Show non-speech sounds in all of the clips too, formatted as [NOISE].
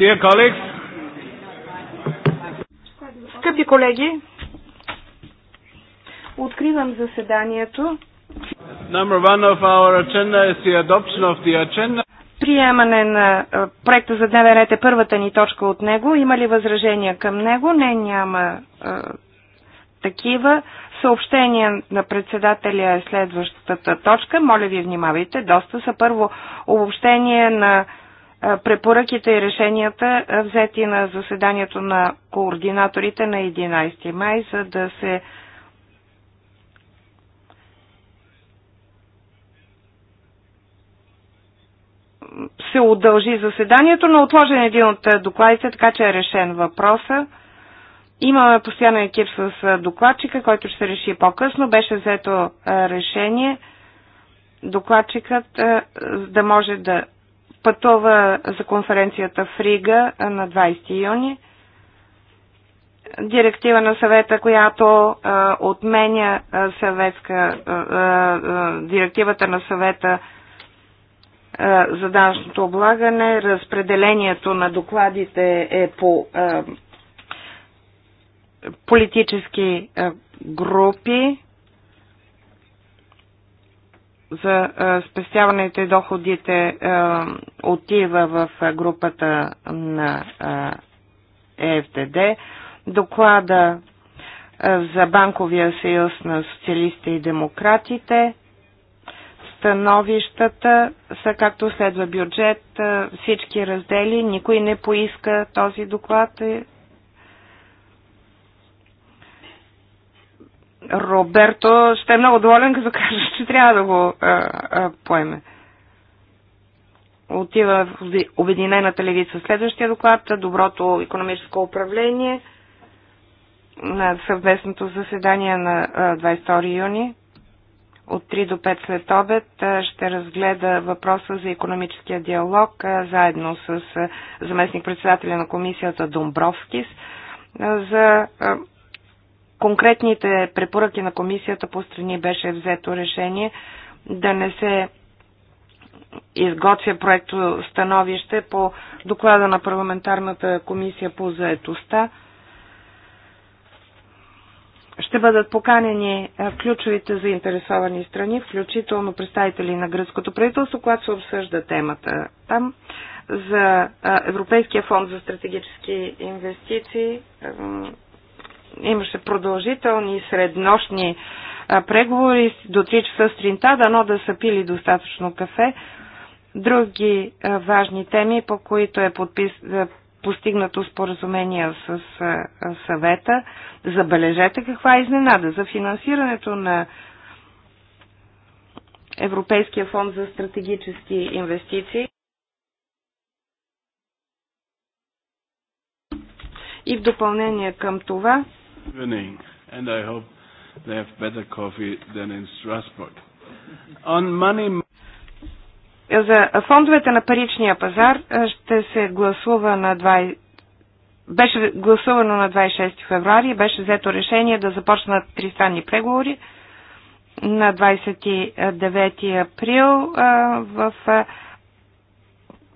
Dear colleagues, Скъпи колеги, откривам заседанието. Приемане на проекта за дневен ред е първата ни точка от него. Има ли възражения към него? Не, няма а, такива. Съобщение на председателя е следващата точка. Моля ви, внимавайте. Доста са първо обобщение на препоръките и решенията взети на заседанието на координаторите на 11 май, за да се се удължи заседанието, но отложен е един от докладите, така че е решен въпроса. Имаме постоянен екип с докладчика, който ще се реши по-късно. Беше взето решение докладчикът да може да пътува за конференцията в Рига на 20 юни. Директива на съвета, която а, отменя а, съветска, а, а, директивата на съвета а, за данъчното облагане, разпределението на докладите е по а, политически а, групи за спестяваните доходите отива в групата на ЕфДД, Доклада за Банковия съюз на социалистите и демократите. Становищата са както следва бюджет, всички раздели, никой не поиска този доклад, Роберто ще е много доволен, като кажеш, че трябва да го а, а, поеме. Отива в Обединената левица. Следващия доклад доброто економическо управление на съвместното заседание на 22 юни от 3 до 5 след обед ще разгледа въпроса за економическия диалог заедно с заместник-председателя на комисията Домбровскис за конкретните препоръки на комисията по страни беше взето решение да не се изготвя проекто становище по доклада на парламентарната комисия по заетостта. Ще бъдат поканени ключовите заинтересовани страни, включително представители на гръцкото правителство, когато се обсъжда темата там за Европейския фонд за стратегически инвестиции Имаше продължителни среднощни преговори до 3 часа сутринта, дано да са пили достатъчно кафе. Други важни теми, по които е подпис, е постигнато споразумение с съвета. Забележете каква е изненада за финансирането на Европейския фонд за стратегически инвестиции. И в допълнение към това Winning, and I hope they have better coffee than in Strasbourg. On money... За фондовете на паричния пазар е, ще се гласува на 20... Беше гласувано на 26 февруари, беше взето решение да започнат тристранни преговори на 29 април е, в е,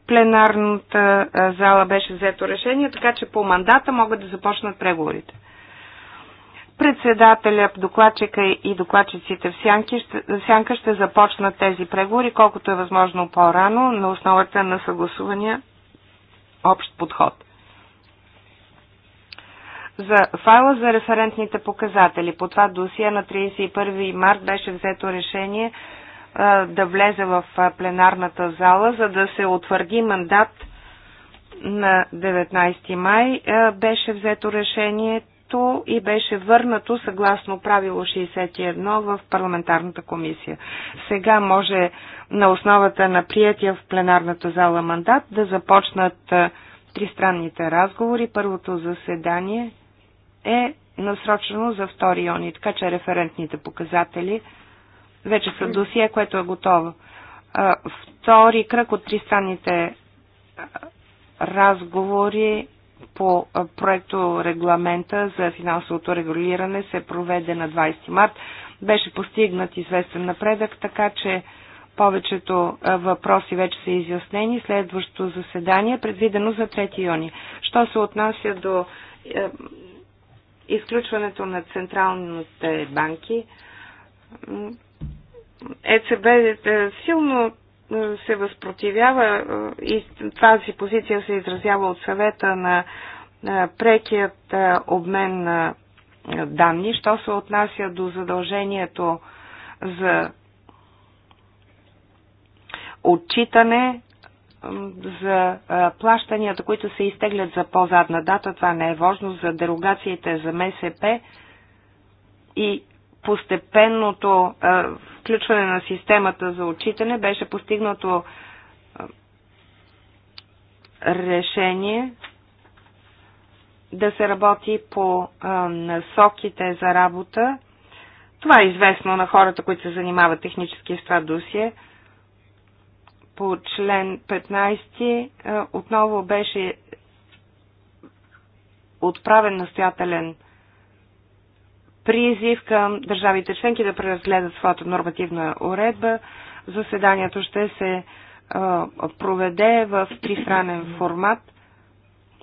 пленарната зала беше взето решение, така че по мандата могат да започнат преговорите председателя, докладчика и докладчиците в сянки, ще, сянка ще започнат тези преговори, колкото е възможно по-рано, на основата на съгласувания общ подход. За файла за референтните показатели по това досия на 31 март беше взето решение а, да влезе в пленарната зала, за да се утвърди мандат на 19 май. А, беше взето решение прието и беше върнато съгласно правило 61 в парламентарната комисия. Сега може на основата на приятия в пленарната зала мандат да започнат тристранните разговори. Първото заседание е насрочено за 2 юни, така че референтните показатели вече са досие, което е готово. Втори кръг от тристранните разговори по проекто регламента за финансовото регулиране се проведе на 20 март. Беше постигнат известен напредък, така че повечето въпроси вече са изяснени. Следващото заседание е предвидено за 3 юни. Що се отнася до изключването на централните банки, ЕЦБ е, силно се възпротивява и тази позиция се изразява от съвета на прекият е, обмен на е, данни, що се отнася до задължението за отчитане за е, плащанията, които се изтеглят за по-задна дата, това не е важно, за дерогациите за МСП и постепенното включване на системата за отчитане беше постигнато решение да се работи по насоките за работа. Това е известно на хората, които се занимават технически с това досие. По член 15 отново беше отправен настоятелен призив към държавите членки да преразгледат своята нормативна уредба. Заседанието ще се а, проведе в тристранен формат.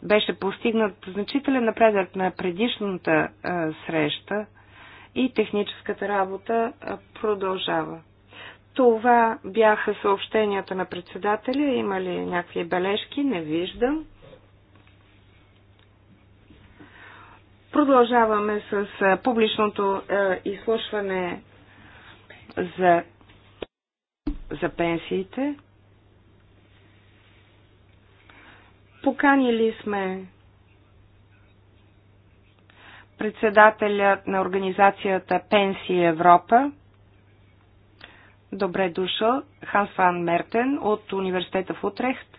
Беше постигнат значителен напредък на предишната а, среща и техническата работа а, продължава. Това бяха съобщенията на председателя. Има ли някакви бележки? Не виждам. Продължаваме с публичното изслушване за, за пенсиите. Поканили сме председателя на организацията Пенсии Европа. Добре дошъл Ханс Ван Мертен от университета в Утрехт,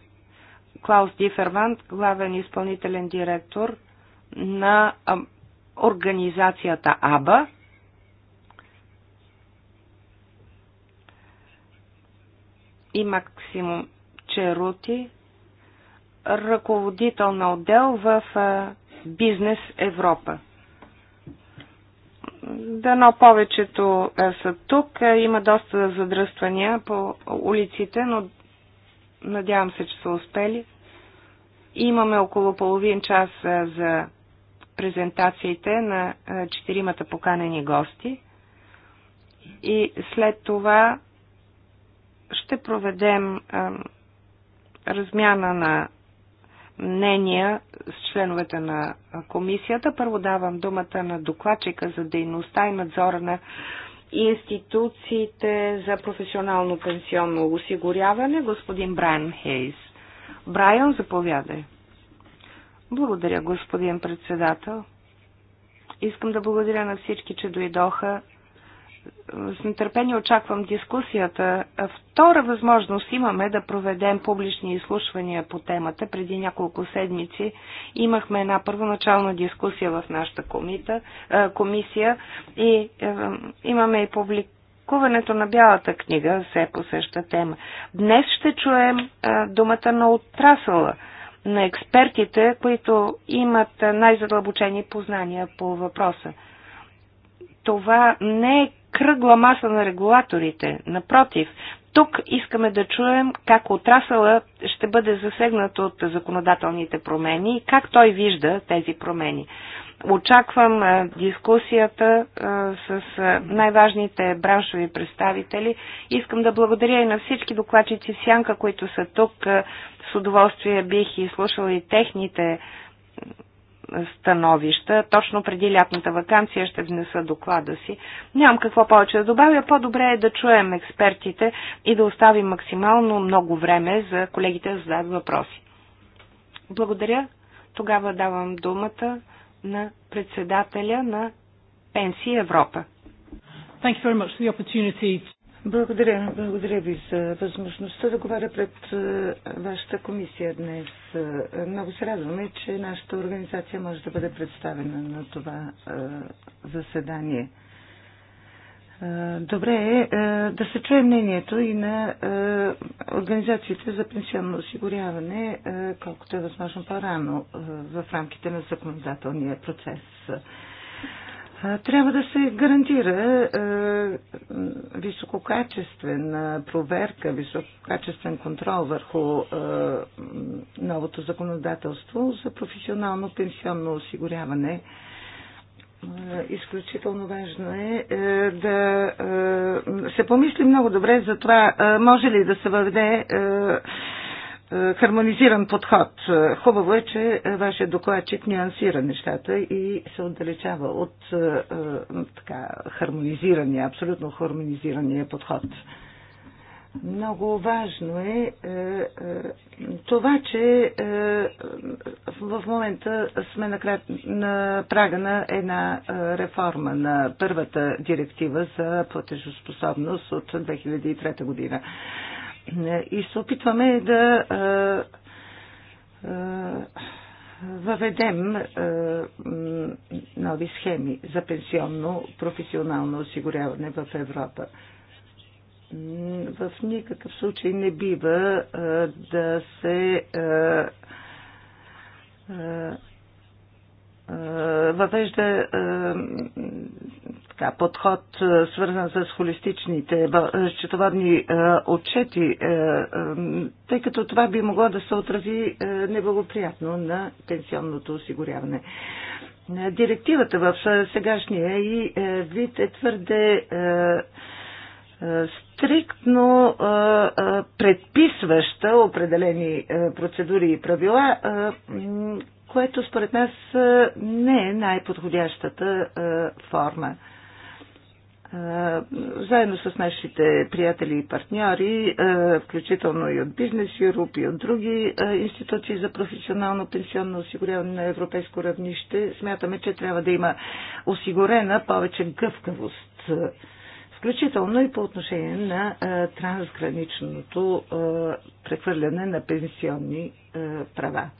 Клаус Диферман, главен изпълнителен директор – на организацията АБА. И Максимум Черути, ръководител на отдел в Бизнес Европа. Дано повечето са тук. Има доста задръствания по улиците, но надявам се, че са успели. Имаме около половин час за презентациите на четиримата поканени гости и след това ще проведем размяна на мнения с членовете на комисията. Първо давам думата на докладчика за дейността и надзора на институциите за професионално пенсионно осигуряване, господин Брайан Хейс. Брайан, заповядай. Благодаря, господин председател. Искам да благодаря на всички, че дойдоха. С нетърпение очаквам дискусията. Втора възможност имаме да проведем публични изслушвания по темата. Преди няколко седмици имахме една първоначална дискусия в нашата комита, комисия и имаме и публикуването на Бялата книга, все по съща тема. Днес ще чуем думата на отрасъла на експертите, които имат най-задълбочени познания по въпроса. Това не е кръгла маса на регулаторите. Напротив, тук искаме да чуем как отрасъла ще бъде засегнат от законодателните промени и как той вижда тези промени. Очаквам е, дискусията е, с е, най-важните браншови представители. Искам да благодаря и на всички докладчици в Сянка, които са тук. С удоволствие бих и слушала и техните становища. Точно преди лятната вакансия ще внеса доклада си. Нямам какво повече да добавя. По-добре е да чуем експертите и да оставим максимално много време за колегите да зададат въпроси. Благодаря. Тогава давам думата на председателя на Пенсия Европа. Thank you very much for the opportunity. Благодаря, благодаря ви за възможността да говоря пред е, вашата комисия днес. Е, много се радваме, че нашата организация може да бъде представена на това е, заседание. Е, добре е, е да се чуе мнението и на е, организациите за пенсионно осигуряване, колкото е възможно по-рано в рамките на законодателния процес. Трябва да се гарантира висококачествена проверка, висококачествен контрол върху новото законодателство за професионално пенсионно осигуряване е, изключително важно е, е да е, се помисли много добре за това, може ли да се въведе хармонизиран подход. Хубаво е, че вашия докладчик нюансира нещата и се отдалечава от така, хармонизирания, абсолютно хармонизирания подход. Много важно е, е, е това, че е, в момента сме на, крат, на прага на една е, реформа на първата директива за платежоспособност от 2003 година. И се опитваме да е, е, въведем е, нови схеми за пенсионно професионално осигуряване в Европа. Е, в никакъв случай не бива да се въвежда така, подход, свързан с холистичните счетоводни отчети, тъй като това би могло да се отрази неблагоприятно на пенсионното осигуряване. Директивата в сегашния и вид е твърде е, стриктно е, е, предписваща определени процедури и правила, което според нас не е най-подходящата форма. Заедно с нашите приятели и партньори, включително и от бизнес Юруп и от други институции за професионално пенсионно осигуряване на европейско равнище, смятаме, че трябва да има осигурена повече гъвкавост включително и по отношение на трансграничното прехвърляне на пенсионни права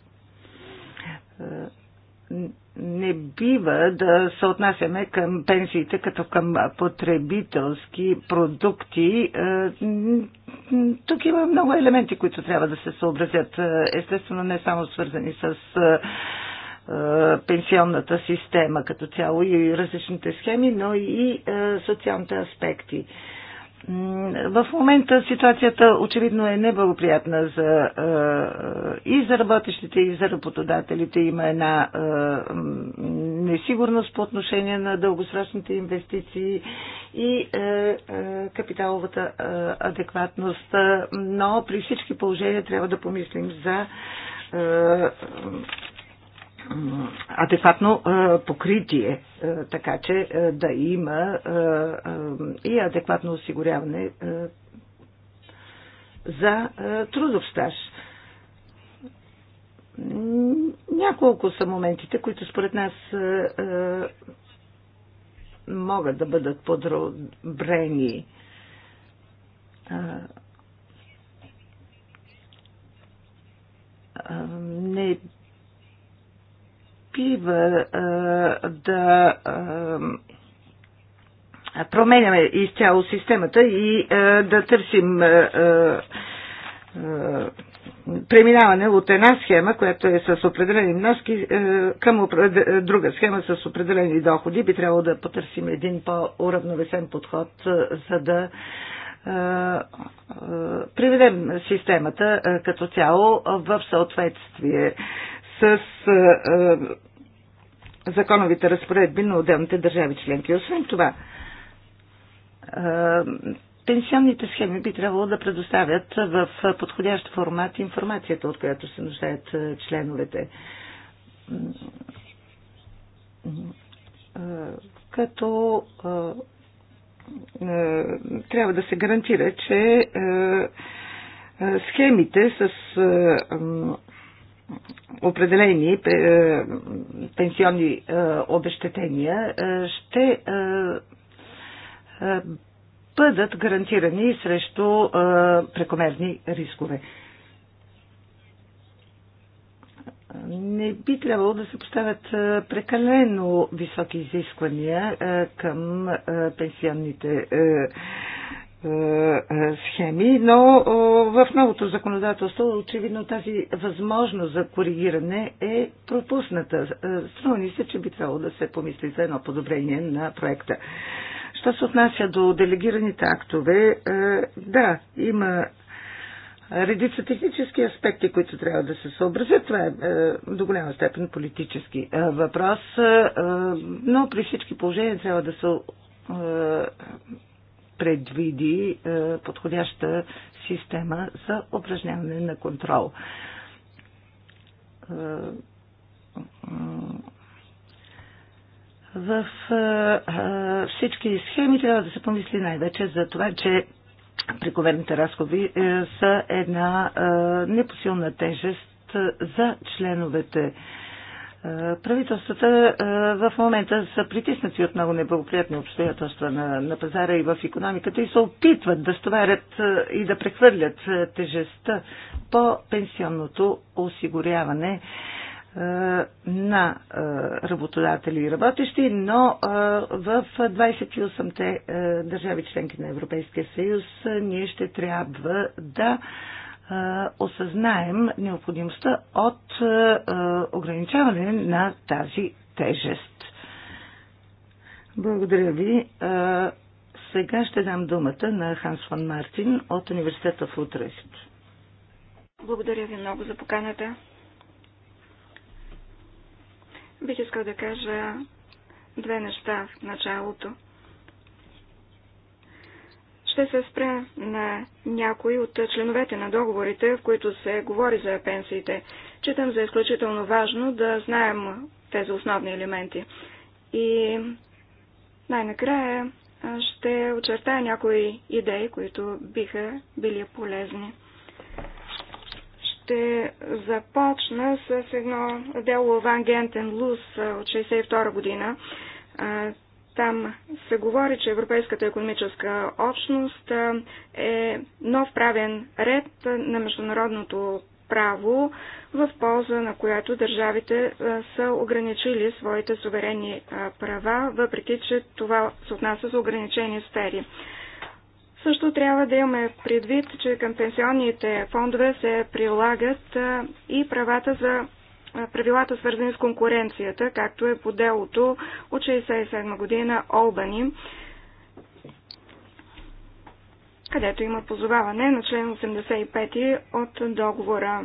не бива да се отнасяме към пенсиите като към потребителски продукти. Тук има много елементи, които трябва да се съобразят. Естествено, не само свързани с е, пенсионната система като цяло и различните схеми, но и е, социалните аспекти. В момента ситуацията очевидно е неблагоприятна за, е, и за работещите, и за работодателите. Има една несигурност по отношение на дългосрочните инвестиции и капиталовата адекватност. Но при всички положения трябва да помислим за адекватно покритие, така че да има и адекватно осигуряване за трудов стаж. Няколко са моментите, които според нас могат да бъдат подробрени. Не а, да променяме изцяло системата и да търсим преминаване от една схема, която е с определени вноски, към друга схема с определени доходи. Би трябвало да потърсим един по-уравновесен подход, за да приведем системата като цяло в съответствие с е, е, законовите разпоредби на отделните държави членки. Освен това, е, пенсионните схеми би трябвало да предоставят в подходящ формат информацията, от която се нуждаят членовете. Като трябва да се гарантира, че схемите с определени е, пенсионни е, обещетения е, ще бъдат гарантирани срещу прекомерни рискове. Не би трябвало да се поставят прекалено високи изисквания към пенсионните е, е, схеми, но е, в новото законодателство очевидно тази възможност за коригиране е пропусната. Струва ни се, че би трябвало да се помисли за едно подобрение на проекта. Що се отнася до делегираните актове, да, има редица технически аспекти, които трябва да се съобразят. Това е, до голяма степен политически въпрос, но при всички положения трябва да се предвиди е, подходяща система за упражняване на контрол. Е, в е, всички схеми трябва да се помисли най-вече за това, че прековерните разходи са една непосилна тежест за членовете е, правителствата е, в момента са притиснати от много неблагоприятни обстоятелства на, на пазара и в економиката и се опитват да стоварят е, и да прехвърлят тежестта по пенсионното осигуряване на работодатели и работещи, но в 28-те държави членки на Европейския съюз ние ще трябва да осъзнаем необходимостта от ограничаване на тази тежест. Благодаря ви. Сега ще дам думата на Ханс Ван Мартин от университета в Утрехт. Благодаря ви много за поканата. Бих искал да кажа две неща в началото. Ще се спре на някои от членовете на договорите, в които се говори за пенсиите. Читам за изключително важно да знаем тези основни елементи. И най-накрая ще очертая някои идеи, които биха били полезни. Ще започна с едно дело Ван Гентен Лус от 1962 година. Там се говори, че Европейската економическа общност е нов правен ред на международното право, в полза на която държавите са ограничили своите суверени права, въпреки че това се отнася за ограничени сфери. Също трябва да имаме предвид, че към пенсионните фондове се прилагат и правата за правилата свързани с конкуренцията, както е по делото от 1967 година Олбани, където има позоваване на член 85 от договора.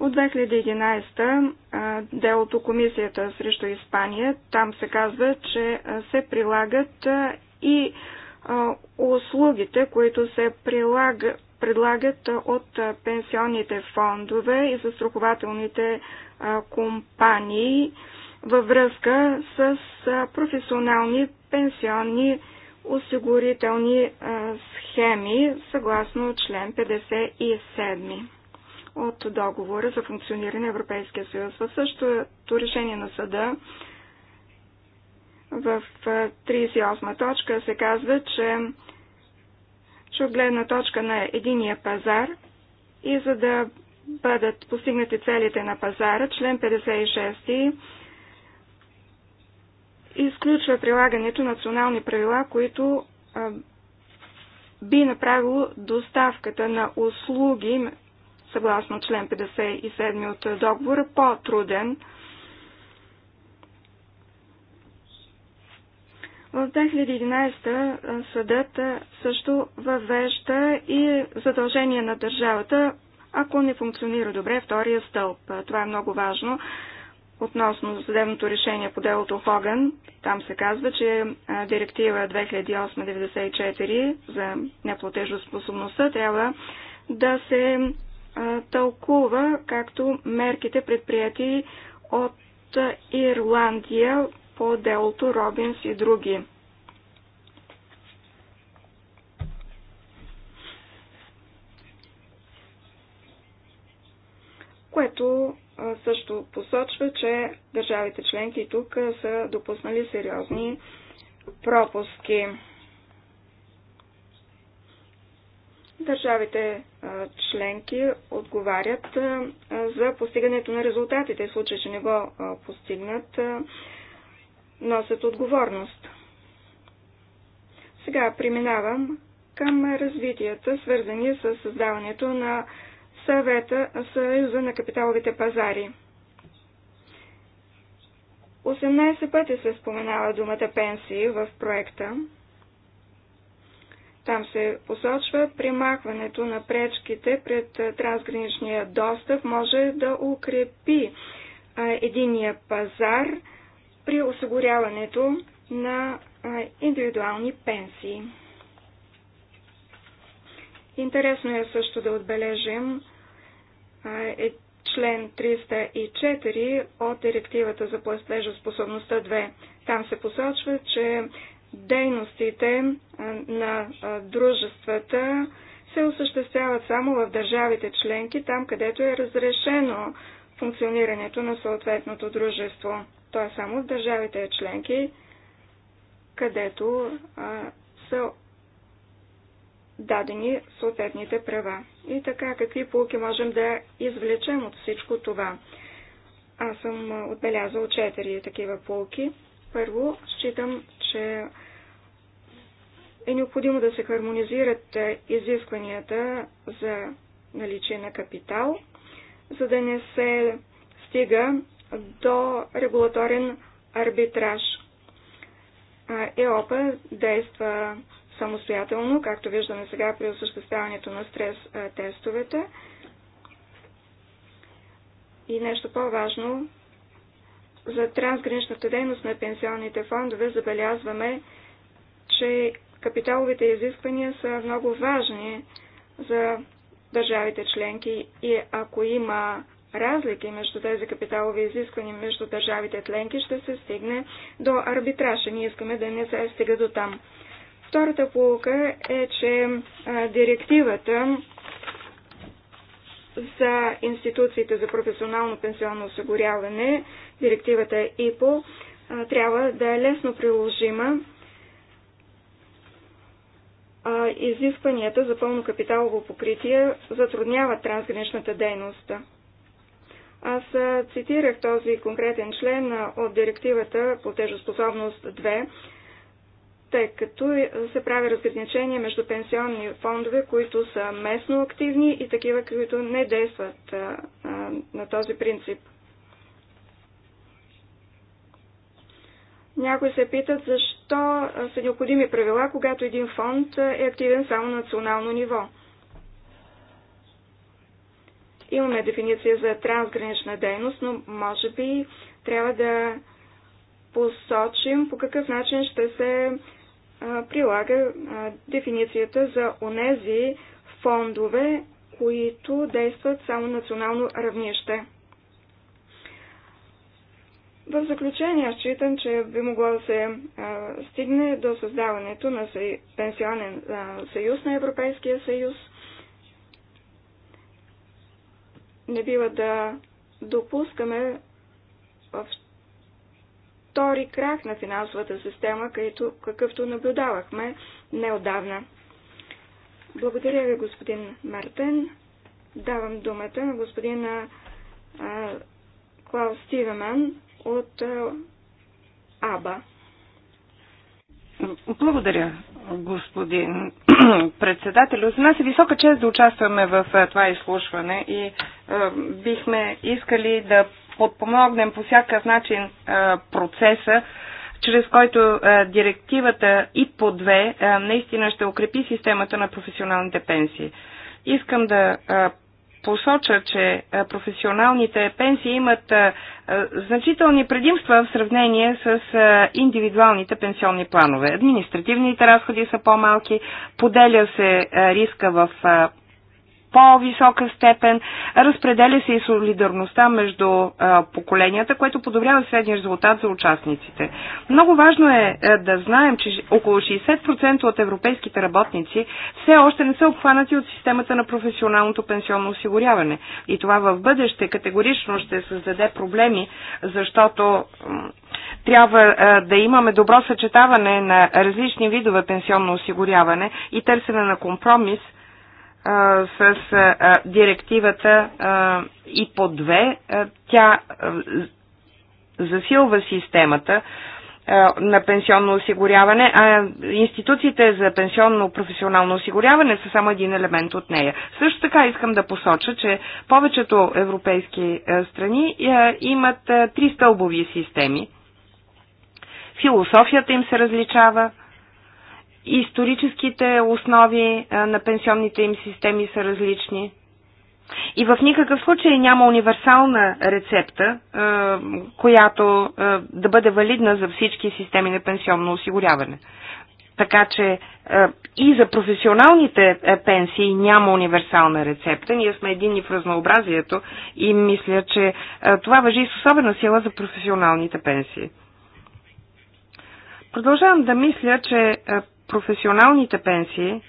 От 2011 делото Комисията срещу Испания, там се казва, че се прилагат и услугите, които се прилагат предлагат от пенсионните фондове и застрахователните компании във връзка с професионални пенсионни осигурителни схеми съгласно член 57 от договора за функциониране на Европейския съюз. В същото решение на съда в 38 точка се казва, че че от гледна точка на единия пазар и за да бъдат постигнати целите на пазара, член 56 изключва прилагането на национални правила, които би направило доставката на услуги съгласно член 57 от договора по-труден, В 2011 съдът също въвежда и задължение на държавата, ако не функционира добре втория стълб. Това е много важно. Относно съдебното решение по делото Хоган, там се казва, че директива 2008-94 за неплатежоспособността трябва да се тълкува както мерките предприяти от Ирландия по делото Робинс и други. Което също посочва, че държавите членки тук са допуснали сериозни пропуски. Държавите членки отговарят за постигането на резултатите. В случай, че не го постигнат, носят отговорност. Сега преминавам към развитията, свързани с създаването на съвета, Съюза на капиталовите пазари. 18 пъти се споменава думата пенсии в проекта. Там се посочва примахването на пречките пред трансграничния достъп може да укрепи единия пазар – при осигуряването на индивидуални пенсии. Интересно е също да отбележим е член 304 от Директивата за способността 2. Там се посочва, че дейностите на дружествата се осъществяват само в държавите членки, там където е разрешено функционирането на съответното дружество. Той е само в държавите членки, където а, са дадени съответните права. И така, какви полки можем да извлечем от всичко това? Аз съм отбелязал четири такива полки. Първо, считам, че е необходимо да се хармонизират изискванията за наличие на капитал, за да не се стига до регулаторен арбитраж. ЕОПА действа самостоятелно, както виждаме сега при осъществяването на стрес тестовете. И нещо по-важно, за трансграничната дейност на пенсионните фондове забелязваме, че капиталовите изисквания са много важни за държавите членки и ако има разлики между тези капиталови изисквания между държавите тленки ще се стигне до арбитража. Ние искаме да не се стига до там. Втората полука е, че директивата за институциите за професионално пенсионно осигуряване, директивата ИПО, трябва да е лесно приложима. изискванията за пълно капиталово покритие затрудняват трансграничната дейност. Аз цитирах този конкретен член от директивата по тежоспособност 2, тъй като се прави разграничение между пенсионни фондове, които са местно активни и такива, които не действат на този принцип. Някои се питат защо са необходими правила, когато един фонд е активен само на национално ниво. Имаме дефиниция за трансгранична дейност, но може би трябва да посочим по какъв начин ще се прилага дефиницията за онези фондове, които действат само национално равнище. В заключение считам, че би могло да се а, стигне до създаването на пенсионен а, съюз на Европейския съюз, не бива да допускаме в втори крах на финансовата система, където, какъвто наблюдавахме неодавна. Благодаря ви, господин Мартен. Давам думата на господин а, Клаус Стивеман от а, АБА. Благодаря, господин [CLEARS THROAT] председател. За нас е висока чест да участваме в е, това изслушване и е, бихме искали да подпомогнем по всякакъв начин е, процеса, чрез който директивата и по две наистина ще укрепи системата на професионалните пенсии. Искам да посоча, че професионалните пенсии имат значителни предимства в сравнение с индивидуалните пенсионни планове. Административните разходи са по-малки, поделя се риска в по-висока степен, разпределя се и солидарността между поколенията, което подобрява средния резултат за участниците. Много важно е, е да знаем, че около 60% от европейските работници все още не са обхванати от системата на професионалното пенсионно осигуряване. И това в бъдеще категорично ще създаде проблеми, защото трябва е, да имаме добро съчетаване на различни видове пенсионно осигуряване и търсене на компромис – с директивата и по две. Тя засилва системата на пенсионно осигуряване, а институциите за пенсионно професионално осигуряване са само един елемент от нея. Също така искам да посоча, че повечето европейски страни имат три стълбови системи. Философията им се различава, историческите основи на пенсионните им системи са различни. И в никакъв случай няма универсална рецепта, която да бъде валидна за всички системи на пенсионно осигуряване. Така че и за професионалните пенсии няма универсална рецепта. Ние сме единни в разнообразието и мисля, че това въжи с особена сила за професионалните пенсии. Продължавам да мисля, че професионалните пенсии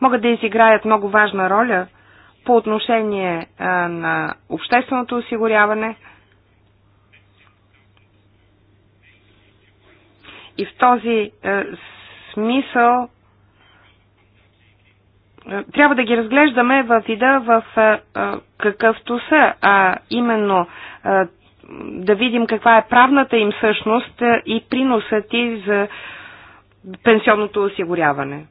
могат да изиграят много важна роля по отношение на общественото осигуряване. И в този смисъл трябва да ги разглеждаме във вида в какъвто са, а именно да видим каква е правната им същност е, и приносът и за пенсионното осигуряване.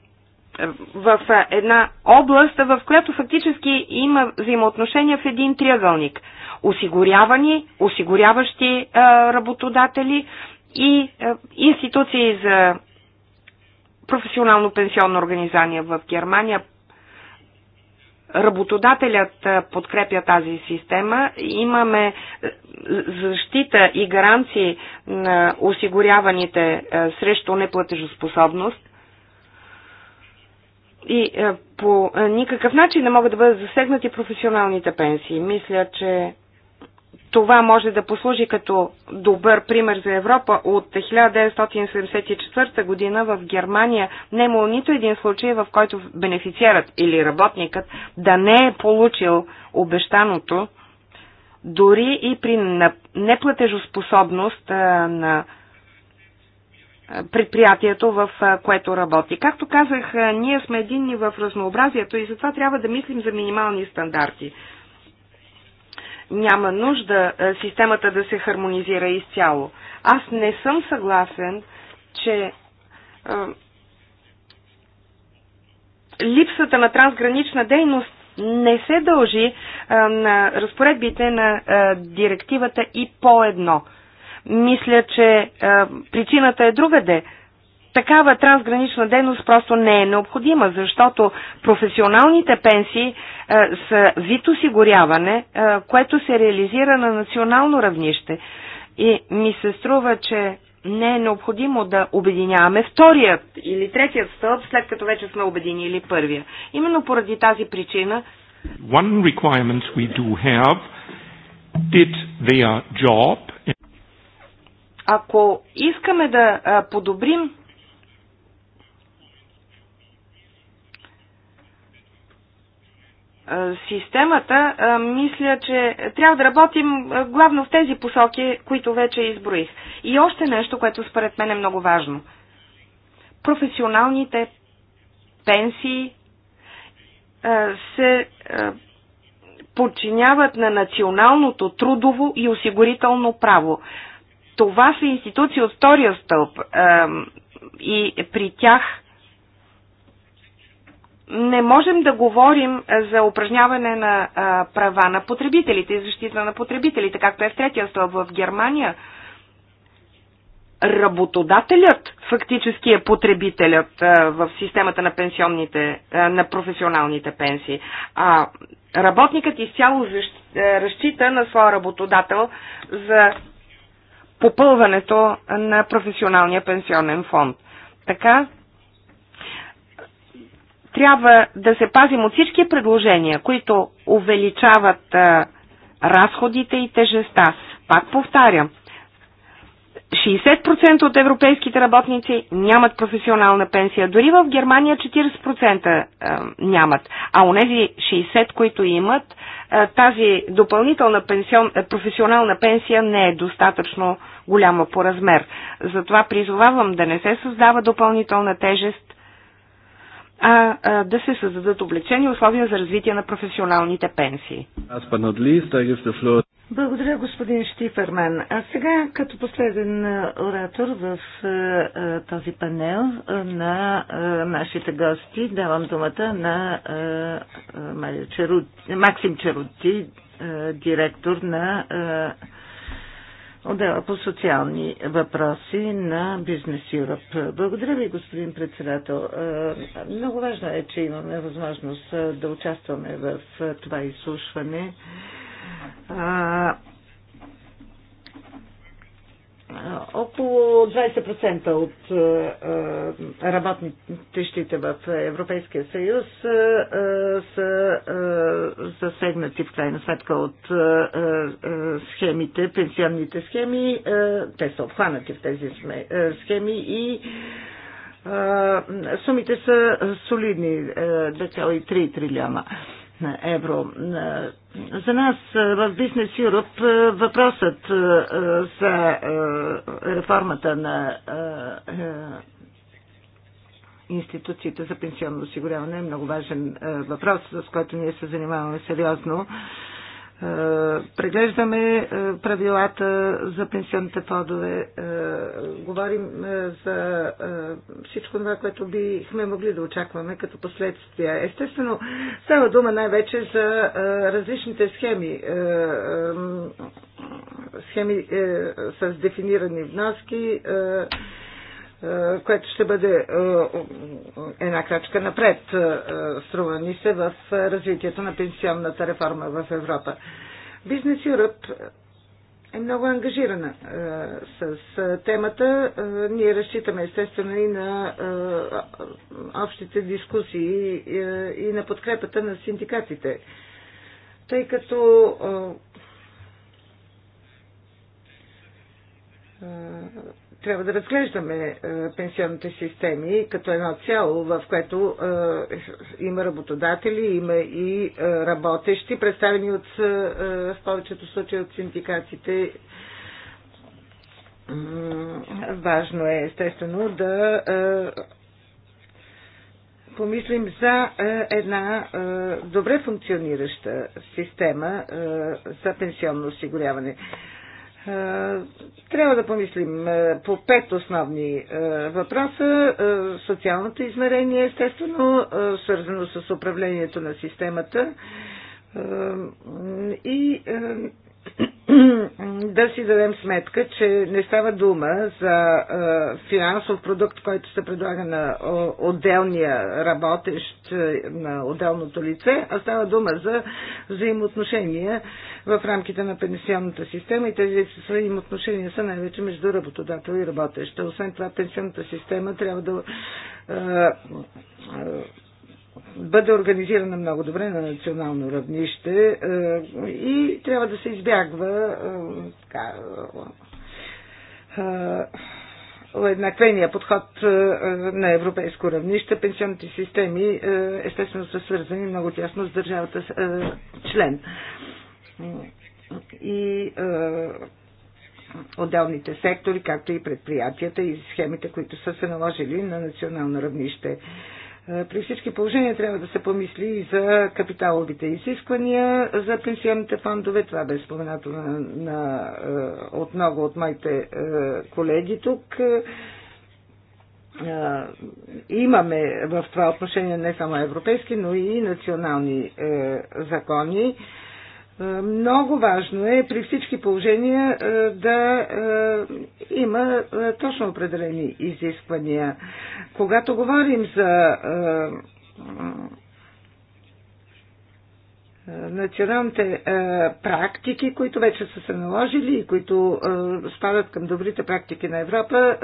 Е, в е, една област, в която фактически има взаимоотношения в един триъгълник. Осигурявани, осигуряващи работодатели и институции за професионално пенсионно организание в Германия, работодателят подкрепя тази система. Имаме е, защита и гаранции на осигуряваните е, срещу неплатежоспособност. И е, по никакъв начин не могат да бъдат засегнати професионалните пенсии. Мисля, че това може да послужи като добър пример за Европа. От 1974 година в Германия не е имало нито един случай, в който бенефициерът или работникът да не е получил обещаното, дори и при неплатежоспособност на предприятието, в което работи. Както казах, ние сме единни в разнообразието и затова трябва да мислим за минимални стандарти няма нужда е, системата да се хармонизира изцяло. Аз не съм съгласен, че е, липсата на трансгранична дейност не се дължи е, на разпоредбите на директивата и по-едно. Мисля, че причината е другаде такава трансгранична дейност просто не е необходима, защото професионалните пенсии е, са вид осигуряване, е, което се реализира на национално равнище. И ми се струва, че не е необходимо да обединяваме вторият или третият стълб, след като вече сме обединили първия. Именно поради тази причина. One we do have did their job. Ако искаме да подобрим системата, мисля, че трябва да работим главно в тези посоки, които вече изброих. И още нещо, което според мен е много важно. Професионалните пенсии се подчиняват на националното трудово и осигурително право. Това са институции от втория стълб и при тях не можем да говорим за упражняване на а, права на потребителите и защита на потребителите, както е в третия стълб в Германия. Работодателят фактически е потребителят а, в системата на пенсионните, а, на професионалните пенсии. А работникът изцяло разчита на своя работодател за попълването на професионалния пенсионен фонд. Така трябва да се пазим от всички предложения, които увеличават а, разходите и тежеста. Пак повтарям, 60% от европейските работници нямат професионална пенсия. Дори в Германия 40% нямат. А у нези 60, които имат, тази допълнителна пенсион, професионална пенсия не е достатъчно голяма по размер. Затова призовавам да не се създава допълнителна тежест а, а да се създадат облечени условия за развитие на професионалните пенсии. Благодаря, господин Штиферман. А сега, като последен оратор в този панел на нашите гости, давам думата на Максим Черути, директор на отдела по социални въпроси на Бизнес Юръп. Благодаря ви, господин председател. Е, много важно е, че имаме възможност е, да участваме в е, това изслушване около 20% от работнищите в Европейския съюз са засегнати в крайна сметка от схемите, пенсионните схеми. Те са обхванати в тези схеми и сумите са солидни 2,3 трилиона евро. Е, за нас е, в Бизнес Юроп въпросът е, за реформата на институциите за пенсионно осигуряване е много важен въпрос, с който ние се занимаваме сериозно. Е, преглеждаме е, правилата за пенсионните фондове, е, говорим за всичко това, което бихме могли да очакваме като последствия. Естествено, става дума най-вече за различните схеми. Схеми с дефинирани вноски, което ще бъде е, една крачка напред, е, струва ни се, в развитието на пенсионната реформа в Европа. Бизнес Юръп е много ангажирана е, с темата. Ние разчитаме естествено и на общите дискусии и на подкрепата на синдикатите. Тъй като трябва да разглеждаме е, пенсионните системи като едно цяло, в което е, има работодатели, има и е, работещи, представени от, в повечето случаи от синдикатите. Важно е, естествено, да помислим за една добре функционираща система за пенсионно осигуряване. Е, трябва да помислим е, по пет основни е, въпроса. Социалното измерение, естествено, свързано с управлението на системата и да си дадем сметка, че не става дума за финансов продукт, който се предлага на отделния работещ, на отделното лице, а става дума за взаимоотношения в рамките на пенсионната система и тези взаимоотношения са най-вече между работодател и работеща. Освен това, пенсионната система трябва да бъде организирана много добре на национално равнище е, и трябва да се избягва е, така, е, уеднаквения подход на европейско равнище. Пенсионните системи естествено са свързани много тясно с държавата член. И отделните сектори, както и предприятията и схемите, които са се наложили на национално равнище. Е, при всички положения трябва да се помисли и за капиталовите изисквания за пенсионните фондове. Това бе споменато на, на, е, от много от моите е, колеги тук. Имаме в това отношение не само европейски, но и национални закони е, много важно е при всички положения е, да е, има точно определени изисквания. Когато говорим за националните практики, които вече са се наложили и които спадат към добрите практики на Европа,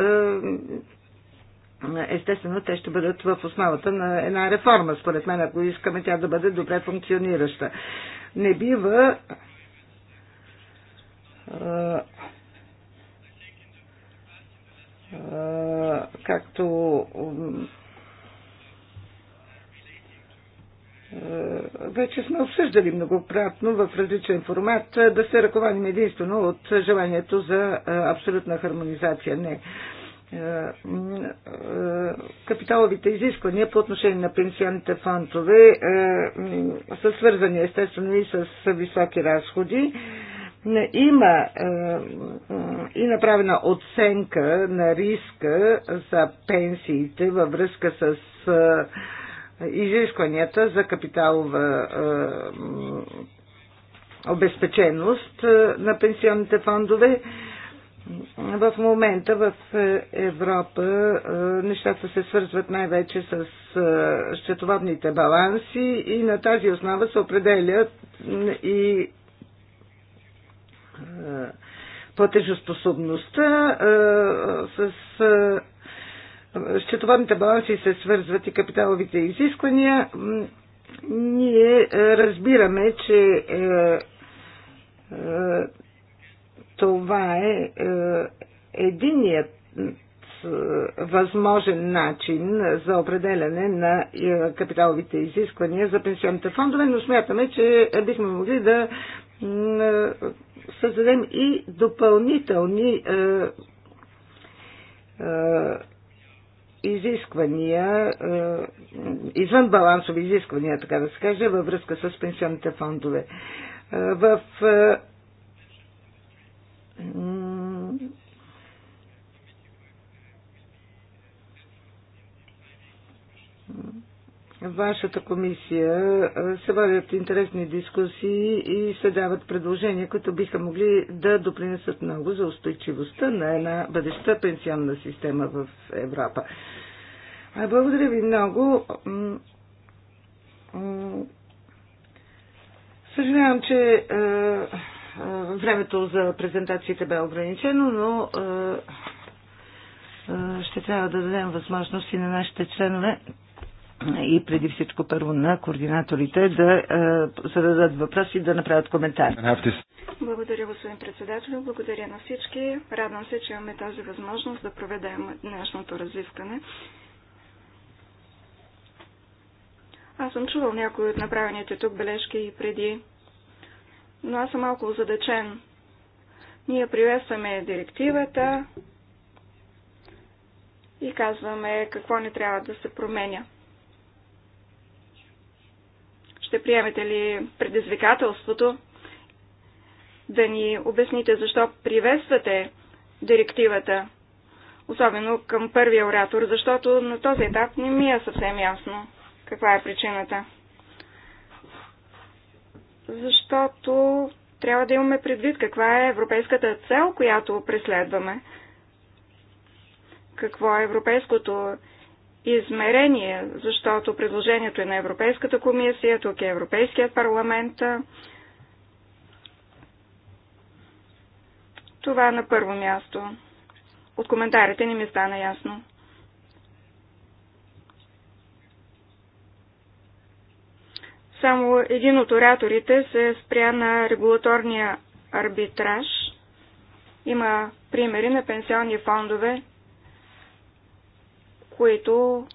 естествено те ще бъдат в основата на една реформа, според мен, ако искаме тя да бъде добре функционираща не бива както вече сме обсъждали многократно в различен формат да се ръководим единствено от желанието за абсолютна хармонизация. Не. Е, е, капиталовите изисквания по отношение на пенсионните фондове е, са свързани естествено и с високи разходи. Има и направена оценка на риска за пенсиите във връзка с изискванията за капиталова обезпеченост на пенсионните фондове в момента в Европа е, нещата се свързват най-вече с е, счетоводните баланси и на тази основа се определят и е, платежоспособността с счетоводните баланси се свързват и капиталовите изисквания. Ние разбираме, че това е, е единият възможен начин за определяне на е, капиталовите изисквания за пенсионните фондове, но смятаме, че бихме могли да е, създадем и допълнителни изисквания, извън балансови изисквания, така да се каже, във връзка с пенсионните фондове. В вашата комисия се водят интересни дискусии и се дават предложения, които биха могли да допринесат много за устойчивостта на една бъдеща пенсионна система в Европа. Благодаря ви много. Съжалявам, че времето за презентациите бе ограничено, но ще трябва да дадем възможности на нашите членове и преди всичко първо на координаторите да зададат въпроси и да направят коментар. Благодаря, господин председател. Благодаря на всички. Радвам се, че имаме тази възможност да проведем днешното развивкане. Аз съм чувал някои от направените тук бележки и преди но аз съм малко озадачен. Ние приветстваме директивата и казваме какво не трябва да се променя. Ще приемете ли предизвикателството да ни обясните защо приветствате директивата, особено към първия оратор, защото на този етап не ми е съвсем ясно каква е причината защото трябва да имаме предвид каква е европейската цел, която преследваме. Какво е европейското измерение, защото предложението е на Европейската комисия, тук е Европейският парламент. Това на първо място. От коментарите ни ми стана ясно. Само един от ораторите се спря на регулаторния арбитраж. Има примери на пенсионни фондове, които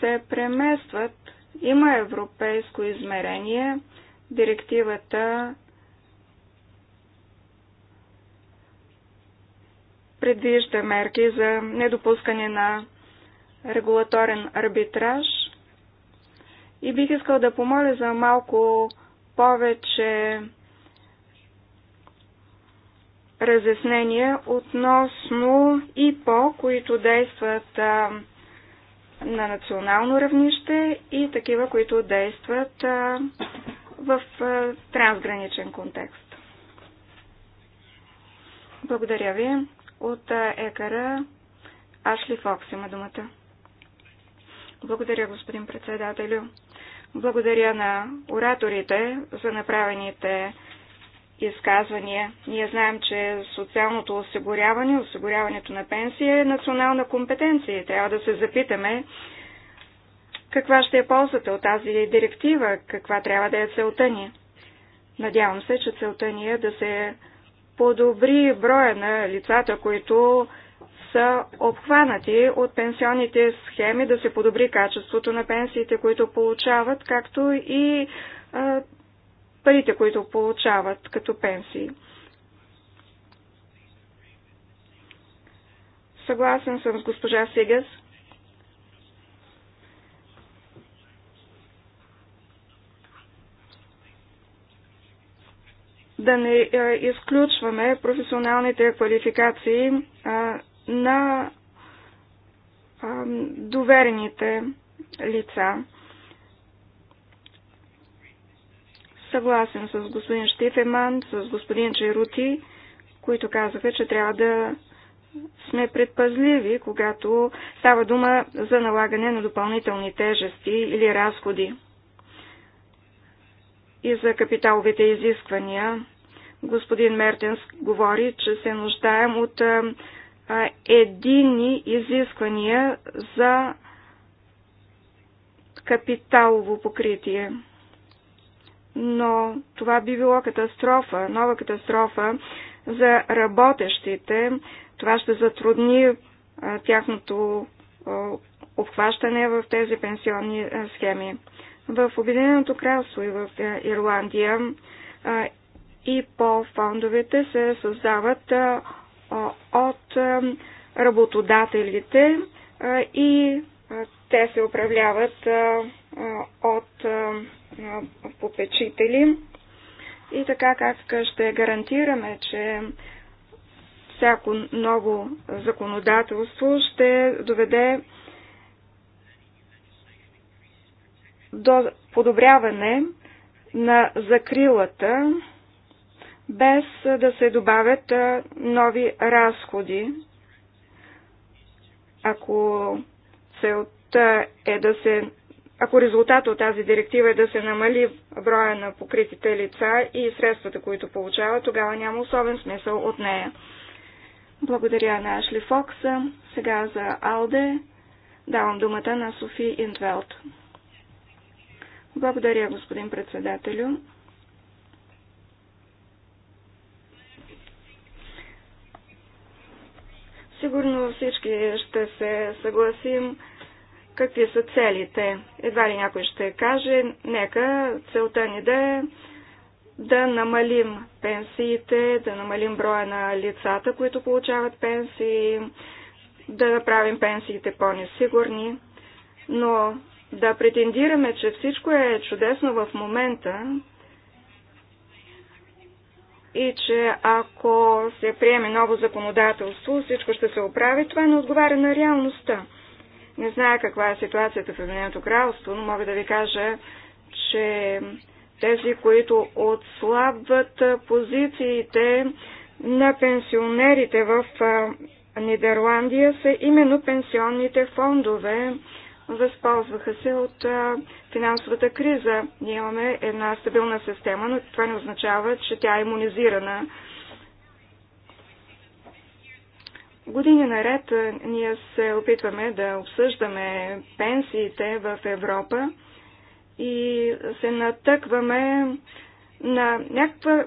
се преместват. Има европейско измерение. Директивата предвижда мерки за недопускане на регулаторен арбитраж и бих искал да помоля за малко повече разяснения относно ИПО, които действат а, на национално равнище и такива, които действат а, в а, трансграничен контекст. Благодаря ви. От екара Ашли Фокс има думата. Благодаря, господин председателю. Благодаря на ораторите за направените изказвания. Ние знаем, че социалното осигуряване, осигуряването на пенсия е национална компетенция. Трябва да се запитаме каква ще е ползата от тази директива, каква трябва да е целта ни. Надявам се, че целта ни е да се подобри броя на лицата, които са обхванати от пенсионните схеми да се подобри качеството на пенсиите, които получават, както и а, парите, които получават като пенсии. Съгласен съм с госпожа Сигас. да не изключваме професионалните квалификации на доверените лица. Съгласен с господин Штифеман, с господин Джерути, които казаха, че трябва да сме предпазливи, когато става дума за налагане на допълнителни тежести или разходи. И за капиталовите изисквания господин Мертенс говори, че се нуждаем от единни изисквания за капиталово покритие. Но това би било катастрофа, нова катастрофа за работещите. Това ще затрудни тяхното обхващане в тези пенсионни схеми. В Обединеното кралство и в Ирландия и по фондовете се създават от работодателите и те се управляват от попечители. И така как ще гарантираме, че всяко ново законодателство ще доведе до подобряване на закрилата без да се добавят нови разходи. Ако целта е да се ако резултат от тази директива е да се намали броя на покритите лица и средствата, които получава, тогава няма особен смисъл от нея. Благодаря на Ашли Фокса. Сега за Алде давам думата на Софи Интвелт. Благодаря, господин председателю. Сигурно всички ще се съгласим какви са целите. Едва ли някой ще каже, нека целта ни да е да намалим пенсиите, да намалим броя на лицата, които получават пенсии, да направим пенсиите по-несигурни, но да претендираме, че всичко е чудесно в момента, и че ако се приеме ново законодателство, всичко ще се оправи, това не отговаря на реалността. Не зная каква е ситуацията в Обединеното кралство, но мога да ви кажа, че тези, които отслабват позициите на пенсионерите в Нидерландия, са именно пенсионните фондове. Възползваха се от финансовата криза. Ние имаме една стабилна система, но това не означава, че тя е иммунизирана. Години наред ние се опитваме да обсъждаме пенсиите в Европа и се натъкваме на някаква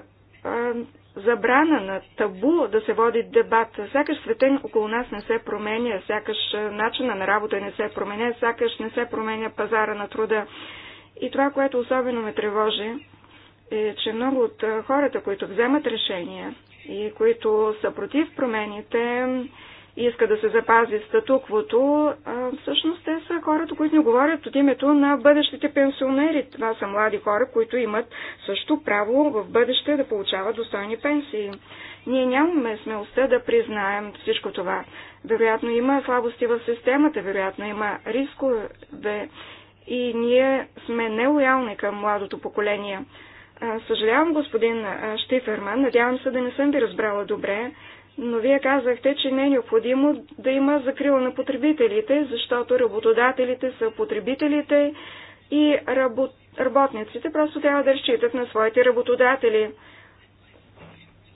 забрана на табу да се води дебат. Сякаш света около нас не се променя, сякаш е, начина на работа не се променя, сякаш не се променя пазара на труда. И това, което особено ме тревожи, е, че много от е, хората, които вземат решения и които са против промените, и иска да се запази статуквото, всъщност те са хората, които не говорят от името на бъдещите пенсионери. Това са млади хора, които имат също право в бъдеще да получават достойни пенсии. Ние нямаме смелостта да признаем всичко това. Вероятно има слабости в системата, вероятно има рискове и ние сме нелоялни към младото поколение. Съжалявам, господин Штиферман, надявам се да не съм ви разбрала добре но вие казахте, че не е необходимо да има закрила на потребителите, защото работодателите са потребителите и работ... работниците просто трябва да разчитат на своите работодатели.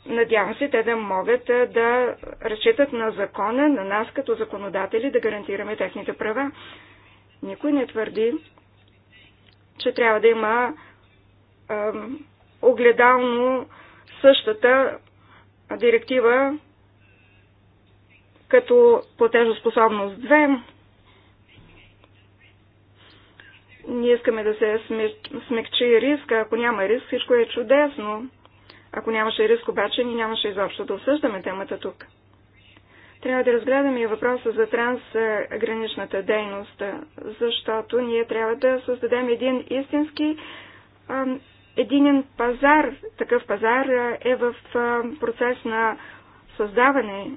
Надявам се те да могат да разчитат на закона, на нас като законодатели, да гарантираме техните права. Никой не твърди, че трябва да има огледално същата директива като платежоспособност 2. Ние искаме да се смекчи риск. Ако няма риск, всичко е чудесно. Ако нямаше риск, обаче, ни нямаше изобщо да осъждаме темата тук. Трябва да разгледаме и въпроса за трансграничната дейност, защото ние трябва да създадем един истински единен пазар. Такъв пазар е в процес на създаване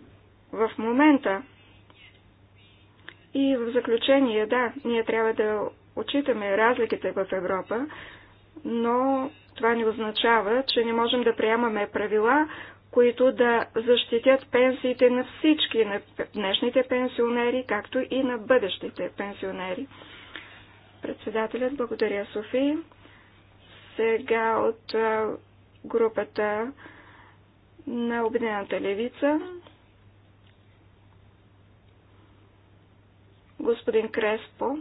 в момента. И в заключение, да, ние трябва да отчитаме разликите в Европа, но това не означава, че не можем да приемаме правила, които да защитят пенсиите на всички, на днешните пенсионери, както и на бъдещите пенсионери. Председателят, благодаря Софи. Сега от групата на Обединената левица господин Креспо,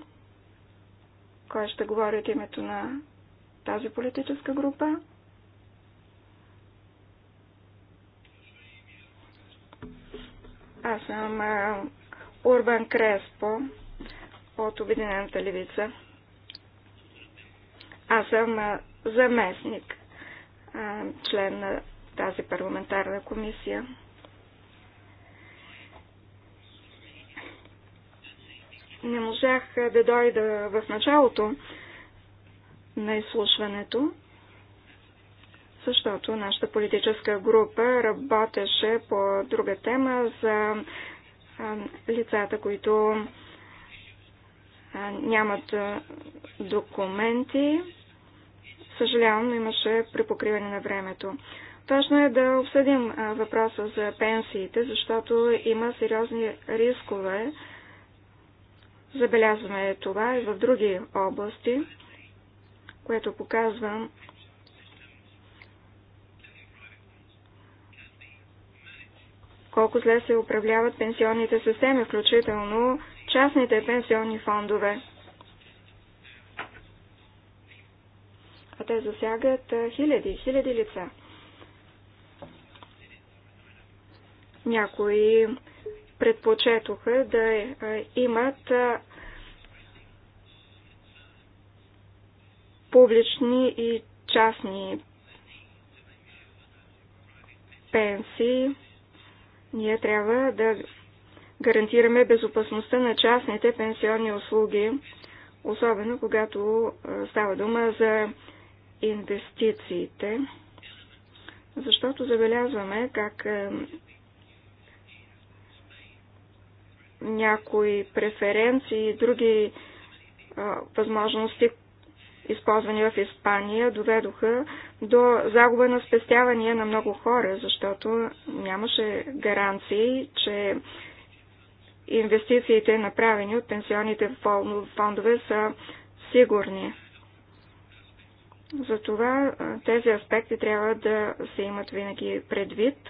който ще говори от името на тази политическа група. Аз съм Урбан Креспо от Обединената левица. Аз съм заместник, член на тази парламентарна комисия. Не можах е, да дойда в началото на изслушването, защото нашата политическа група работеше по друга тема за лицата, които нямат документи. Съжалявам, но имаше припокриване на времето. Важно е да обсъдим въпроса за пенсиите, защото има сериозни рискове Забелязваме това и в други области, което показва, колко зле се управляват пенсионните системи, включително частните пенсионни фондове. А те засягат хиляди, хиляди лица. Някои предпочетоха да е, имат публични и частни пенсии. Ние трябва да гарантираме безопасността на частните пенсионни услуги, особено когато става дума за инвестициите, защото забелязваме как някои преференции и други а, възможности, използвани в Испания, доведоха до загуба на спестявания на много хора, защото нямаше гаранции, че инвестициите, направени от пенсионните фондове, са сигурни. Затова тези аспекти трябва да се имат винаги предвид –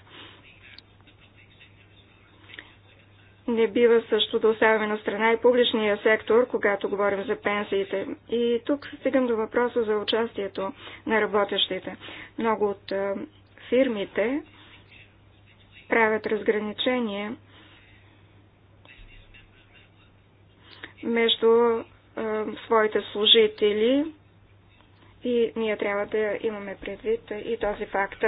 Не бива също да оставяме на страна и публичния сектор, когато говорим за пенсиите. И тук стигам до въпроса за участието на работещите. Много от фирмите правят разграничение между своите служители и ние трябва да имаме предвид и този факт.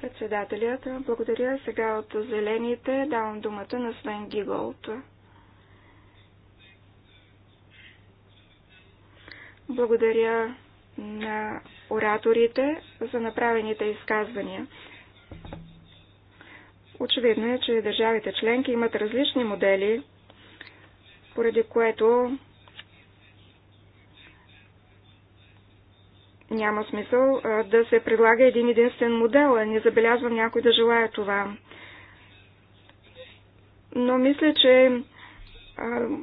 Председателят, благодаря. Сега от зелените давам думата на Свен Гиголт. Благодаря на ораторите за направените изказвания. Очевидно е, че държавите членки имат различни модели, поради което няма смисъл да се предлага един единствен модел. Не забелязвам някой да желая това. Но мисля, че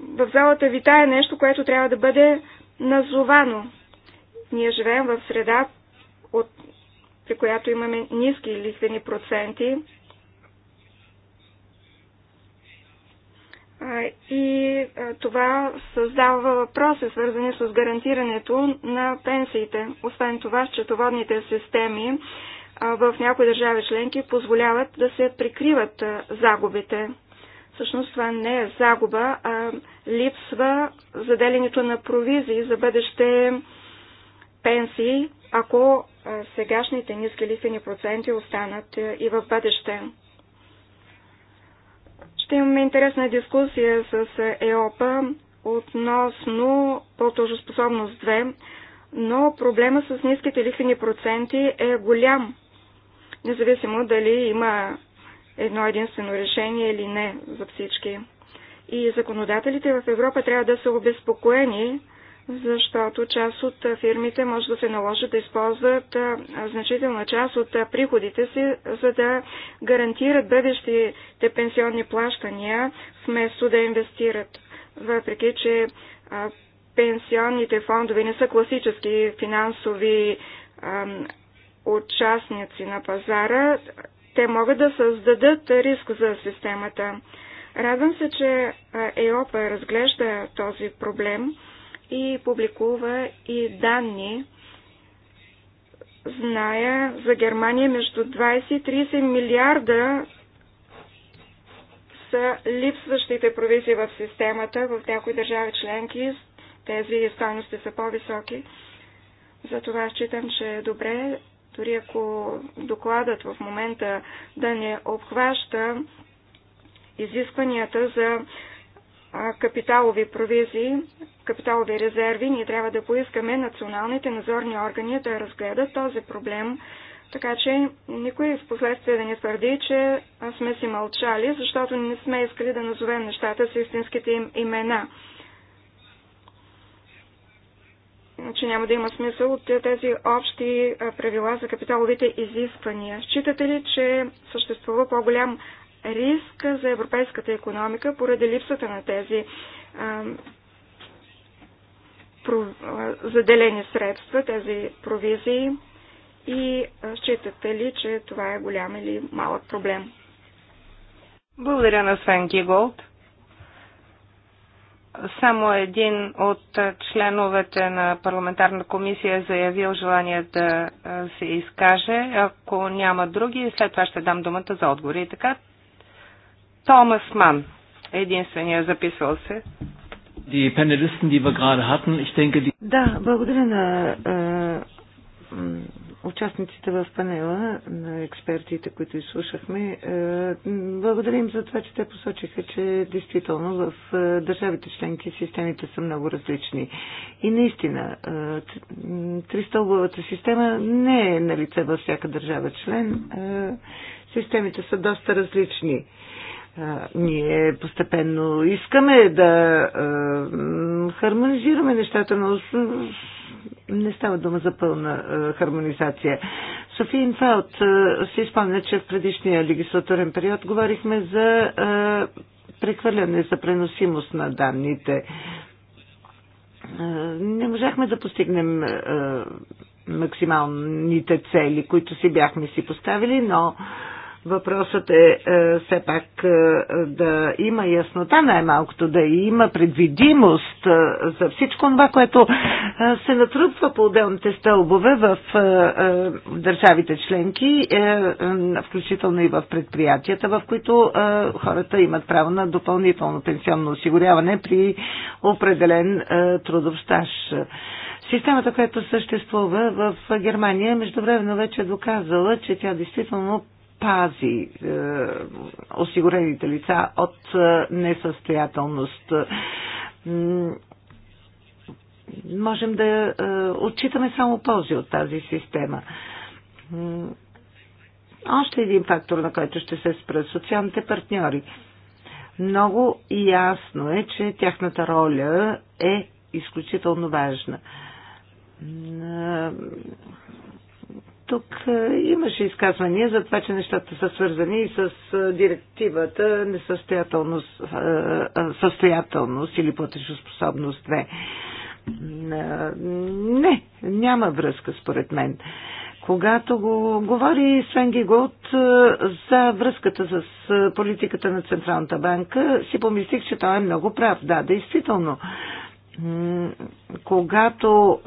в залата витае нещо, което трябва да бъде назовано. Ние живеем в среда, от, при която имаме ниски лихвени проценти. и това създава въпроси, свързани с гарантирането на пенсиите. Освен това, счетоводните системи в някои държави членки позволяват да се прикриват загубите. Всъщност това не е загуба, а липсва заделянето на провизии за бъдеще пенсии, ако сегашните ниски лихвени проценти останат и в бъдеще. Ще имаме интересна дискусия с ЕОПА относно платежоспособност 2, но проблема с ниските лихвени проценти е голям, независимо дали има едно единствено решение или не за всички. И законодателите в Европа трябва да са обезпокоени, защото част от фирмите може да се наложи да използват значителна част от приходите си, за да гарантират бъдещите пенсионни плащания, вместо да инвестират. Въпреки, че пенсионните фондове не са класически финансови участници на пазара, те могат да създадат риск за системата. Радвам се, че ЕОПА разглежда този проблем и публикува и данни. Зная за Германия между 20 и 30 милиарда са липсващите провизии в системата. В някои държави членки тези стойности са по-високи. Затова считам, че е добре, дори ако докладът в момента да не обхваща изискванията за капиталови провизии, капиталови резерви, ние трябва да поискаме националните надзорни органи да разгледат този проблем, така че никой в последствие да не твърди, че сме си мълчали, защото не сме искали да назовем нещата с истинските им имена. Че значи няма да има смисъл от тези общи правила за капиталовите изисквания. Считате ли, че съществува по-голям риск за европейската економика поради липсата на тези заделени средства, тези провизии и считате ли, че това е голям или малък проблем? Благодаря на Свен Гиголд. Само един от членовете на парламентарна комисия е заявил желание да се изкаже. Ако няма други, след това ще дам думата за отговори. И така, Томас Ман. Единствения записал се. Die Panelisten, die wir gerade hatten, ich denke, die... Да, благодаря на е, участниците в панела, на експертите, които изслушахме. Е, благодарим за това, че те посочиха, че действително в е, държавите членки системите са много различни. И наистина, е, тристълбовата система не е на лице във всяка държава член. Е, системите са доста различни. Е, ние постепенно искаме да хармонизираме нещата, но не става дума за пълна хармонизация. София Инфелд се спомня, че в предишния легислатурен период говорихме за прехвърляне, за преносимост на данните. Не можахме да постигнем максималните цели, които си бяхме си поставили, но Въпросът е, е все пак е, да има яснота, най-малкото да има предвидимост е, за всичко това, което се натрупва по отделните стълбове в държавите членки, включително и в предприятията, в които хората имат право на допълнително пенсионно осигуряване при определен трудов стаж. Системата, която съществува в Германия, междувременно вече е доказала, че тя действително пази е, осигурените лица от е, несъстоятелност. Можем да е, отчитаме само ползи от тази система. Още един фактор, на който ще се спра социалните партньори. Много ясно е, че тяхната роля е изключително важна тук е, имаше изказвания за това, че нещата са свързани и с е, директивата несъстоятелност е, състоятелност или платежоспособност 2. Не, няма връзка според мен. Когато го говори Свен Гигот за връзката с политиката на Централната банка, си помислих, че той е много прав. Да, действително когато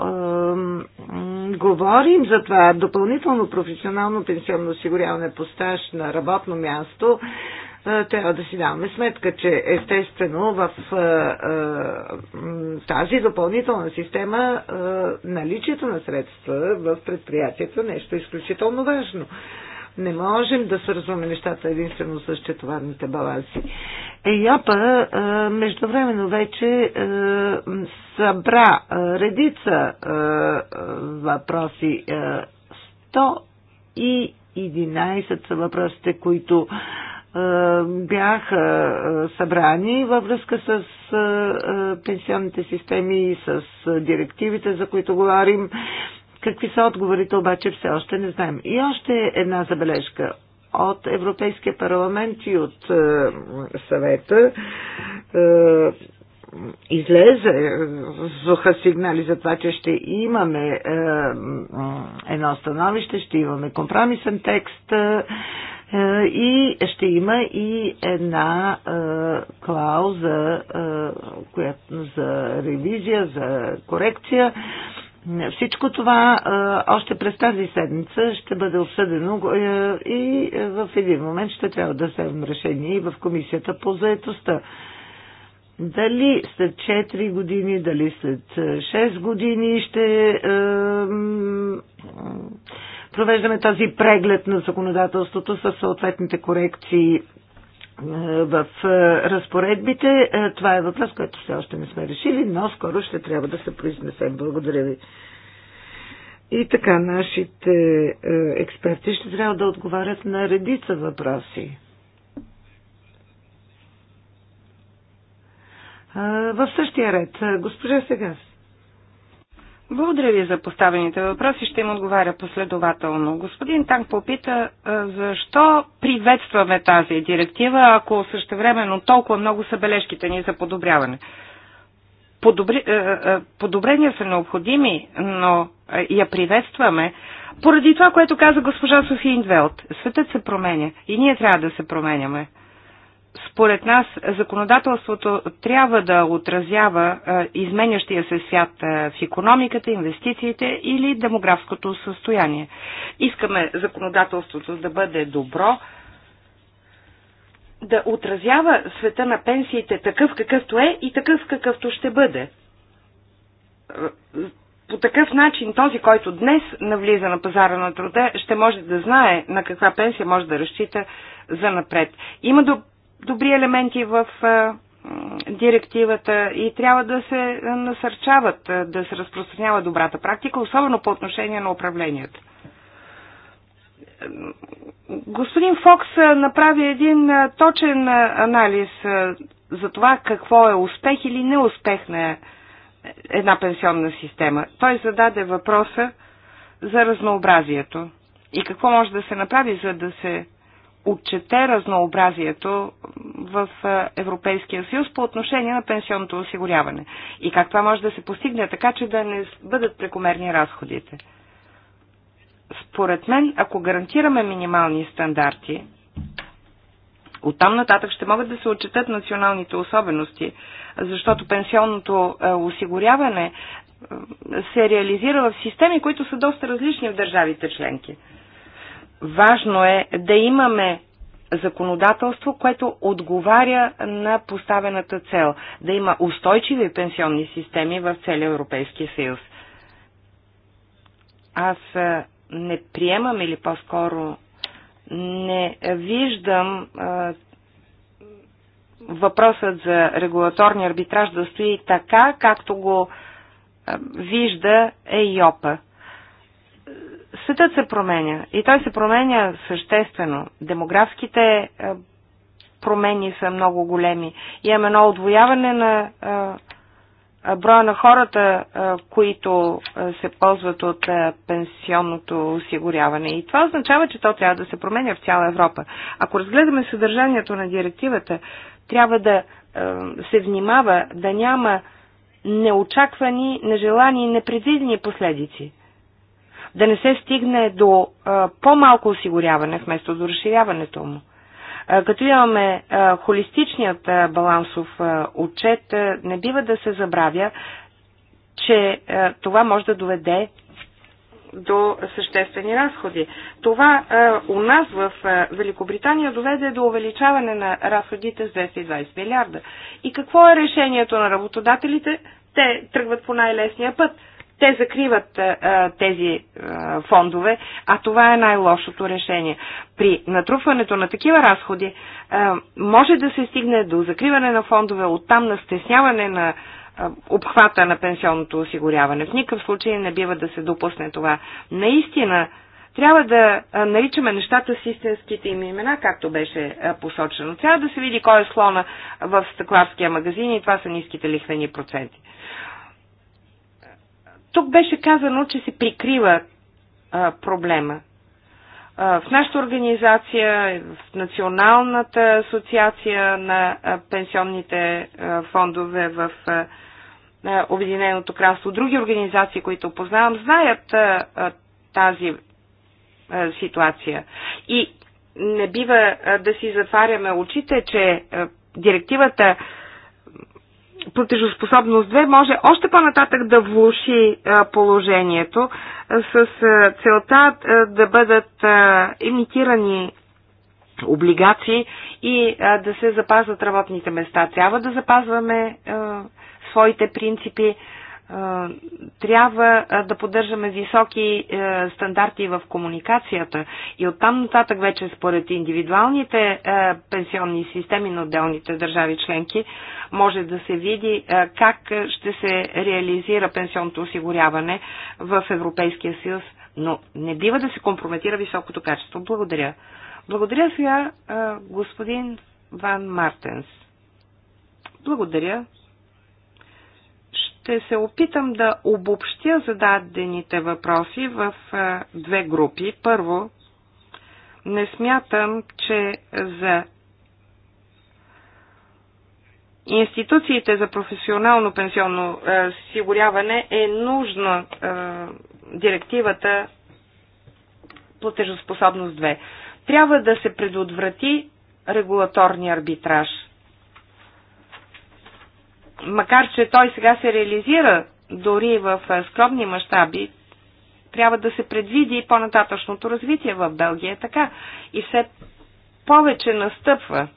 говорим за това допълнително професионално пенсионно осигуряване по стаж на работно място, трябва да си даваме сметка, че естествено в тази допълнителна система наличието на средства в предприятието е нещо изключително важно. Не можем да свързваме нещата единствено с четоварните баланси. ЕЙОПА междувременно вече събра редица въпроси. 111 са въпросите, които бяха събрани във връзка с пенсионните системи, и с директивите, за които говорим. Какви са отговорите обаче все още не знаем. И още една забележка от Европейския парламент и от е, съвета. Е, излезе, зуха сигнали за това, че ще имаме е, едно становище, ще имаме компромисен текст е, и ще има и една е, клауза е, която, за ревизия, за корекция. Всичко това още през тази седмица ще бъде обсъдено е, и е, в един момент ще трябва да вземем решение и в комисията по заетостта. Дали след 4 години, дали след 6 е, години ще провеждаме този преглед на законодателството с съответните корекции в е, разпоредбите. Е, това е въпрос, който все още не сме решили, но скоро ще трябва да се произнесем. Благодаря ви. И така, нашите е, експерти ще трябва да отговарят на редица въпроси. В същия ред, госпожа Сегас. Благодаря ви за поставените въпроси. Ще им отговаря последователно. Господин Танк попита защо приветстваме тази директива, ако същевременно толкова много са бележките ни за подобряване. Подобри, подобрения са необходими, но я приветстваме поради това, което каза госпожа Софи Индвелт. Светът се променя и ние трябва да се променяме. Според нас законодателството трябва да отразява е, изменящия се свят е, в економиката, инвестициите или демографското състояние. Искаме законодателството да бъде добро, да отразява света на пенсиите такъв какъвто е и такъв какъвто ще бъде. По такъв начин този, който днес навлиза на пазара на труда, ще може да знае на каква пенсия може да разчита за напред. Има добри елементи в директивата и трябва да се насърчават, да се разпространява добрата практика, особено по отношение на управлението. Господин Фокс направи един точен анализ за това какво е успех или неуспех на една пенсионна система. Той зададе въпроса за разнообразието и какво може да се направи, за да се отчете разнообразието в Европейския съюз по отношение на пенсионното осигуряване и как това може да се постигне така, че да не бъдат прекомерни разходите. Според мен, ако гарантираме минимални стандарти, оттам нататък ще могат да се отчетат националните особености, защото пенсионното осигуряване се реализира в системи, които са доста различни в държавите членки. Важно е да имаме законодателство, което отговаря на поставената цел да има устойчиви пенсионни системи в целия Европейски съюз. Аз не приемам или по-скоро не виждам а, въпросът за регулаторния арбитраж да стои така, както го а, вижда ЕИОПА. Светът се променя и той се променя съществено. Демографските е, промени са много големи. Имаме едно отвояване на е, е, броя на хората, които се ползват от пенсионното осигуряване. И това означава, че то трябва да се променя в цяла Европа. Ако разгледаме съдържанието на директивата, трябва да се внимава да няма неочаквани, нежелани и непредвидени последици да не се стигне до по-малко осигуряване вместо до разширяването му. Като имаме холистичният балансов отчет, не бива да се забравя, че това може да доведе до съществени разходи. Това е, у нас в е, Великобритания доведе до увеличаване на разходите с 220 милиарда. И какво е решението на работодателите? Те тръгват по най-лесния път те закриват а, тези а, фондове, а това е най-лошото решение. При натрупването на такива разходи а, може да се стигне до закриване на фондове, оттам на стесняване на а, обхвата на пенсионното осигуряване. В никакъв случай не бива да се допусне това. Наистина, трябва да наричаме нещата с истинските им имена, както беше посочено. Трябва да се види кой е слона в стъкларския магазин и това са ниските лихвени проценти. Тук беше казано, че се прикрива а, проблема. А, в нашата организация, в Националната асоциация на а, пенсионните а, фондове в а, Обединеното кралство, други организации, които познавам, знаят а, а, тази а, ситуация. И не бива а, да си затваряме очите, че а, директивата а, Протежоспособност 2 може още по-нататък да влуши положението с целта да бъдат имитирани облигации и да се запазват работните места. Трябва да запазваме своите принципи трябва да поддържаме високи е, стандарти в комуникацията и оттам нататък вече според индивидуалните е, пенсионни системи на отделните държави членки може да се види е, как ще се реализира пенсионното осигуряване в Европейския съюз, но не бива да се компрометира високото качество. Благодаря. Благодаря сега господин Ван Мартенс. Благодаря, ще се опитам да обобщя зададените въпроси в две групи. Първо, не смятам, че за институциите за професионално пенсионно осигуряване е нужна директивата платежоспособност 2. Трябва да се предотврати регулаторния арбитраж – макар че той сега се реализира дори в скромни мащаби, трябва да се предвиди и по-нататъчното развитие в Белгия. Така и все повече настъпва.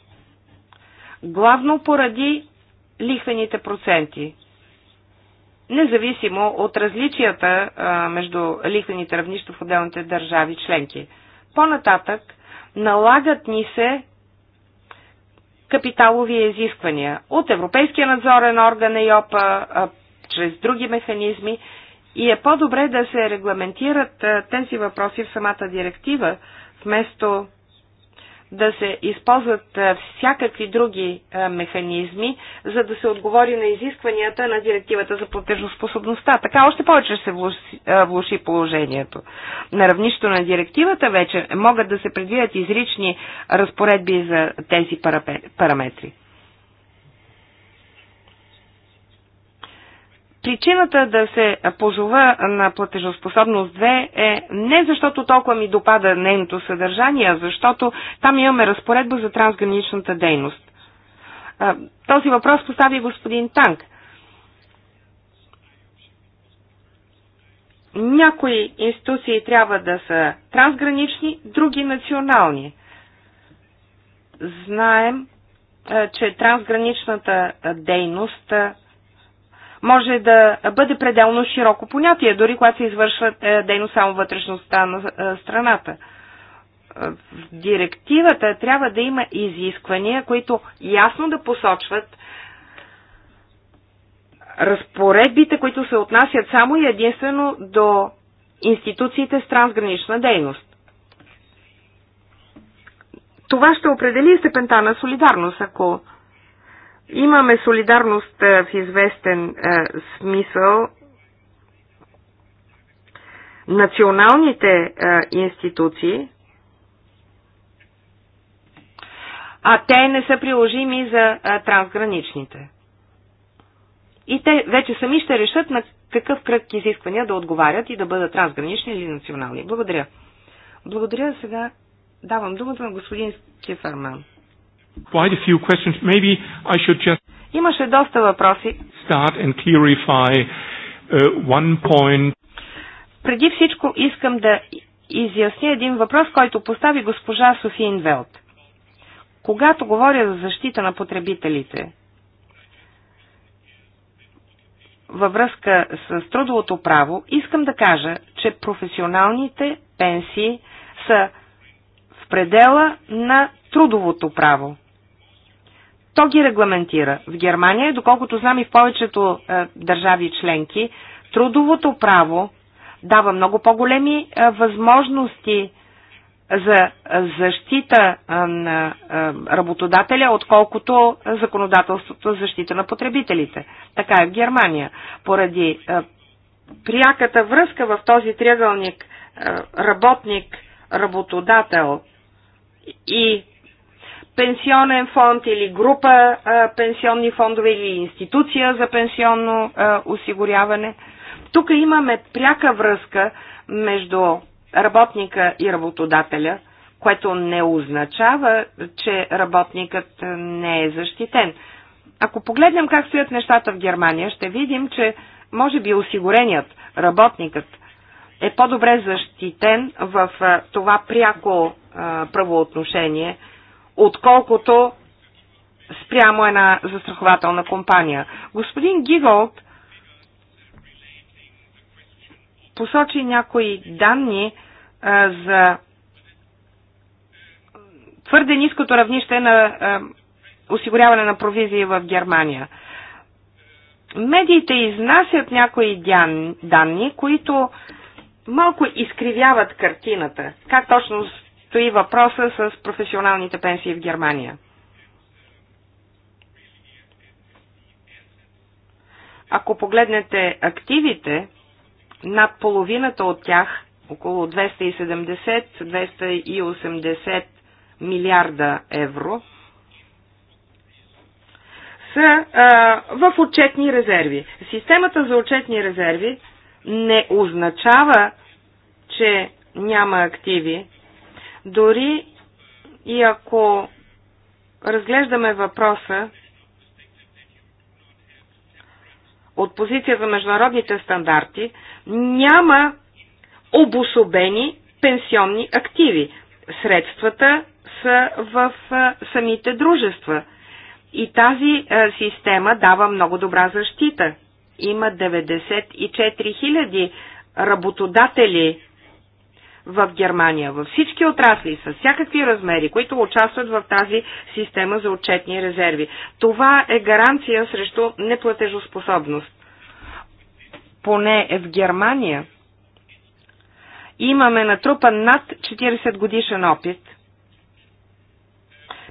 Главно поради лихвените проценти. Независимо от различията а, между лихвените равнища в отделните държави членки. По-нататък налагат ни се капиталови изисквания от Европейския надзорен орган ЕОПА, чрез други механизми и е по-добре да се регламентират тези въпроси в самата директива, вместо да се използват всякакви други механизми, за да се отговори на изискванията на директивата за платежоспособността. Така още повече се влуши положението. На равнището на директивата вече могат да се предвидят изрични разпоредби за тези параметри. Причината да се позова на платежоспособност 2 е не защото толкова ми допада нейното съдържание, а защото там имаме разпоредба за трансграничната дейност. Този въпрос постави господин Танк. Някои институции трябва да са трансгранични, други национални. Знаем, че трансграничната дейност може да бъде пределно широко понятие, дори когато се извършва е, дейност само вътрешността на е, страната. Е, в директивата трябва да има изисквания, които ясно да посочват разпоредбите, които се отнасят само и единствено до институциите с трансгранична дейност. Това ще определи степента на солидарност, ако Имаме солидарност е, в известен е, смисъл. Националните е, институции, а те не са приложими за трансграничните. И те вече сами ще решат на какъв кръг изисквания да отговарят и да бъдат трансгранични или национални. Благодаря. Благодаря. Сега давам думата на господин Кеферман. Just... Имаше доста въпроси. Clarify, uh, Преди всичко искам да изясня един въпрос, който постави госпожа Софи Инвелт. Когато говоря за защита на потребителите, във връзка с трудовото право, искам да кажа, че професионалните пенсии са в предела на трудовото право. То ги регламентира. В Германия, доколкото знам и в повечето е, държави членки, трудовото право дава много по-големи е, възможности за защита е, на е, работодателя, отколкото законодателството за защита на потребителите. Така е в Германия. Поради е, пряката връзка в този триъгълник работник, работодател и пенсионен фонд или група а, пенсионни фондове или институция за пенсионно а, осигуряване. Тук имаме пряка връзка между работника и работодателя, което не означава, че работникът не е защитен. Ако погледнем как стоят нещата в Германия, ще видим, че може би осигуреният работникът е по-добре защитен в това пряко правоотношение – отколкото спрямо една застрахователна компания. Господин Гиголд посочи някои данни а, за твърде ниското равнище на а, осигуряване на провизии в Германия. Медиите изнасят някои данни, които малко изкривяват картината. Как точно стои въпроса с професионалните пенсии в Германия. Ако погледнете активите, над половината от тях, около 270-280 милиарда евро, са а, в отчетни резерви. Системата за отчетни резерви не означава, че няма активи дори и ако разглеждаме въпроса от позиция за международните стандарти, няма обособени пенсионни активи. Средствата са в самите дружества. И тази система дава много добра защита. Има 94 000 работодатели в Германия, във всички отрасли, с всякакви размери, които участват в тази система за отчетни резерви. Това е гаранция срещу неплатежоспособност. Поне в Германия имаме натрупан над 40 годишен опит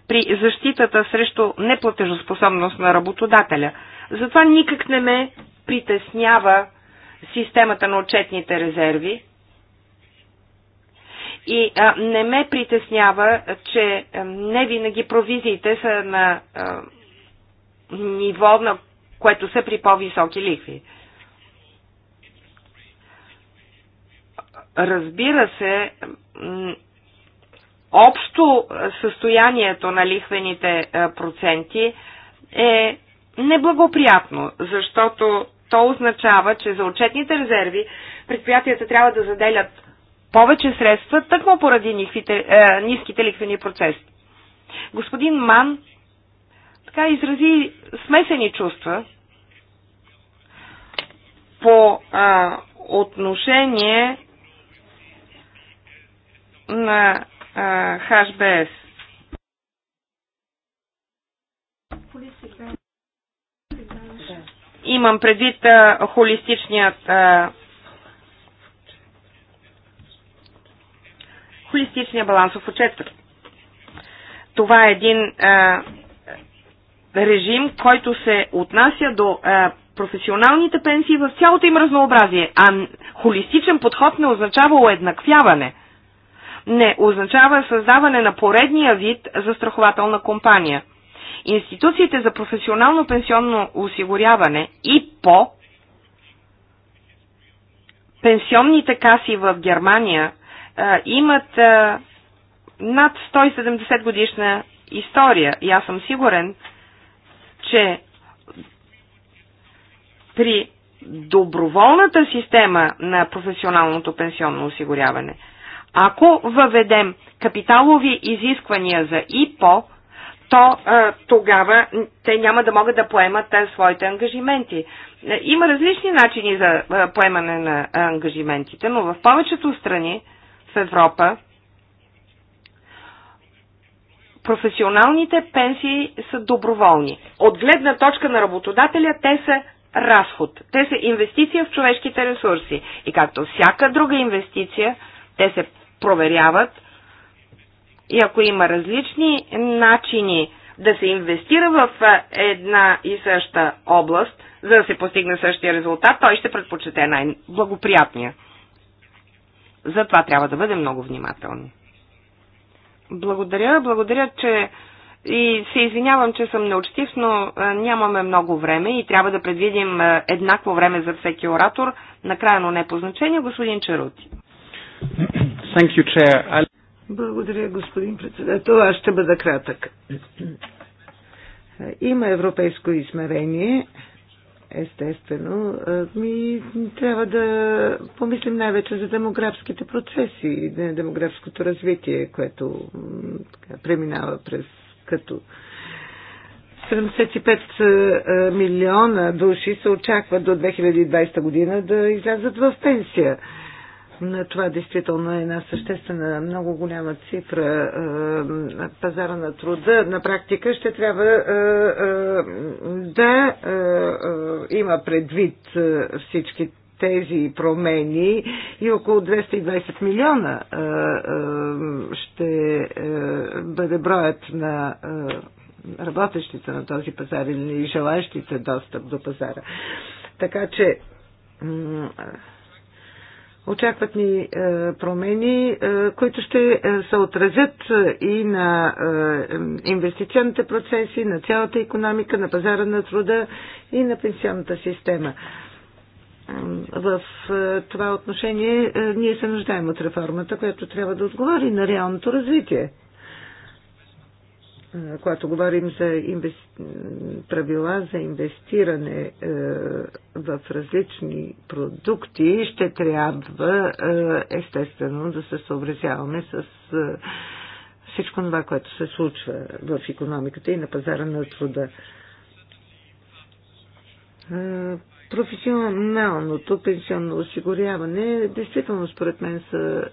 при защитата срещу неплатежоспособност на работодателя. Затова никак не ме притеснява системата на отчетните резерви, и а, не ме притеснява, че а, не винаги провизиите са на а, ниво, на което са при по-високи лихви. Разбира се, общо състоянието на лихвените проценти е неблагоприятно, защото то означава, че за отчетните резерви предприятията трябва да заделят повече средства, тъкмо поради нихвите, е, ниските ликвени процеси. Господин Ман така изрази смесени чувства по а, отношение на а, HBS. Имам предвид а, холистичният а, холистичния балансов отчет. Това е един а, режим, който се отнася до а, професионалните пенсии в цялото им разнообразие, а холистичен подход не означава уеднаквяване. Не, означава създаване на поредния вид застрахователна компания. Институциите за професионално пенсионно осигуряване и по пенсионните каси в Германия имат над 170 годишна история. И аз съм сигурен, че при доброволната система на професионалното пенсионно осигуряване, ако въведем капиталови изисквания за ИПО, то а, тогава те няма да могат да поемат а, своите ангажименти. Има различни начини за а, поемане на ангажиментите, но в повечето страни а, в Европа, професионалните пенсии са доброволни. От гледна точка на работодателя те са разход. Те са инвестиция в човешките ресурси. И както всяка друга инвестиция, те се проверяват. И ако има различни начини да се инвестира в една и съща област, за да се постигне същия резултат, той ще предпочете най-благоприятния. Затова трябва да бъдем много внимателни. Благодаря, благодаря, че и се извинявам, че съм неучтив, но нямаме много време и трябва да предвидим еднакво време за всеки оратор. Накрая, но не по значение, господин Чарути. Thank you, chair. Благодаря, господин председател. Аз ще бъда кратък. Има европейско измерение естествено. Ми трябва да помислим най-вече за демографските процеси, демографското развитие, което така, преминава през като 75 милиона души се очаква до 2020 година да излязат в пенсия. Това действително е една съществена, много голяма цифра. Е, пазара на труда на практика ще трябва е, е, да има предвид всички тези промени и около 220 милиона ще бъде броят на работещите на този пазар или желаещите достъп до пазара. Така че Очакват ни е, промени, е, които ще е, се отразят и на инвестиционните процеси, на цялата економика, на пазара на труда и на пенсионната система. В това отношение ние се нуждаем от реформата, която трябва да отговори на реалното развитие когато говорим за инвести... правила за инвестиране е, в различни продукти, ще трябва е, естествено да се съобразяваме с е, всичко това, което се случва в економиката и на пазара на труда. Професионалното пенсионно осигуряване, действително според мен са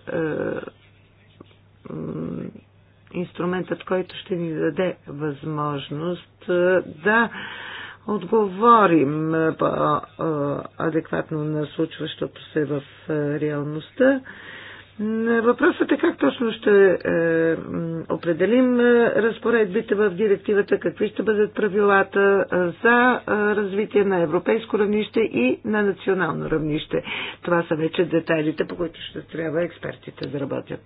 инструментът, който ще ни даде възможност е, да отговорим е, адекватно на случващото се в е, реалността. Въпросът е как точно ще определим разпоредбите в директивата, какви ще бъдат правилата за развитие на европейско равнище и на национално равнище. Това са вече детайлите, по които ще трябва експертите да работят.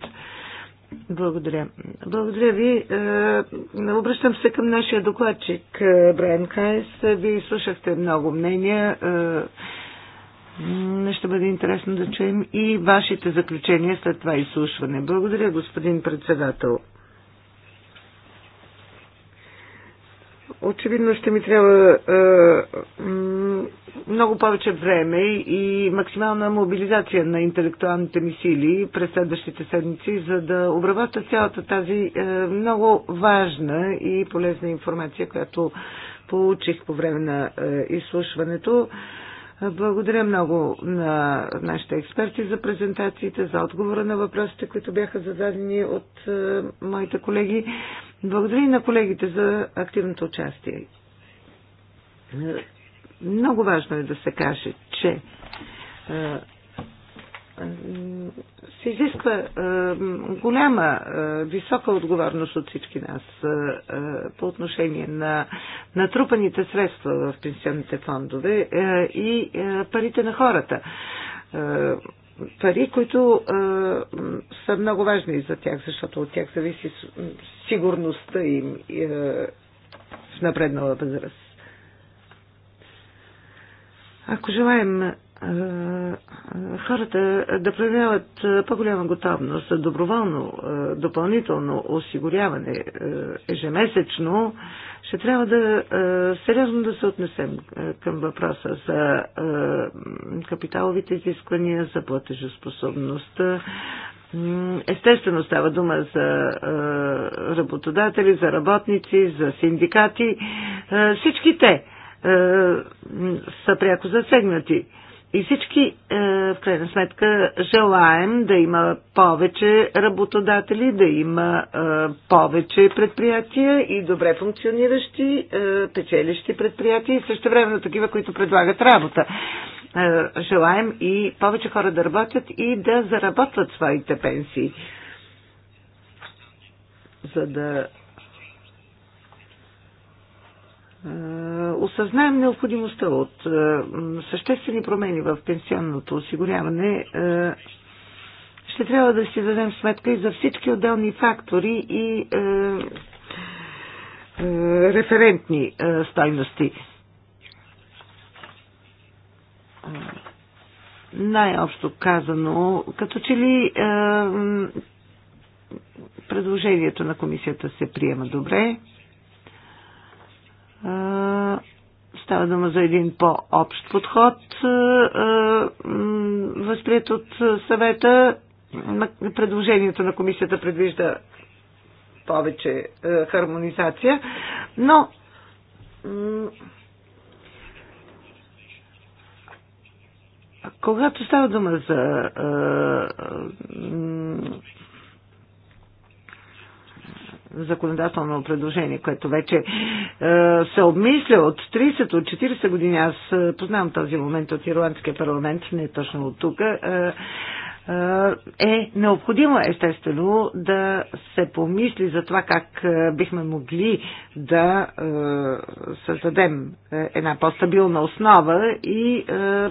Благодаря. Благодаря ви. Е, обръщам се към нашия докладчик е, Брайан Хайс. Вие слушахте много мнения. Е, ще бъде интересно да чуем и вашите заключения след това изслушване. Благодаря, господин председател. очевидно ще ми трябва е, много повече време и максимална мобилизация на интелектуалните ми сили през следващите седмици, за да обработя цялата тази е, много важна и полезна информация, която получих по време на е, изслушването. Благодаря много на нашите експерти за презентациите, за отговора на въпросите, които бяха зададени от е, моите колеги. Благодаря и на колегите за активното участие. Е, много важно е да се каже, че е, се изисква е, голяма, е, висока отговорност от всички нас е, е по отношение на натрупаните средства в пенсионните фондове е, и е, парите на хората. пари, които са много важни за тях, защото от тях зависи сигурността им в напреднала възраст. Ако желаем хората да проявяват по-голяма готовност за доброволно допълнително осигуряване ежемесечно, ще трябва да сериозно да се отнесем към въпроса за капиталовите изисквания, за платежоспособността. Естествено става дума за работодатели, за работници, за синдикати. Всички те са пряко засегнати и всички, е, в крайна сметка, желаем да има повече работодатели, да има е, повече предприятия и добре функциониращи, е, печелищи предприятия и също време на такива, които предлагат работа. Желаем и повече хора да работят и да заработват своите пенсии. За да е, осъзнаем необходимостта от е, съществени промени в пенсионното осигуряване, е, ще трябва да си дадем сметка и за всички отделни фактори и референтни стойности. Най-общо казано, като че ли предложението на комисията се приема добре, Става дума за един по-общ подход, възприят от съвета. Предложението на комисията предвижда повече хармонизация, но когато става дума за законодателно предложение, което вече е, се обмисля от 30 от 40 години. Аз е, познавам този момент от Ирландския парламент, не точно от тук. Е, е, е необходимо, естествено, да се помисли за това как е, бихме могли да създадем една по-стабилна основа и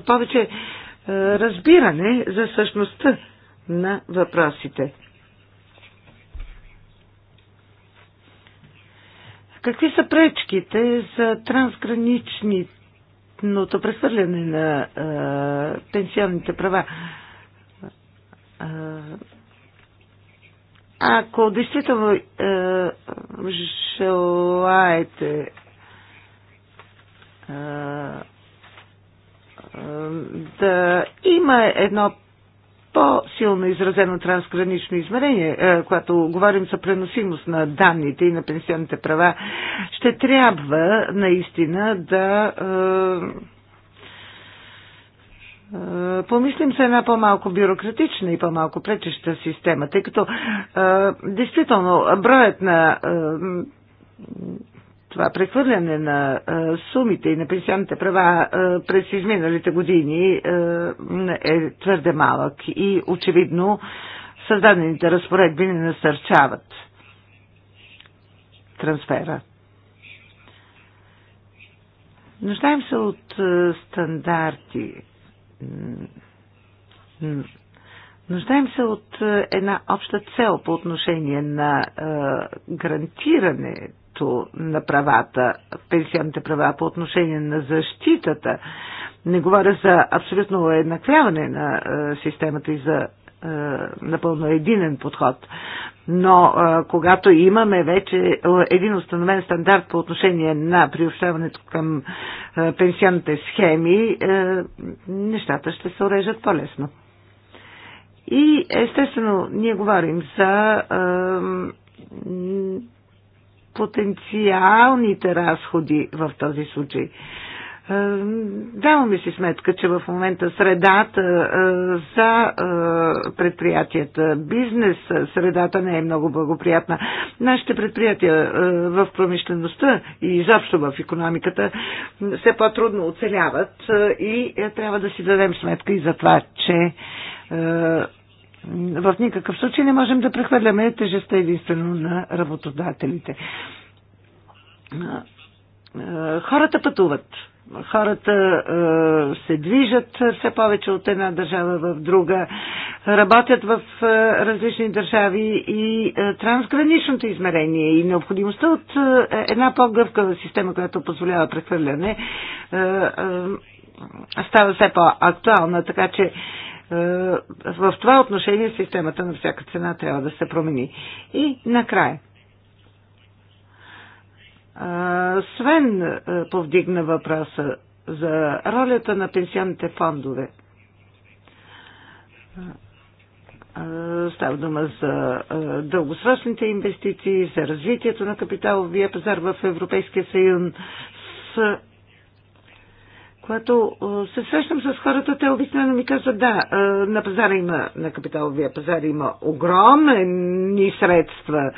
повече разбиране за същността на въпросите. Какви са пречките за трансграничното прехвърляне на а, пенсионните права? А, ако действително а, желаете да има едно по-силно изразено трансгранично измерение, е, когато говорим за преносимост на данните и на пенсионните права, ще трябва наистина да е, е, помислим за една по-малко бюрократична и по-малко пречеща система, тъй като действително броят на това прехвърляне на сумите и на пенсионните права през изминалите години е твърде малък и очевидно създадените разпоредби не насърчават трансфера. Нуждаем се от стандарти. Нуждаем се от една обща цел по отношение на гарантиране правото на правата, пенсионните права по отношение на защитата. Не говоря за абсолютно уеднаквяване на е, системата и за е, напълно единен подход. Но е, когато имаме вече един установен стандарт по отношение на приобщаването към е, пенсионните схеми, е, нещата ще се урежат по-лесно. И естествено, ние говорим за е, потенциалните разходи в този случай. Е, даваме си сметка, че в момента средата е, за е, предприятията, бизнес средата не е много благоприятна. Нашите предприятия в промишлеността и изобщо в економиката все по-трудно оцеляват и трябва да си дадем сметка и за това, че в никакъв случай не можем да прехвърляме тежестта единствено на работодателите. Хората пътуват. Хората се движат все повече от една държава в друга, работят в различни държави и трансграничното измерение и необходимостта от една по-гъвкава система, която позволява прехвърляне, става все по-актуална. Така че е, в това отношение системата на всяка цена трябва да се промени. И накрая. Е, Свен е, повдигна въпроса за ролята на пенсионните фондове. Става дума за дългосрочните инвестиции, за развитието на капиталовия пазар в Европейския съюз, с когато се срещам с хората, те обикновено ми казват, да, на пазара има, на капиталовия пазар има огромни средства,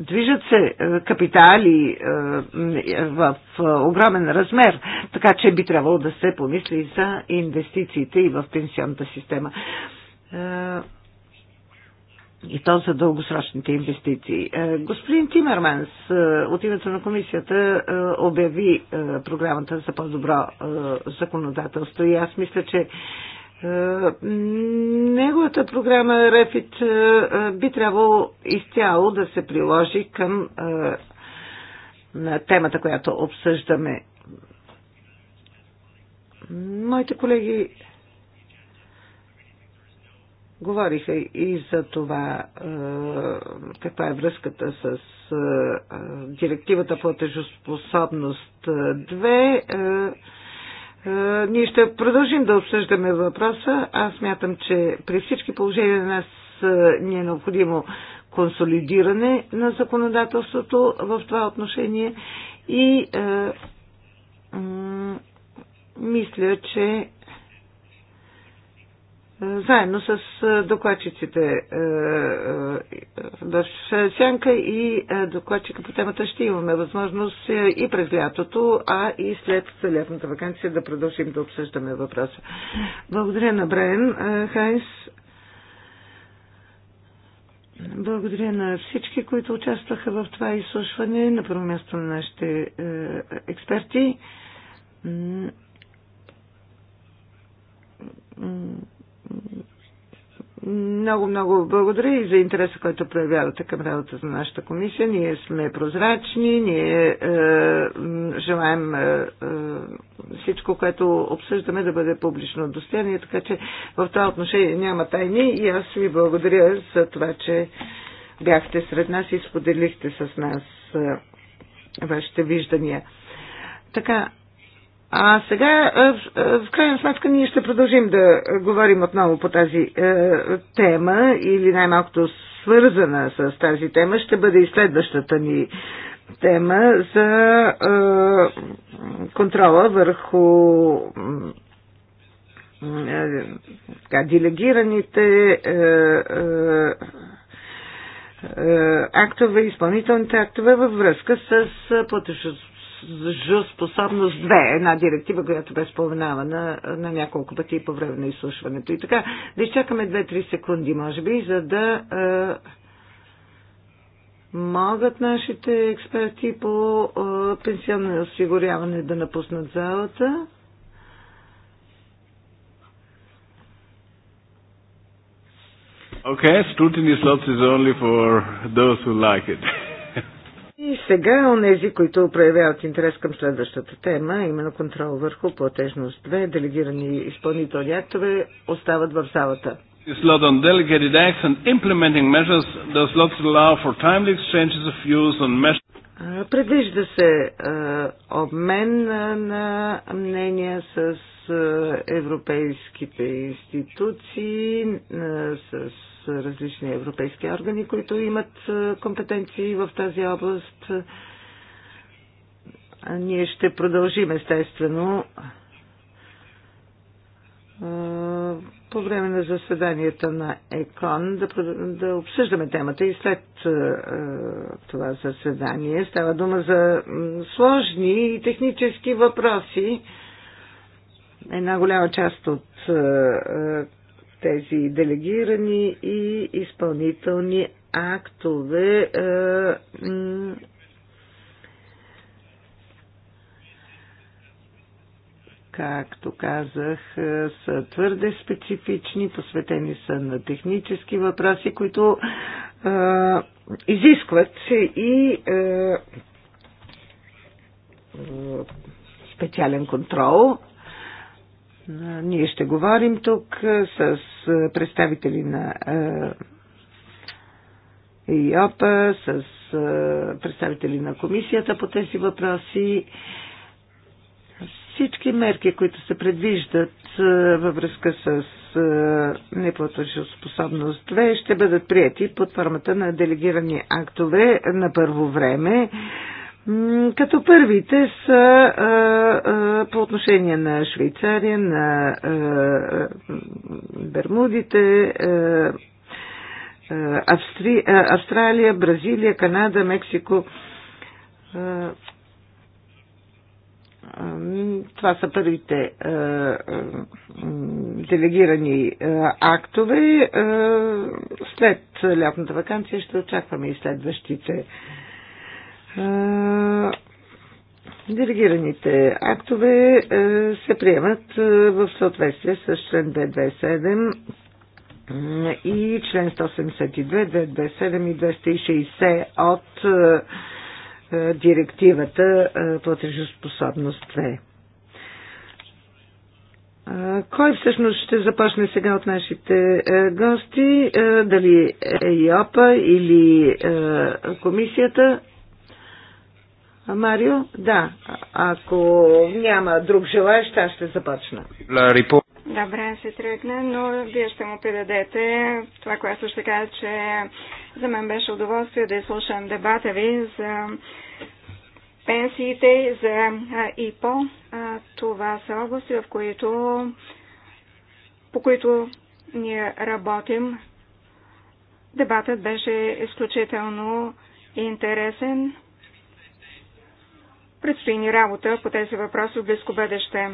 движат се капитали в огромен размер, така че би трябвало да се помисли за инвестициите и в пенсионната система и то за дългосрочните инвестиции. Е, господин Тимерманс е, от името на комисията е, обяви програмата за по-добро законодателство и аз мисля, че неговата програма РЕФИТ би трябвало изцяло да се приложи към на темата, която обсъждаме. Моите колеги Говориха и за това е, каква е връзката с е, директивата платежоспособност 2. Е, ние ще продължим да обсъждаме въпроса. Аз мятам, че при всички положения на нас ни е необходимо консолидиране на законодателството в това отношение и е, мисля, че заедно с докладчиците в е, е, Сянка и е, докладчика по темата ще имаме възможност и през лятото, а и след лятната вакансия да продължим да обсъждаме въпроса. Благодаря на Брайан Хайнс. Благодаря на всички, които участваха в това изслушване, на първо място на нашите експерти. Много, много благодаря и за интереса, който проявявате към работа за нашата комисия. Ние сме прозрачни, ние е, желаем е, е, всичко, което обсъждаме да бъде публично достояние, така че в това отношение няма тайни и аз ви благодаря за това, че бяхте сред нас и споделихте с нас е, вашите виждания. Така, а сега, е, е, в крайна сметка, ние ще продължим да говорим отново по тази е, тема или най-малкото свързана с тази тема ще бъде и следващата ни тема за контрола върху така, делегираните актове, изпълнителните актове във връзка с платежоспособността способност 2, една директива, която бе споменавана на няколко пъти по време на изслушването. И така, да изчакаме 2-3 секунди, може би, за да могат нашите експерти по пенсионно осигуряване да напуснат залата. Okay, scrutiny slots is only for those who like it. [LAUGHS] И сега онези, които проявяват интерес към следващата тема, именно контрол върху платежност 2, делегирани изпълнителни актове, остават в залата. This on delegated acts and implementing measures does not allow for timely exchanges of views on measures. Предвижда се обмен на мнения с европейските институции, с различни европейски органи, които имат компетенции в тази област. Ние ще продължим естествено по време на заседанията на ЕКОН да, да обсъждаме темата и след е, това заседание. Става дума за сложни и технически въпроси. Е, Една голяма част от е, е, тези делегирани и изпълнителни актове е, както казах, са твърде специфични, посветени са на технически въпроси, които е, изискват и е, специален контрол. Ние ще говорим тук с представители на ИОПА, с представители на комисията по тези въпроси. Всички мерки, които се предвиждат във връзка с неплатежоспособност 2, ще бъдат прияти под формата на делегирани актове на първо време като първите са а, а, по отношение на Швейцария, на а, Бермудите, а, Австри, а, Австралия, Бразилия, Канада, Мексико. А, това са първите е, делегирани актове. след лятната вакансия ще очакваме и следващите Делегираните актове се приемат в съответствие с член 227 и член 172, 227 и 260 от директивата платежоспособност 2. Кой всъщност ще започне сега от нашите гости? Дали ЕИОПА или комисията? Марио, да, ако няма друг желаещ, аз ще започна. Добре, се тръгна, но вие ще му предадете това, което ще кажа, че за мен беше удоволствие да изслушам дебата ви за пенсиите, за ИПО. Това са области, в които, по които ние работим. Дебатът беше изключително интересен. Предстои ни работа по тези въпроси в близко бъдеще.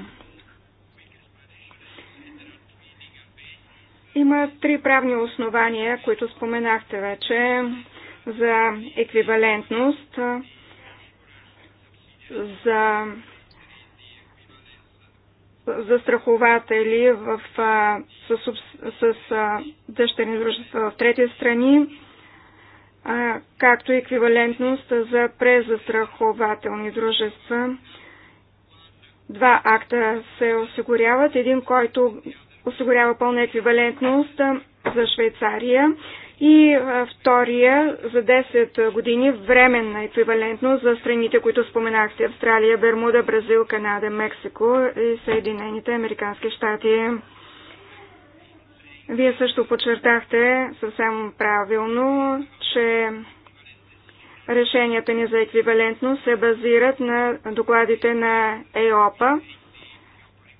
Има три правни основания, които споменахте вече за еквивалентност, за застрахователи в, с, с, с дъщерни дружества в трети страни а, както и еквивалентност за презастрахователни дружества. Два акта се осигуряват. Един, който осигурява пълна еквивалентност за Швейцария и втория за 10 години временна еквивалентност за страните, които споменахте Австралия, Бермуда, Бразил, Канада, Мексико и Съединените Американски щати. Вие също подчертахте съвсем правилно, че решенията ни за еквивалентност се базират на докладите на ЕОПА.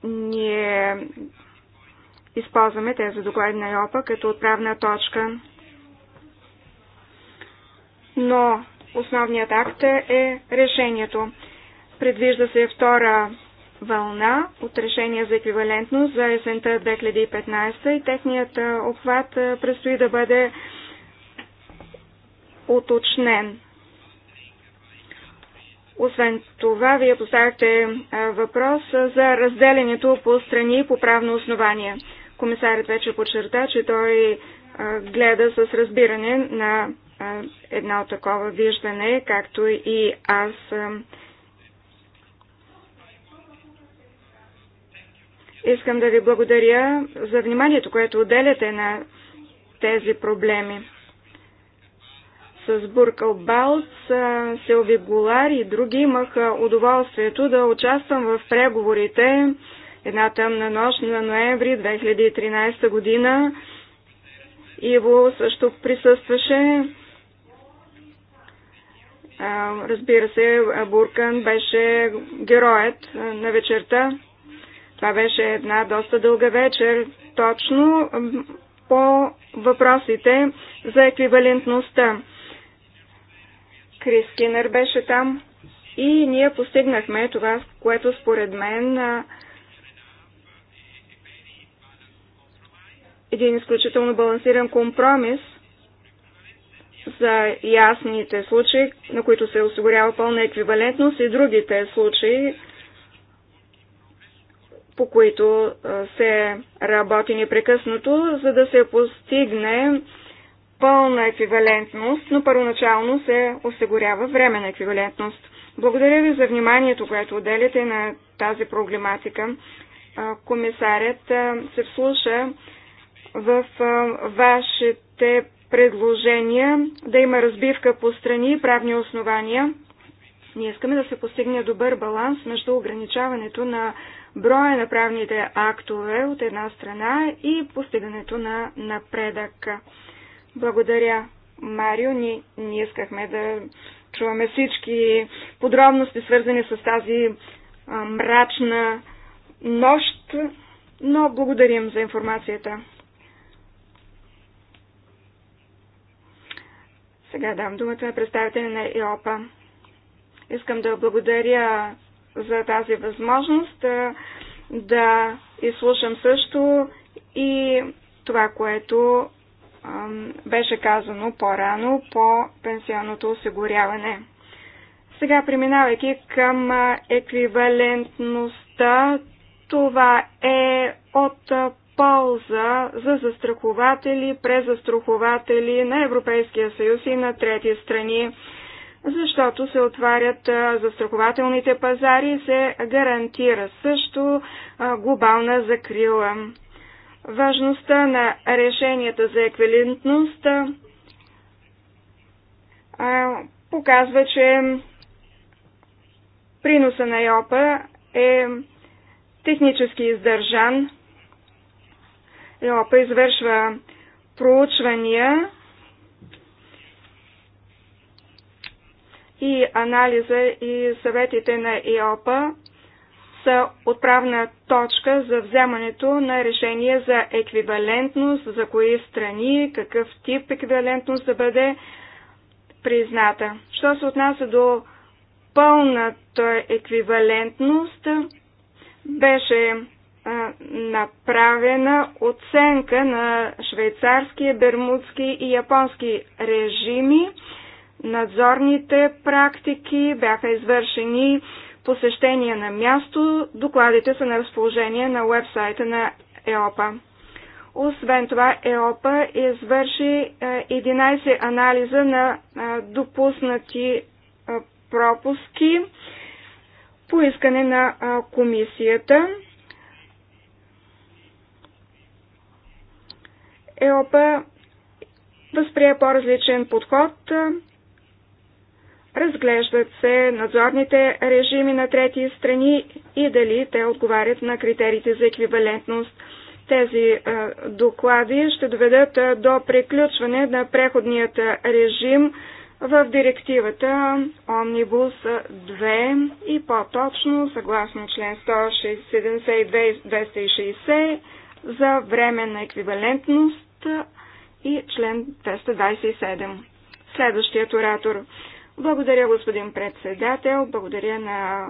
Ние използваме тези доклади на ЕОПА като отправна точка. Но основният акт е решението. Предвижда се втора вълна от решения за еквивалентност за есента 2015 и техният обхват предстои да бъде уточнен. Освен това, вие поставяхте въпрос за разделението по страни по правно основание. Комисарят вече подчерта, че той гледа с разбиране на едно такова виждане, както и аз Искам да ви благодаря за вниманието, което отделяте на тези проблеми. С Буркал Балц, Силви Голар и други имах удоволствието да участвам в преговорите една тъмна нощ на ноември 2013 година. Иво също присъстваше. Разбира се, Буркан беше героят на вечерта. Това беше една доста дълга вечер, точно по въпросите за еквивалентността. Крис Кинер беше там и ние постигнахме това, което според мен един изключително балансиран компромис за ясните случаи, на които се осигурява пълна еквивалентност и другите случаи, по които се работи непрекъснато, за да се постигне пълна еквивалентност, но първоначално се осигурява временна еквивалентност. Благодаря ви за вниманието, което отделяте на тази проблематика. Комисарят се вслуша в вашите предложения да има разбивка по страни и правни основания. Ние искаме да се постигне добър баланс между ограничаването на броя на правните актове от една страна и постигането на напредък. Благодаря, Марио. Ние, ние искахме да чуваме всички подробности, свързани с тази а, мрачна нощ, но благодарим за информацията. Сега дам думата на представителя на ЕОПА. Искам да благодаря за тази възможност да изслушам също и това, което беше казано по-рано по пенсионното осигуряване. Сега, преминавайки към еквивалентността, това е от полза за застрахователи, презастрахователи на Европейския съюз и на трети страни защото се отварят застрахователните пазари и се гарантира също глобална закрила. Важността на решенията за еквивалентност показва, че приноса на ЕОПА е технически издържан. ЕОПА извършва проучвания и анализа и съветите на ИОПА са отправна точка за вземането на решение за еквивалентност, за кои страни, какъв тип еквивалентност да бъде призната. Що се отнася до пълната еквивалентност, беше направена оценка на швейцарския, бермудски и японски режими – надзорните практики, бяха извършени посещения на място. Докладите са на разположение на вебсайта на ЕОПА. Освен това, ЕОПА извърши 11 е, анализа на е, допуснати е, пропуски по искане на комисията. ЕОПА възприе по-различен подход Разглеждат се надзорните режими на трети страни и дали те отговарят на критериите за еквивалентност. Тези е, доклади ще доведат е, до приключване на преходният режим в директивата Омнибус 2 и по-точно съгласно член 172-260 за време на еквивалентност и член 227. Следващият оратор. Благодаря, господин председател. Благодаря на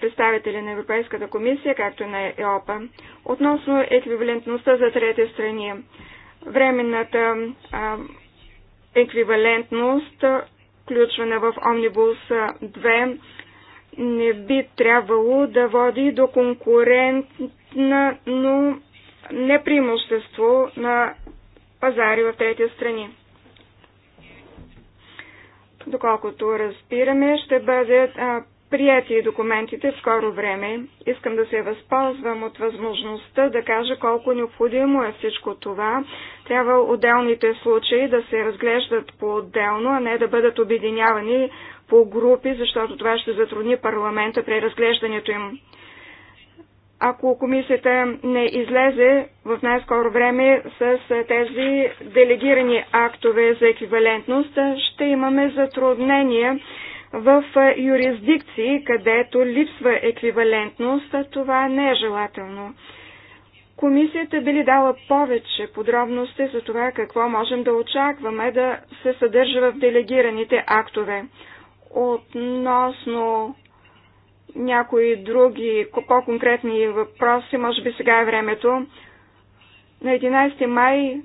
представители на Европейската комисия, както и на ЕОПА. Относно еквивалентността за трети страни, временната а, еквивалентност, включвана в Омнибус 2, не би трябвало да води до конкурентно непримущество на пазари в трети страни. Доколкото разбираме, ще бъдат а, прияти документите в скоро време. Искам да се възползвам от възможността да кажа колко необходимо е всичко това. Трябва отделните случаи да се разглеждат по-отделно, а не да бъдат обединявани по групи, защото това ще затрудни парламента при разглеждането им ако комисията не излезе в най-скоро време с тези делегирани актове за еквивалентност, ще имаме затруднения в юрисдикции, където липсва еквивалентност, това не е желателно. Комисията би ли дала повече подробности за това какво можем да очакваме да се съдържа в делегираните актове? Относно някои други по-конкретни въпроси, може би сега е времето. На 11 май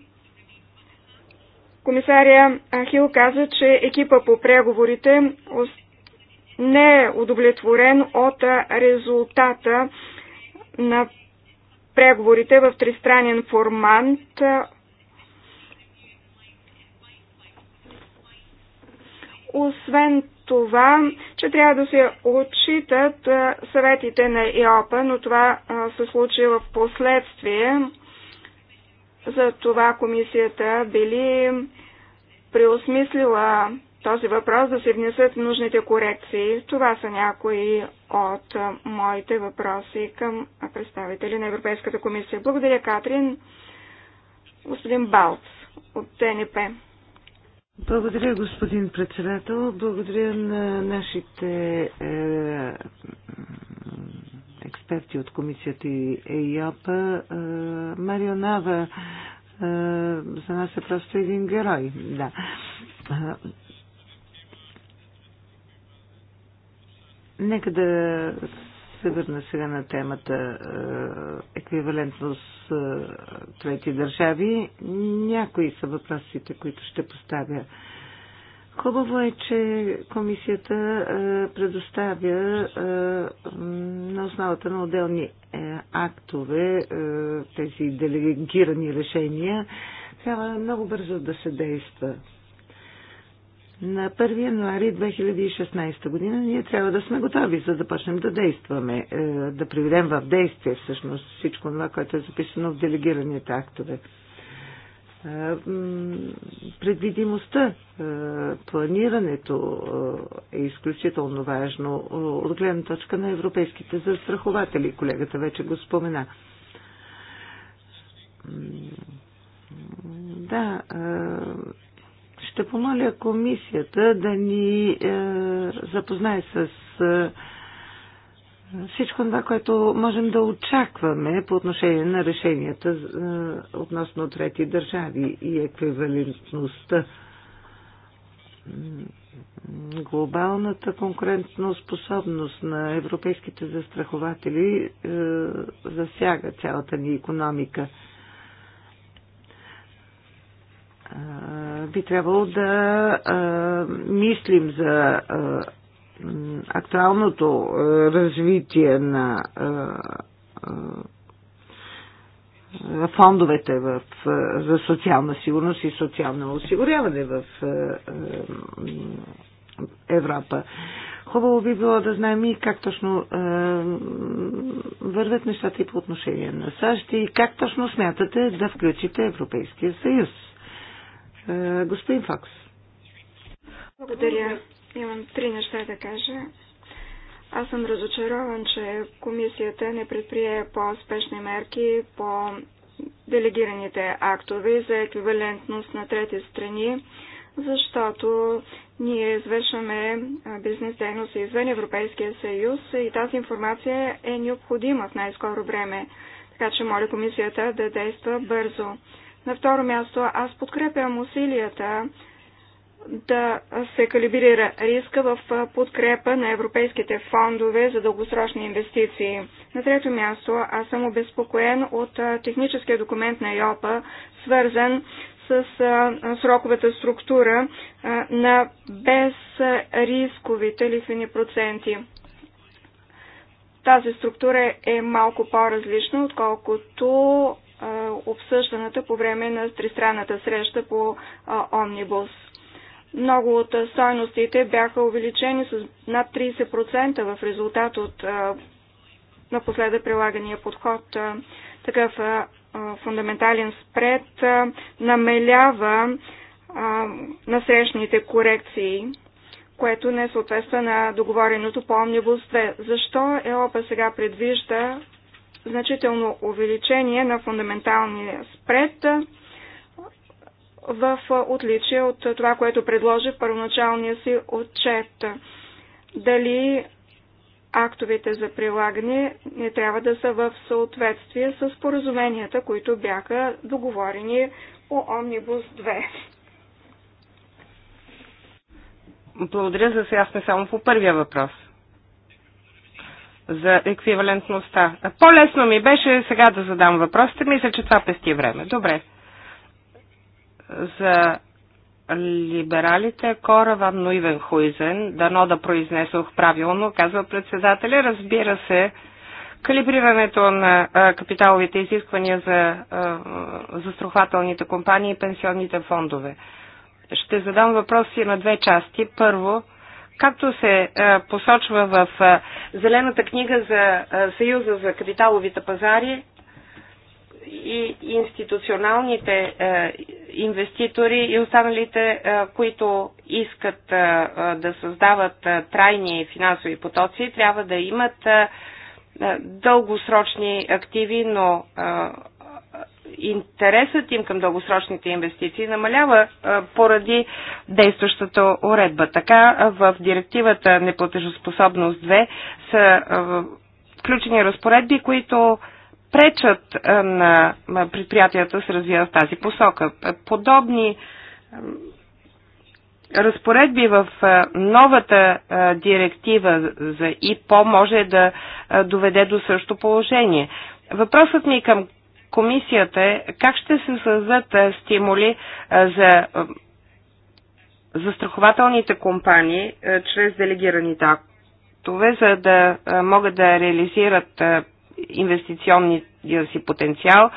комисария Хил каза, че екипа по преговорите не е удовлетворен от резултата на преговорите в тристранен формат освен това, че трябва да се отчитат съветите на ИОПА, но това се случи в последствие. За това комисията били преосмислила този въпрос да се внесат нужните корекции. Това са някои от моите въпроси към представители на Европейската комисия. Благодаря, Катрин. Господин Балц от ТНП. Благодаря, господин председател. Благодаря на нашите е, експерти от комисията и ЕИОПА. Е, Марио Нава е, за нас е просто един герой. Да. Е, нека да се върна сега на темата е, еквивалентност е, трети държави. Някои са въпросите, които ще поставя. Хубаво е, че комисията е, предоставя на основата на отделни актове тези делегирани решения. Трябва много бързо да се действа на 1 януари 2016 година ние трябва да сме готови, за да почнем да действаме, е, да приведем в действие всъщност всичко това, което е записано в делегираните актове. Е, предвидимостта, е, планирането е изключително важно от гледна точка на европейските застрахователи. Колегата вече го спомена. Да, ще помоля комисията да ни е, запознае с е, всичко това, което можем да очакваме по отношение на решенията е, относно трети държави и еквивалентността. Глобалната конкурентна способност на европейските застрахователи е, засяга цялата ни економика. Е, би трябвало да мислим за актуалното развитие на фондовете в, за социална сигурност и социално осигуряване в Европа. Хубаво би било да знаем и как точно вървят нещата и по отношение на САЩ и как точно смятате да включите Европейския съюз е, господин Факс, Благодаря. Имам три неща да кажа. Аз съм разочарован, че комисията не предприе по-спешни мерки по делегираните актове за еквивалентност на трети страни, защото ние извършваме бизнес дейност извън Европейския съюз и тази информация е необходима в най-скоро време. Така че моля комисията да действа бързо. На второ място, аз подкрепям усилията да се калибрира риска в подкрепа на европейските фондове за дългосрочни инвестиции. На трето място, аз съм обезпокоен от техническия документ на ЙОПА, свързан с сроковата структура на безрисковите лихвени проценти. Тази структура е малко по-различна, отколкото обсъжданата по време на тристранната среща по Омнибус. Много от стойностите бяха увеличени с над 30% в резултат от напоследък прилагания подход. Такъв фундаментален спред намелява насрещните корекции, което не съответства на договореното по Омнибус 2. Защо ЕОПА сега предвижда значително увеличение на фундаменталния спред в отличие от това, което предложи в първоначалния си отчет. Дали актовете за прилагане не трябва да са в съответствие с поразуменията, които бяха договорени по Омнибус 2. Благодаря за сега сме само по първия въпрос за еквивалентността. По-лесно ми беше сега да задам въпросите. Мисля, че това пести време. Добре. За либералите Корава Нуивенхуизен, дано да произнесох правилно, казва председателя, разбира се, калибрирането на капиталовите изисквания за застрахователните компании и пенсионните фондове. Ще задам въпроси на две части. Първо, Както се е, посочва в е, Зелената книга за е, Съюза за капиталовите пазари и институционалните инвеститори и останалите, които искат да създават трайни финансови потоци, трябва да имат дългосрочни активи, но интересът им към дългосрочните инвестиции намалява поради действащата уредба. Така в директивата неплатежоспособност 2 са включени разпоредби, които пречат на предприятията с се развиват в тази посока. Подобни разпоредби в новата директива за ИПО може да доведе до също положение. Въпросът ми е към комисията е как ще се създадат стимули за застрахователните компании чрез делегираните актове, за да могат да реализират инвестиционния си потенциал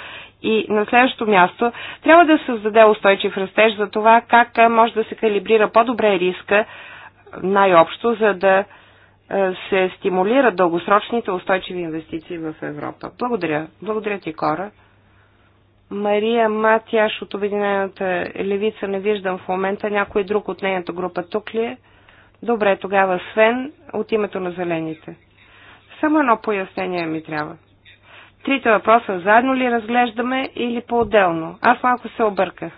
и на следващото място трябва да създаде устойчив растеж за това как може да се калибрира по-добре риска най-общо, за да е, се стимулират дългосрочните устойчиви инвестиции в Европа. Благодаря. Благодаря ти, Кора. Мария Матяш от Обединената левица не виждам в момента. Някой друг от нейната група тук ли е? Добре, тогава Свен от името на зелените. Само едно пояснение ми трябва. Трите въпроса заедно ли разглеждаме или по-отделно? Аз малко се обърках.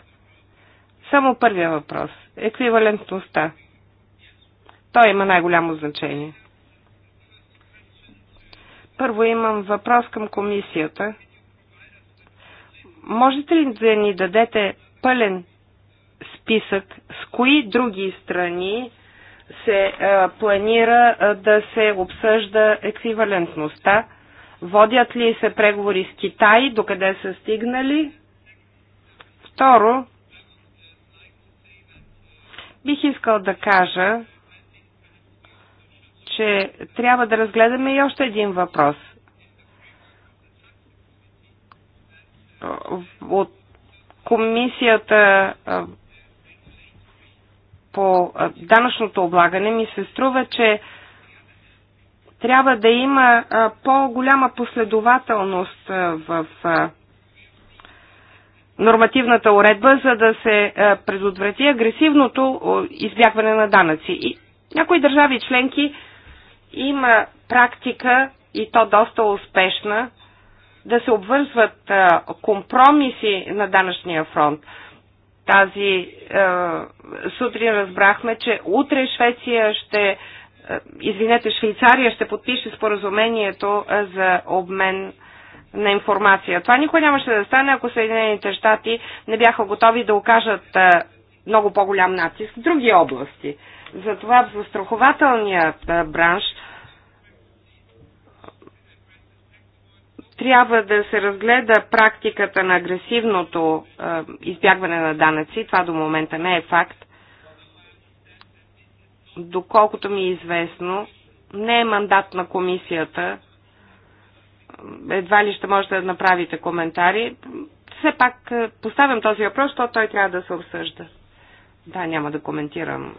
Само първия въпрос. Еквивалентността. Той има най-голямо значение. Първо имам въпрос към комисията. Можете ли да ни дадете пълен списък с кои други страни се а, планира а, да се обсъжда еквивалентността? Водят ли се преговори с Китай? Докъде са стигнали? Второ, бих искал да кажа, че трябва да разгледаме и още един въпрос. От комисията по данъчното облагане ми се струва, че трябва да има по-голяма последователност в нормативната уредба, за да се предотврати агресивното избягване на данъци. И някои държави членки има практика, и то доста успешна, да се обвързват компромиси на данъчния фронт. Тази е, сутрин разбрахме, че утре Швеция ще, извинете, Швейцария ще подпише споразумението за обмен на информация. Това никога нямаше да стане, ако Съединените щати не бяха готови да окажат много по-голям натиск в други области. Затова в застрахователният бранш трябва да се разгледа практиката на агресивното избягване на данъци. Това до момента не е факт. Доколкото ми е известно, не е мандат на комисията. Едва ли ще можете да направите коментари. Все пак поставям този въпрос, защото той трябва да се обсъжда. Да, няма да коментирам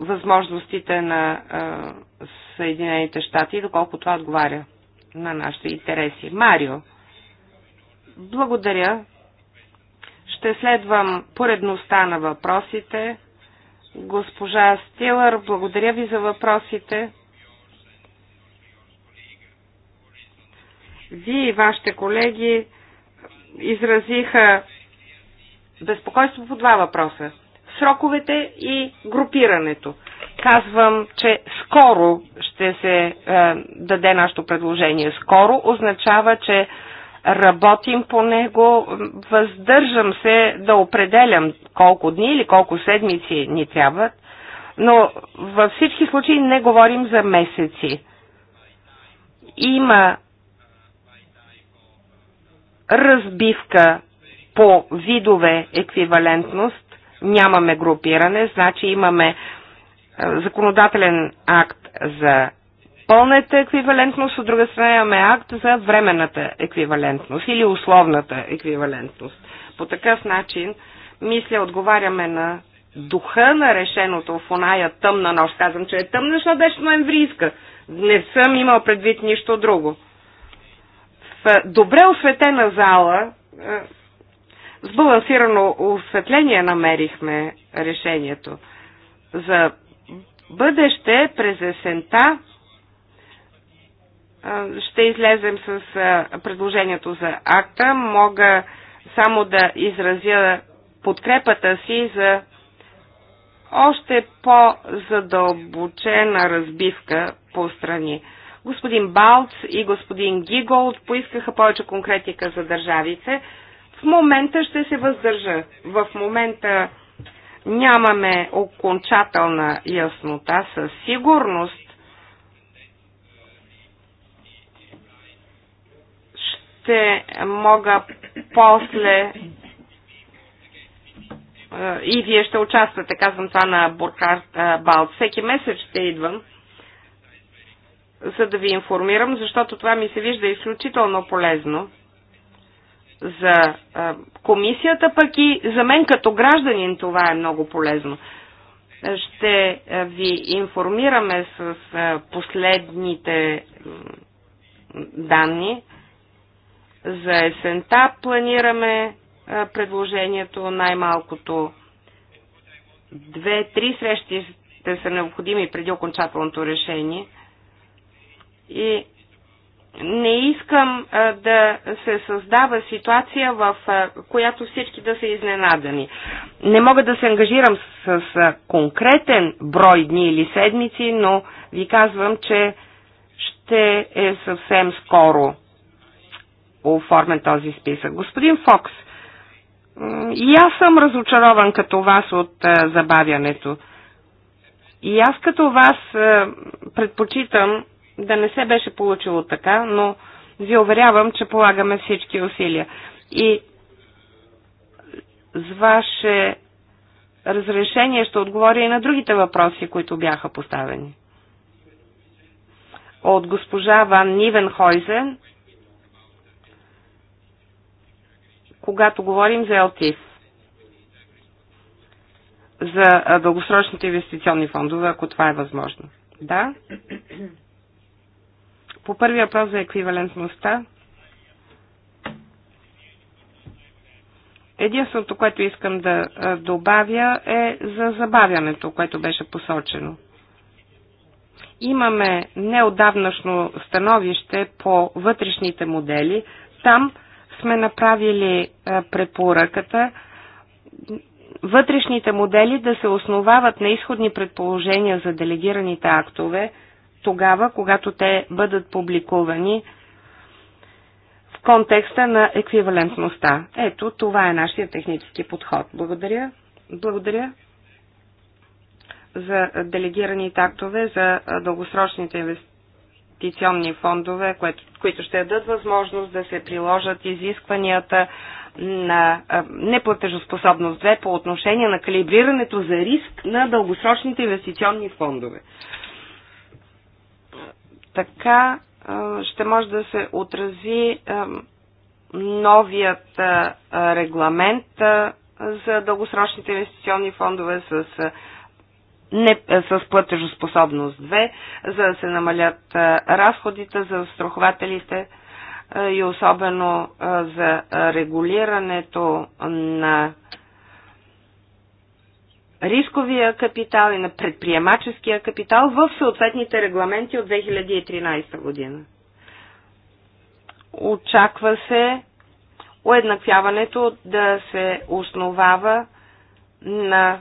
възможностите на Съединените щати и доколко това отговаря на нашите интереси. Марио, благодаря. Ще следвам поредността на въпросите. Госпожа Стилър, благодаря ви за въпросите. Вие и вашите колеги изразиха безпокойство по два въпроса сроковете и групирането. Казвам, че скоро ще се е, даде нашето предложение. Скоро означава, че работим по него. Въздържам се да определям колко дни или колко седмици ни трябват, но във всички случаи не говорим за месеци. Има разбивка по видове еквивалентност нямаме групиране, значи имаме е, законодателен акт за пълната еквивалентност, от друга страна имаме акт за временната еквивалентност или условната еквивалентност. По такъв начин, мисля, отговаряме на духа на решеното в оная тъмна нощ. Казвам, че е тъмна, защото беше ноемврийска. Не съм имал предвид нищо друго. В добре осветена зала е, с балансирано осветление намерихме решението. За бъдеще през есента ще излезем с предложението за акта. Мога само да изразя подкрепата си за още по-задълбочена разбивка по страни. Господин Балц и господин Гиголд поискаха повече конкретика за държавите в момента ще се въздържа. В момента нямаме окончателна яснота със сигурност. Ще мога после е, и вие ще участвате, казвам това на Буркарт е, Балт. Всеки месец ще идвам, за да ви информирам, защото това ми се вижда изключително полезно за комисията, пък и за мен като гражданин това е много полезно. Ще ви информираме с последните данни. За есента планираме предложението най-малкото две-три срещи ще са необходими преди окончателното решение. И не искам а, да се създава ситуация, в а, която всички да са изненадани. Не мога да се ангажирам с, с а, конкретен брой дни или седмици, но ви казвам, че ще е съвсем скоро оформен този списък. Господин Фокс, и аз съм разочарован като вас от а, забавянето. И аз като вас а, предпочитам да не се беше получило така, но ви уверявам, че полагаме всички усилия. И с ваше разрешение ще отговоря и на другите въпроси, които бяха поставени. От госпожа Ван Нивенхойзен, когато говорим за ЛТИФ, за дългосрочните инвестиционни фондове, ако това е възможно. Да? По първия въпрос за еквивалентността, единственото, което искам да добавя е за забавянето, което беше посочено. Имаме неодавнашно становище по вътрешните модели. Там сме направили препоръката вътрешните модели да се основават на изходни предположения за делегираните актове – тогава, когато те бъдат публикувани в контекста на еквивалентността. Ето, това е нашия технически подход. Благодаря. Благодаря за делегираните актове, за дългосрочните инвестиционни фондове, които ще дадат възможност да се приложат изискванията на неплатежоспособност 2 по отношение на калибрирането за риск на дългосрочните инвестиционни фондове. Така ще може да се отрази новият регламент за дългосрочните инвестиционни фондове с, не, с платежоспособност 2, за да се намалят разходите за страхователите и особено за регулирането на рисковия капитал и на предприемаческия капитал в съответните регламенти от 2013 година. Очаква се уеднаквяването да се основава на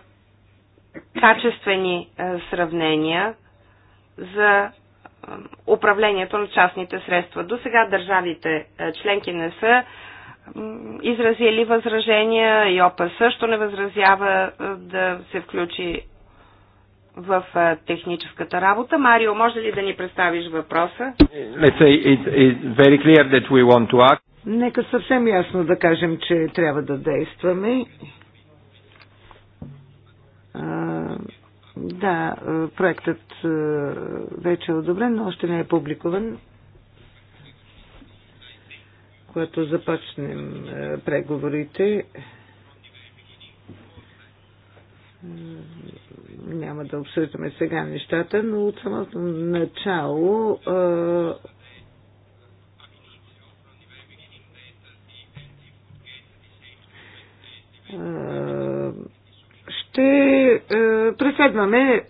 качествени е, сравнения за е, управлението на частните средства. До сега държавите е, членки не са изразили възражения, ЙОПА също не възразява да се включи в техническата работа. Марио, може ли да ни представиш въпроса? Нека съвсем ясно да кажем, че трябва да действаме. да, проектът вече е одобрен, но още не е публикуван когато започнем е, преговорите, е, няма да обсъждаме сега нещата, но от самото начало а, е, ще е, преследваме е,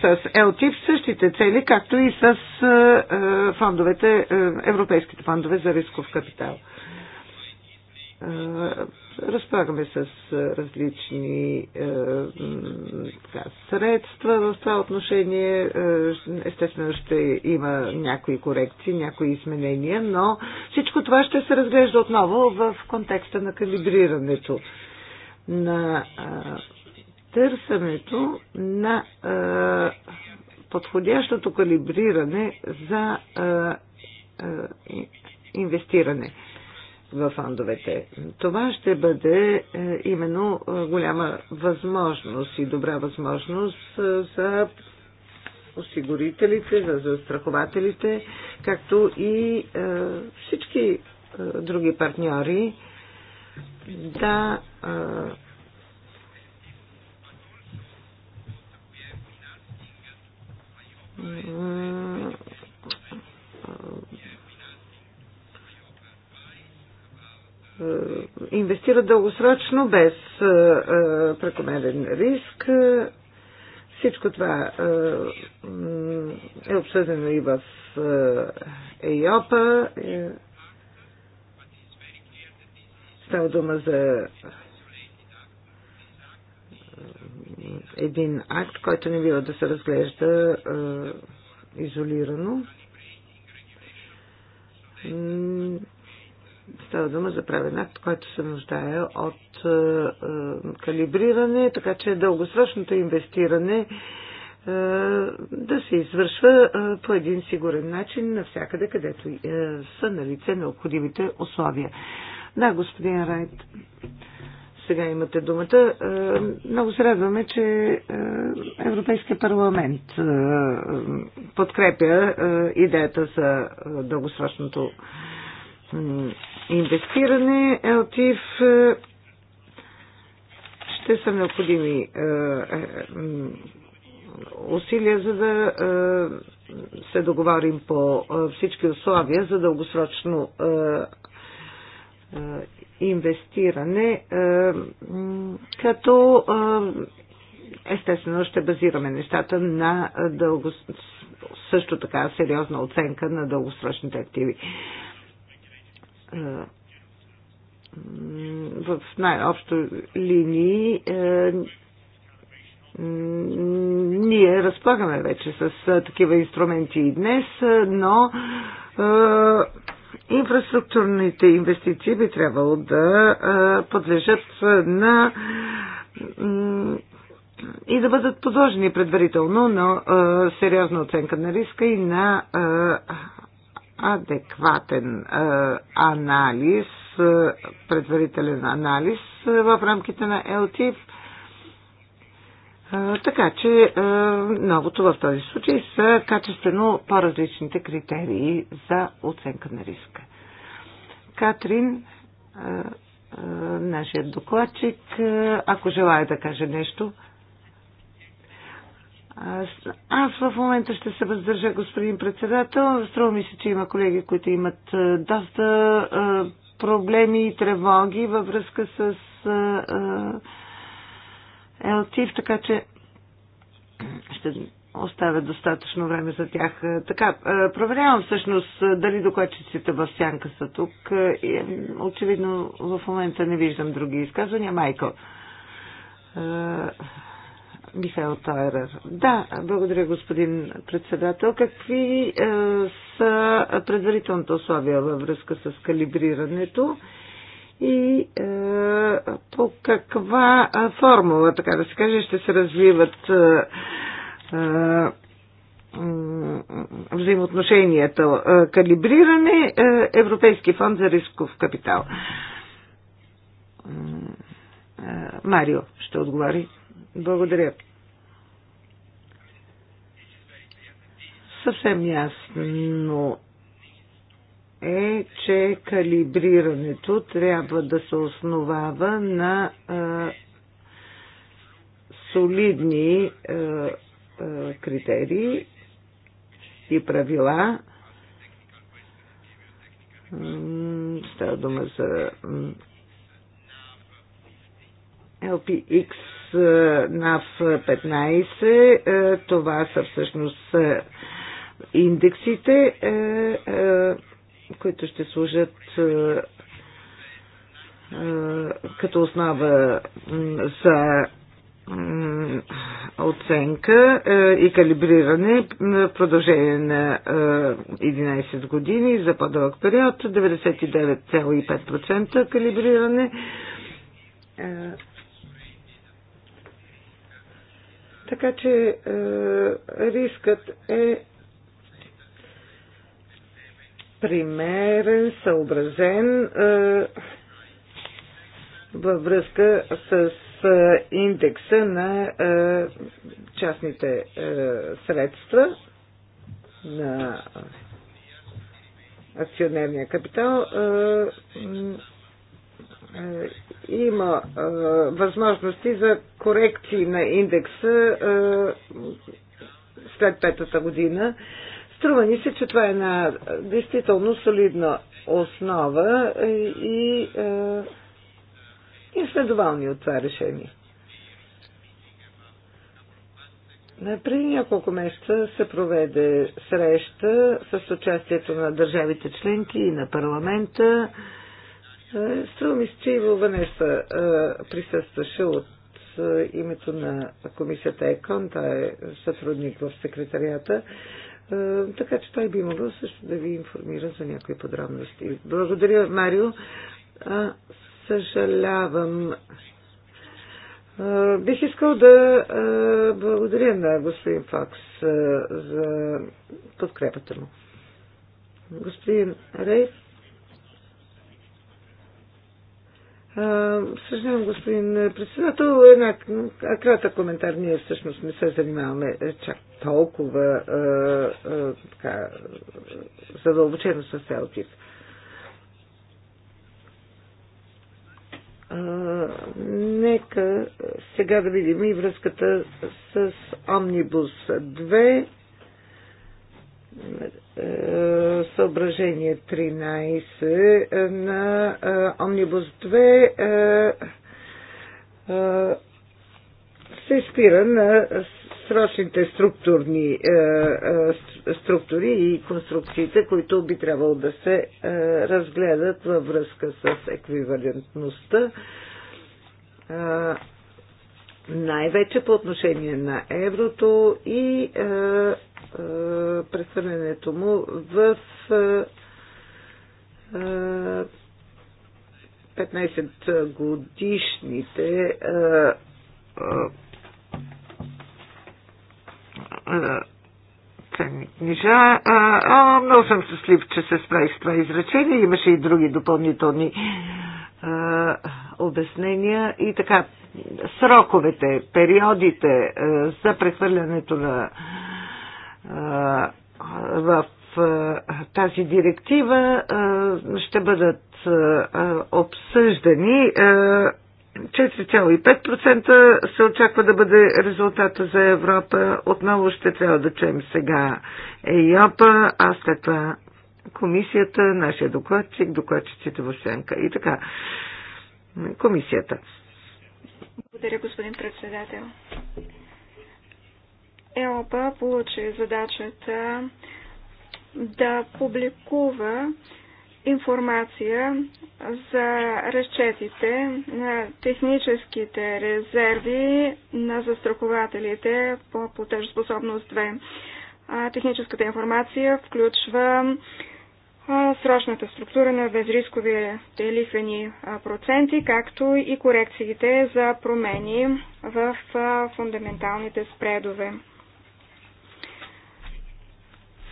с ЕЛТИП същите цели, както и с е, фондовете, европейските фондове за рисков капитал. Разполагаме с различни така, средства в това отношение. Естествено ще има някои корекции, някои изменения, но всичко това ще се разглежда отново в контекста на калибрирането на търсенето на а, подходящото калибриране за а, а, инвестиране в фондовете. Това ще бъде е, именно голяма възможност и добра възможност е, за осигурителите, за застрахователите, както и е, всички е, други партньори да е, инвестират дългосрочно, без прекомерен риск. Всичко това е обсъдено и в ЕИОПа. Е, става дума за един акт, който не бива да се разглежда изолирано. Става дума за правен акт, който се нуждае от калибриране, така че дългосрочното инвестиране да се извършва по един сигурен начин навсякъде, където са на лице необходимите условия. Да, господин Райт, сега имате думата. Е, много се радваме, че е, Европейския парламент е, подкрепя идеята за дългосрочното инвестиране. Елтив ще са необходими усилия, за да се договорим по всички условия за дългосрочно инвестиране, е, като е, естествено ще базираме нещата на дълго, също така сериозна оценка на дългосрочните активи. Е, в най-общо линии ние разполагаме вече с такива инструменти и днес, но инфраструктурните инвестиции би трябвало да подлежат на и да бъдат подложени предварително на сериозна оценка на риска и на адекватен анализ, предварителен анализ в рамките на ЕЛТИФ така че новото в този случай са качествено по-различните критерии за оценка на риска. Катрин, нашият докладчик, ако желая да каже нещо. Аз в момента ще се въздържа, господин председател. Струва ми се, че има колеги, които имат доста проблеми и тревоги във връзка с Елтив, така че ще оставя достатъчно време за тях. Е, така, е, проверявам всъщност е, дали докладчиците в сянка са тук. Очевидно в момента не виждам други изказвания. Майкъл. Михаил Тайрер. Да, благодаря господин председател. Какви е, са предварителните условия във връзка с калибрирането? и е, по каква е, формула, така да се каже, ще се развиват е, е, взаимоотношенията. Е, калибриране е, Европейски фонд за рисков капитал. Е, Марио ще отговори. Благодаря. Съвсем ясно е, че калибрирането трябва да се основава на а, солидни а, а, критерии и правила. Става дума за LPX NAV 15. Това са всъщност индексите които ще служат е, е, като основа за оценка е, и калибриране в продължение на 11 години за по-дълъг период, 99,5% калибриране. Така че рискът е примерен, съобразен е, във връзка с е, индекса на е, частните средства на акционерния капитал има възможности за корекции на индекса след петата година. Струва ни се, че това е една действително солидна основа е, и, е, и сме доволни от това решение. Преди няколко месеца се проведе среща с участието на държавите членки и на парламента. Е, струва ми се, че Иво Ванеса е, присъстваше от името на комисията ЕКОН, той е сътрудник в секретарията. Е, така че той би могъл също да ви информира за някои подробности. Благодаря, Марио. А, съжалявам. А, е, бих искал да а, е, благодаря на господин Факс а, за подкрепата му. Господин Рейф. Съжалявам, господин председател, една кратък коментар. Ние всъщност не се занимаваме чак толкова така, задълбочено с Селтис. Нека сега да видим и връзката с Омнибус е, съображение 13 е, на е, Омнибус 2 се спира на срочните структурни структури и конструкциите, които би трябвало да се разгледат във връзка с еквивалентността най-вече по отношение на еврото и е, е, прехвърлянето му в е, 15 е, годишните е, е, е книжа. Е, а, много съм щастлив, че се справих с това изречение. Имаше и други допълнителни е, е обяснения. И така, сроковете, периодите е, за прехвърлянето на е, в е, тази директива ще бъдат обсъждани. 4,5% се очаква да бъде резултата за Европа. Отново ще трябва да чуем сега ЕИОПА, а след това комисията, нашия докладчик, докладчиците в Сенка и така. Комисията. Благодаря, господин председател. ЕОПА получи задачата да публикува информация за разчетите на техническите резерви на застрахователите по платежоспособност 2. Техническата информация включва срочната структура на безрисковите лихвени проценти, както и корекциите за промени в фундаменталните спредове.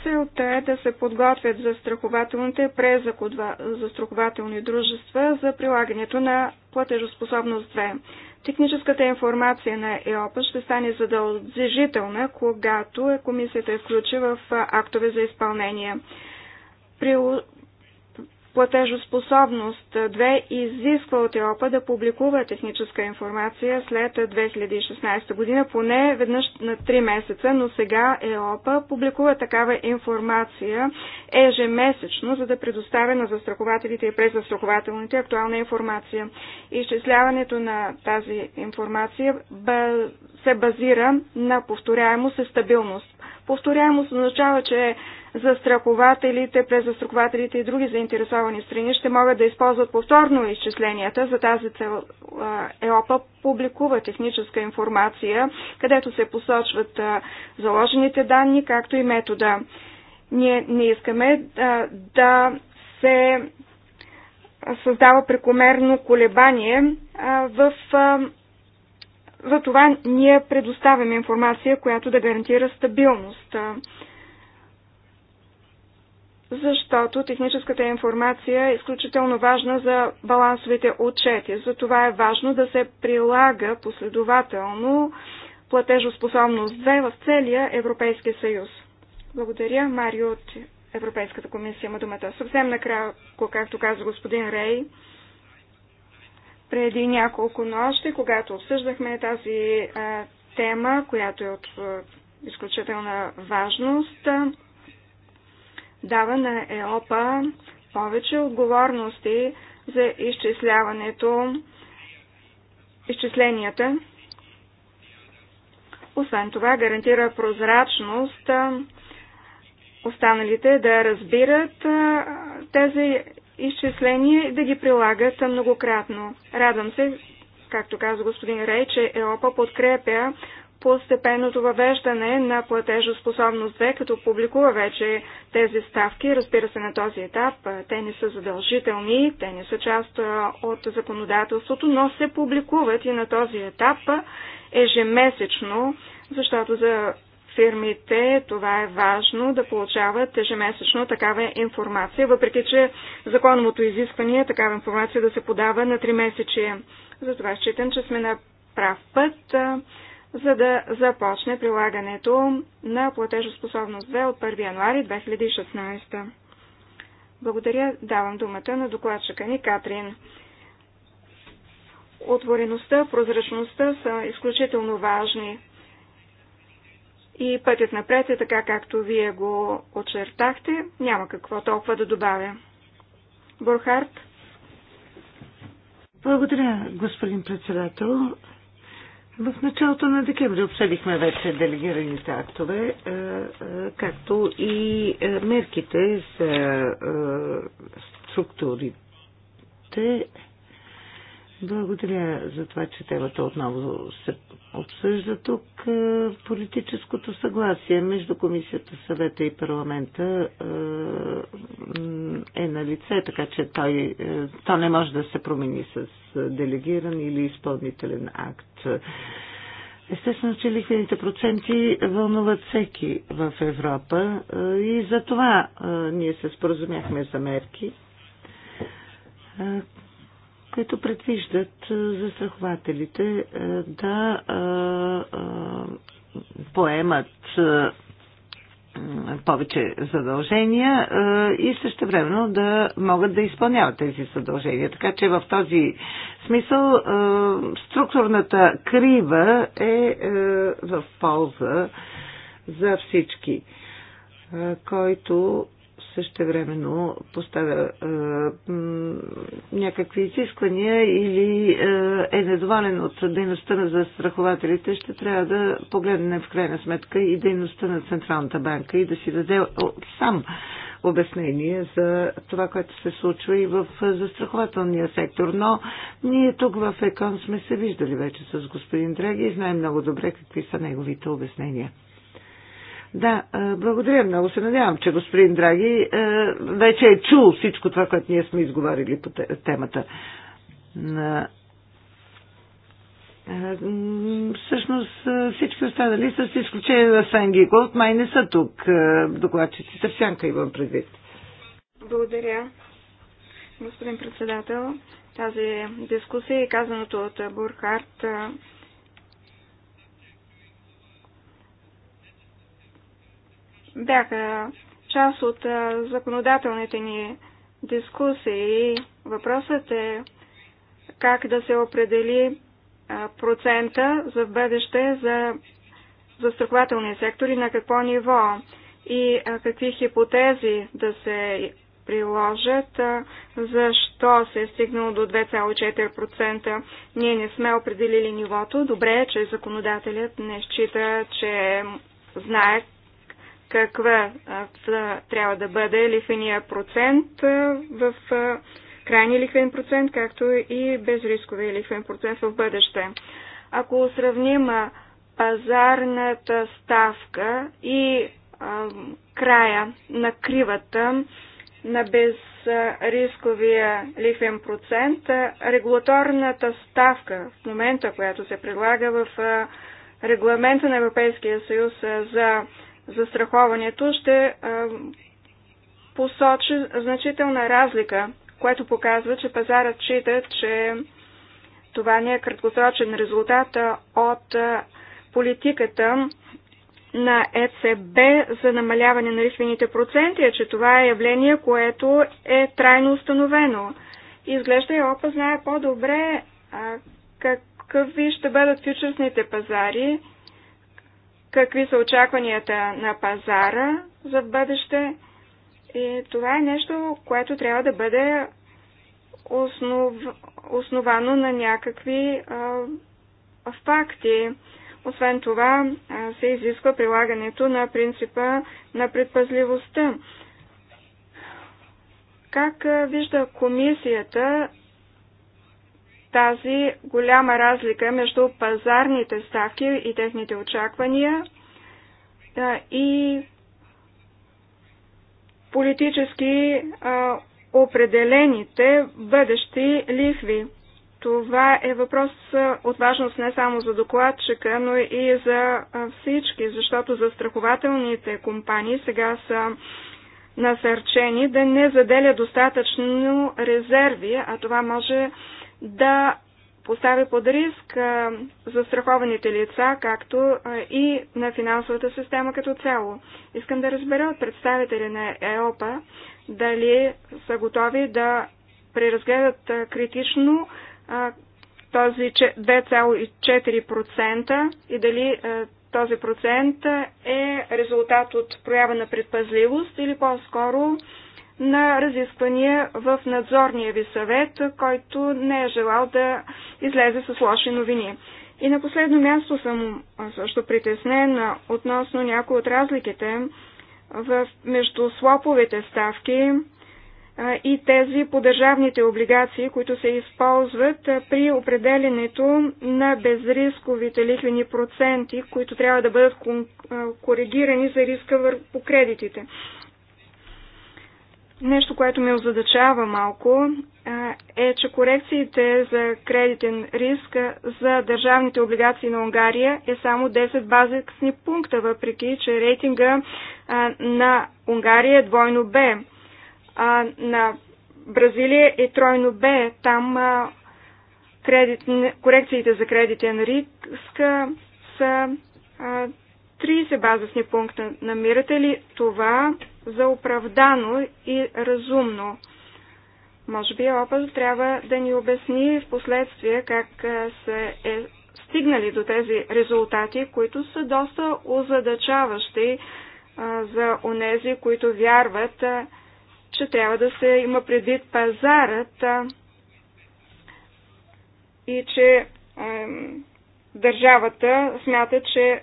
Целта е да се подготвят застрахователните презастрахователни дружества за прилагането на платежоспособност 2. Техническата информация на ЕОПА ще стане задължителна, когато е комисията е включи в актове за изпълнение при платежоспособност 2 изисква от Европа да публикува техническа информация след 2016 година, поне веднъж на 3 месеца, но сега Европа публикува такава информация ежемесечно, за да предоставя на застрахователите и презастрахователните актуална информация. Изчисляването на тази информация се базира на повторяемост и стабилност. Повторяемост означава, че застрахователите, презастрахователите и други заинтересовани страни ще могат да използват повторно изчисленията. За тази цел ЕОПА публикува техническа информация, където се посочват заложените данни, както и метода. Ние не искаме да, да се създава прекомерно колебание в за това ние предоставяме информация, която да гарантира стабилност защото техническата информация е изключително важна за балансовите отчети. Затова е важно да се прилага последователно платежоспособност 2 в целия Европейски съюз. Благодаря. Марио от Европейската комисия има думата. Съвсем накрая, както каза господин Рей, преди няколко нощи, когато обсъждахме тази а, тема, която е от а, изключителна важност, дава на ЕОПА повече отговорности за изчисляването, изчисленията. Освен това, гарантира прозрачност останалите да разбират тези изчисления и да ги прилагат многократно. Радвам се, както каза господин Рей, че ЕОПА подкрепя постепенното въвеждане на платежоспособност 2, като публикува вече тези ставки. Разбира се, на този етап те не са задължителни, те не са част от законодателството, но се публикуват и на този етап ежемесечно, защото за фирмите това е важно да получават ежемесечно такава информация, въпреки че законовото изискване е такава информация да се подава на 3 месечия. Затова считам, че сме на прав път за да започне прилагането на платежоспособност 2 от 1 януари 2016. Благодаря. Давам думата на докладчика ни Катрин. Отвореността, прозрачността са изключително важни. И пътят напред е така, както вие го очертахте. Няма какво толкова да добавя. Бурхарт. Благодаря, господин председател. В началото на декември обсъдихме вече делегираните актове, е, е, както и е, мерките за структурите благодаря за това, че темата отново се обсъжда тук. Е, политическото съгласие между Комисията, съвета и парламента е, е на лице, така че той, е, то не може да се промени с делегиран или изпълнителен акт. Естествено, че лихвените проценти вълнуват всеки в Европа и за това ние се споразумяхме за мерки, които предвиждат застрахователите да поемат повече задължения и също времено да могат да изпълняват тези задължения. Така че в този смисъл структурната крива е, е в полза за всички, който същевременно поставя е, някакви изисквания или е, е недоволен от дейността на застрахователите, ще трябва да погледне в крайна сметка и дейността на Централната банка и да си даде сам обяснение за това, което се случва и в застрахователния сектор. Но ние тук в ЕКОН сме се виждали вече с господин Драги и знаем много добре какви са неговите обяснения. Да, благодаря много. Се надявам, че господин Драги вече е чул всичко това, което ние сме изговорили по темата. Всъщност всички останали, с изключение на Санги Голд, май не са тук. докладчици. в имам предвид. Благодаря, господин председател. Тази дискусия и казаното от Бурхарт бяха част от законодателните ни дискусии. Въпросът е как да се определи процента за бъдеще за застрахователния сектор и на какво ниво и какви хипотези да се приложат, защо се е стигнало до 2,4%. Ние не сме определили нивото. Добре е, че законодателят не счита, че знае каква трябва да бъде лихвения процент в крайния лихвен процент, както и безрисковия лихвен процент в бъдеще. Ако сравним пазарната ставка и а, края на кривата на безрисковия лихвен процент, регулаторната ставка в момента, която се предлага в регламента на Европейския съюз за застраховането ще посочи значителна разлика, което показва, че пазарът счита, че това не е краткосрочен резултат от политиката на ЕЦБ за намаляване на рисвените проценти, а че това е явление, което е трайно установено. Изглежда и опа, знае по-добре какви ще бъдат фьючерсните пазари какви са очакванията на пазара за бъдеще. И това е нещо, което трябва да бъде основ... основано на някакви а, факти. Освен това, а, се изисква прилагането на принципа на предпазливостта. Как а, вижда комисията тази голяма разлика между пазарните ставки и техните очаквания и политически определените бъдещи лихви. Това е въпрос от важност не само за докладчика, но и за всички, защото застрахователните компании сега са насърчени да не заделя достатъчно резерви, а това може да постави под риск застрахованите лица, както и на финансовата система като цяло. Искам да разбера от представители на ЕОПА дали са готови да преразгледат критично този 2,4% и дали този процент е резултат от проява на предпазливост или по-скоро на разисквания в надзорния ви съвет, който не е желал да излезе с лоши новини. И на последно място съм също притеснена относно някои от разликите в, между слоповете ставки и тези по държавните облигации, които се използват при определенето на безрисковите лихвени проценти, които трябва да бъдат коригирани за риска по кредитите. Нещо, което ме озадачава малко, е, че корекциите за кредитен риск за държавните облигации на Унгария е само 10 базисни пункта, въпреки че рейтинга на Унгария е двойно Б. На Бразилия е тройно Б. Там кредит, корекциите за кредитен риск са 30 базисни пункта. Намирате ли това за оправдано и разумно. Може би Опъл трябва да ни обясни в последствие как се е стигнали до тези резултати, които са доста озадачаващи за онези, които вярват, че трябва да се има предвид пазарът и че е, държавата смята, че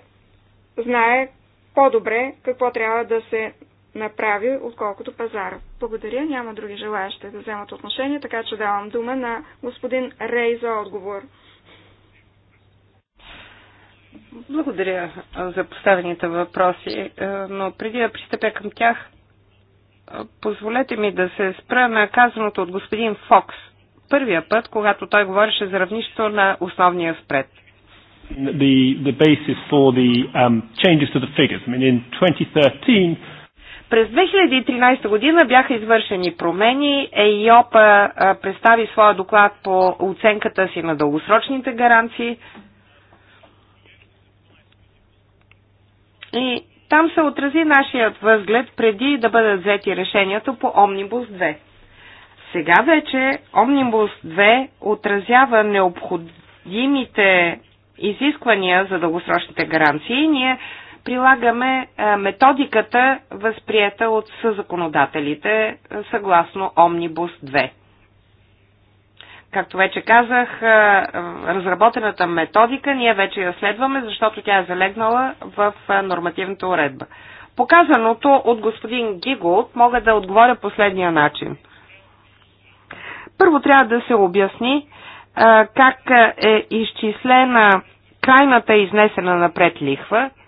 знае по-добре какво трябва да се направи, отколкото пазара. Благодаря, няма други желаящи да вземат отношение, така че давам дума на господин Рей за отговор. Благодаря за поставените въпроси, е, но преди да пристъпя към тях, е, позволете ми да се спра на казаното от господин Фокс първия път, когато той говореше за равнището на основния спред. The, the basis for the um, changes to the figures. I mean, in 2013, през 2013 година бяха извършени промени. ЕИОПА представи своя доклад по оценката си на дългосрочните гаранции. И там се отрази нашият възглед преди да бъдат взети решението по Омнибус 2. Сега вече Омнибус 2 отразява необходимите изисквания за дългосрочните гаранции. Ние прилагаме е, методиката, възприета от съзаконодателите, е, съгласно Омнибус 2. Както вече казах, е, разработената методика ние вече я следваме, защото тя е залегнала в нормативната уредба. Показаното от господин Гигулт мога да отговоря последния начин. Първо трябва да се обясни как е изчислена крайната изнесена напред лихва –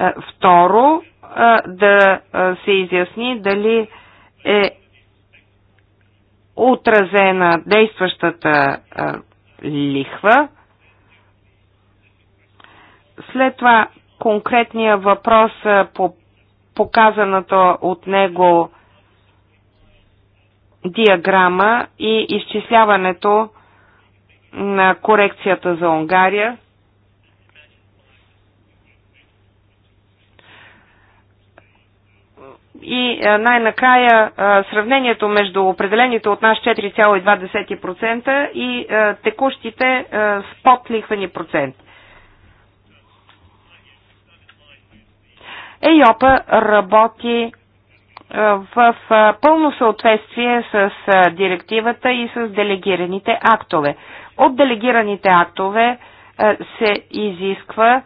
е, второ, е, да е, се изясни дали е отразена действащата лихва. След това конкретния въпрос по показаната от него диаграма и изчисляването на корекцията за Унгария. И най-накрая сравнението между определените от нас 4,2% и текущите спот лихвени проценти. ЕЙОПА работи в пълно съответствие с директивата и с делегираните актове. От делегираните актове се изисква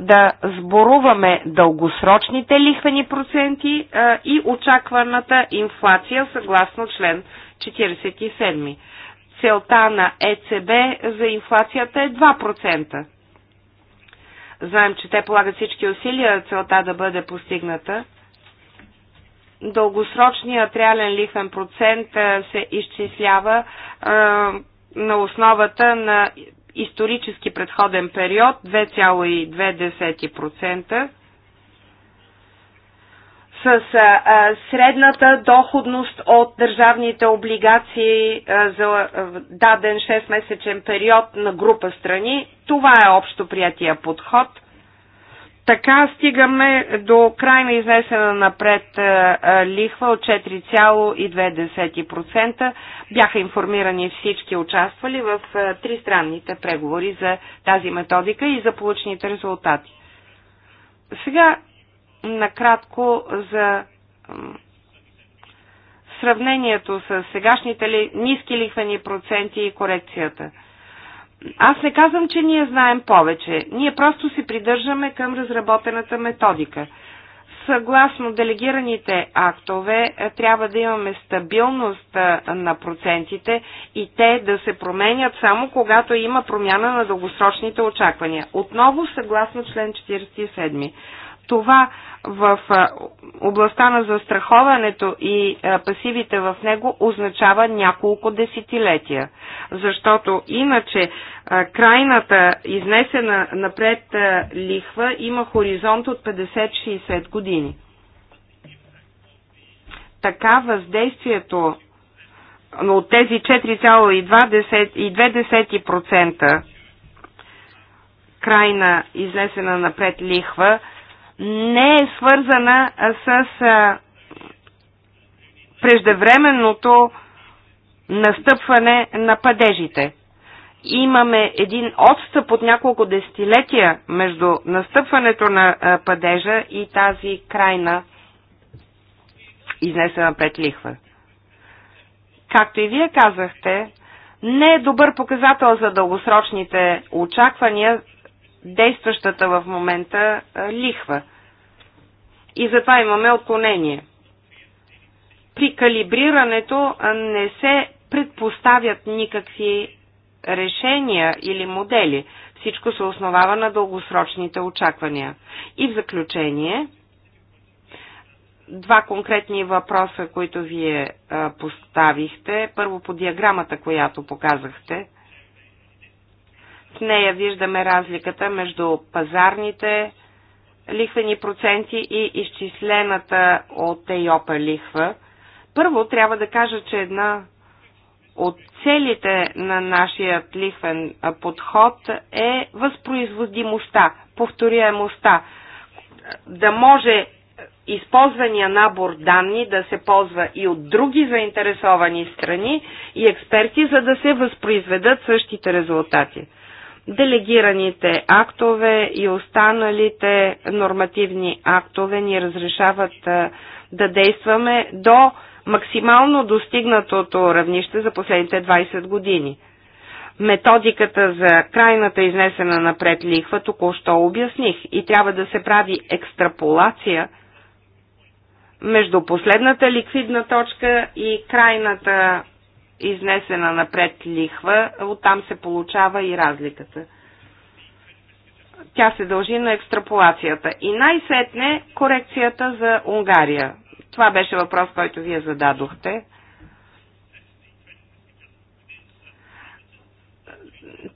да сборуваме дългосрочните лихвени проценти и очакваната инфлация съгласно член 47. Целта на ЕЦБ за инфлацията е 2%. Знаем, че те полагат всички усилия целта да бъде постигната. Дългосрочният реален лихвен процент се изчислява на основата на исторически предходен период 2,2% с средната доходност от държавните облигации за даден 6-месечен период на група страни. Това е общо приятия подход – така стигаме до крайна изнесена напред е, е, лихва от 4,2%. Бяха информирани всички участвали в е, тристранните преговори за тази методика и за получените резултати. Сега накратко за сравнението с сегашните ли, ниски лихвени проценти и корекцията – аз не казвам, че ние знаем повече. Ние просто се придържаме към разработената методика. Съгласно делегираните актове, е, трябва да имаме стабилност е, на процентите и те да се променят само когато има промяна на дългосрочните очаквания. Отново съгласно член 47 това в областта на застраховането и пасивите в него означава няколко десетилетия. Защото иначе крайната изнесена напред лихва има хоризонт от 50-60 години. Така въздействието от тези 4,2% крайна изнесена напред лихва – не е свързана с преждевременното настъпване на падежите. Имаме един отстъп от няколко десетилетия между настъпването на падежа и тази крайна изнесена пред лихва. Както и вие казахте, не е добър показател за дългосрочните очаквания действащата в момента лихва. И затова имаме отклонение. При калибрирането не се предпоставят никакви решения или модели. Всичко се основава на дългосрочните очаквания. И в заключение, два конкретни въпроса, които вие поставихте. Първо по диаграмата, която показахте. В нея виждаме разликата между пазарните лихвени проценти и изчислената от ЕЙОПА лихва. Първо трябва да кажа, че една от целите на нашия лихвен подход е възпроизводимостта, повторяемостта. Да може използвания набор данни да се ползва и от други заинтересовани страни и експерти, за да се възпроизведат същите резултати. Делегираните актове и останалите нормативни актове ни разрешават да действаме до максимално достигнатото равнище за последните 20 години. Методиката за крайната изнесена напред лихва току-що обясних и трябва да се прави екстраполация между последната ликвидна точка и крайната изнесена напред лихва, оттам се получава и разликата. Тя се дължи на екстраполацията. И най-сетне корекцията за Унгария. Това беше въпрос, който вие зададохте.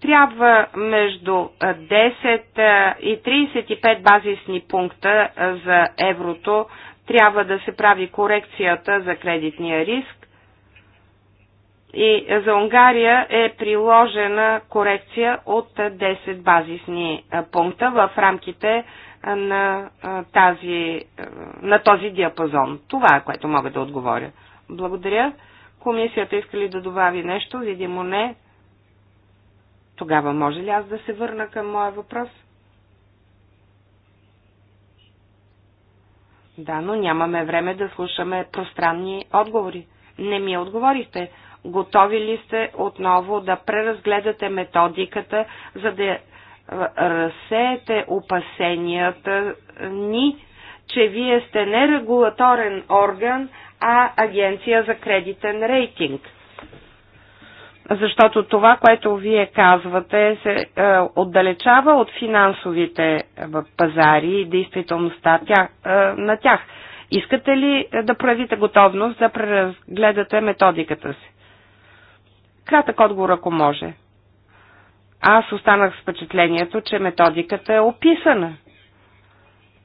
трябва между 10 и 35 базисни пункта за еврото трябва да се прави корекцията за кредитния риск и за Унгария е приложена корекция от 10 базисни пункта в рамките на, тази, на този диапазон. Това е което мога да отговоря. Благодаря. Комисията иска ли да добави нещо? Видимо не. Тогава може ли аз да се върна към моя въпрос? Да, но нямаме време да слушаме пространни отговори. Не ми отговорихте готови ли сте отново да преразгледате методиката, за да разсеете опасенията ни, че вие сте не регулаторен орган, а агенция за кредитен рейтинг? Защото това, което вие казвате, се е, отдалечава от финансовите е, пазари и действителността тя, е, на тях. Искате ли да проявите готовност да преразгледате методиката си? Кратък отговор, ако може. Аз останах с впечатлението, че методиката е описана.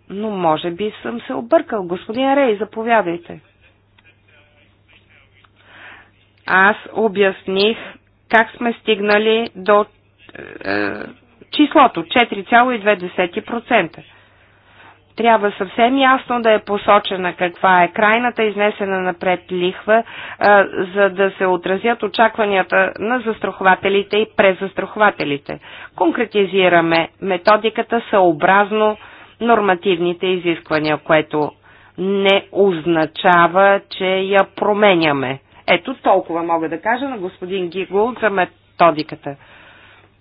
Но може би съм се объркал. Господин Рей, заповядайте. Аз обясних как сме стигнали до е, е числото 4,2% трябва съвсем ясно да е посочена каква е крайната изнесена напред лихва, а, за да се отразят очакванията на застрахователите и презастрахователите. Конкретизираме методиката съобразно нормативните изисквания, което не означава, че я променяме. Ето толкова мога да кажа на господин Гигул за методиката.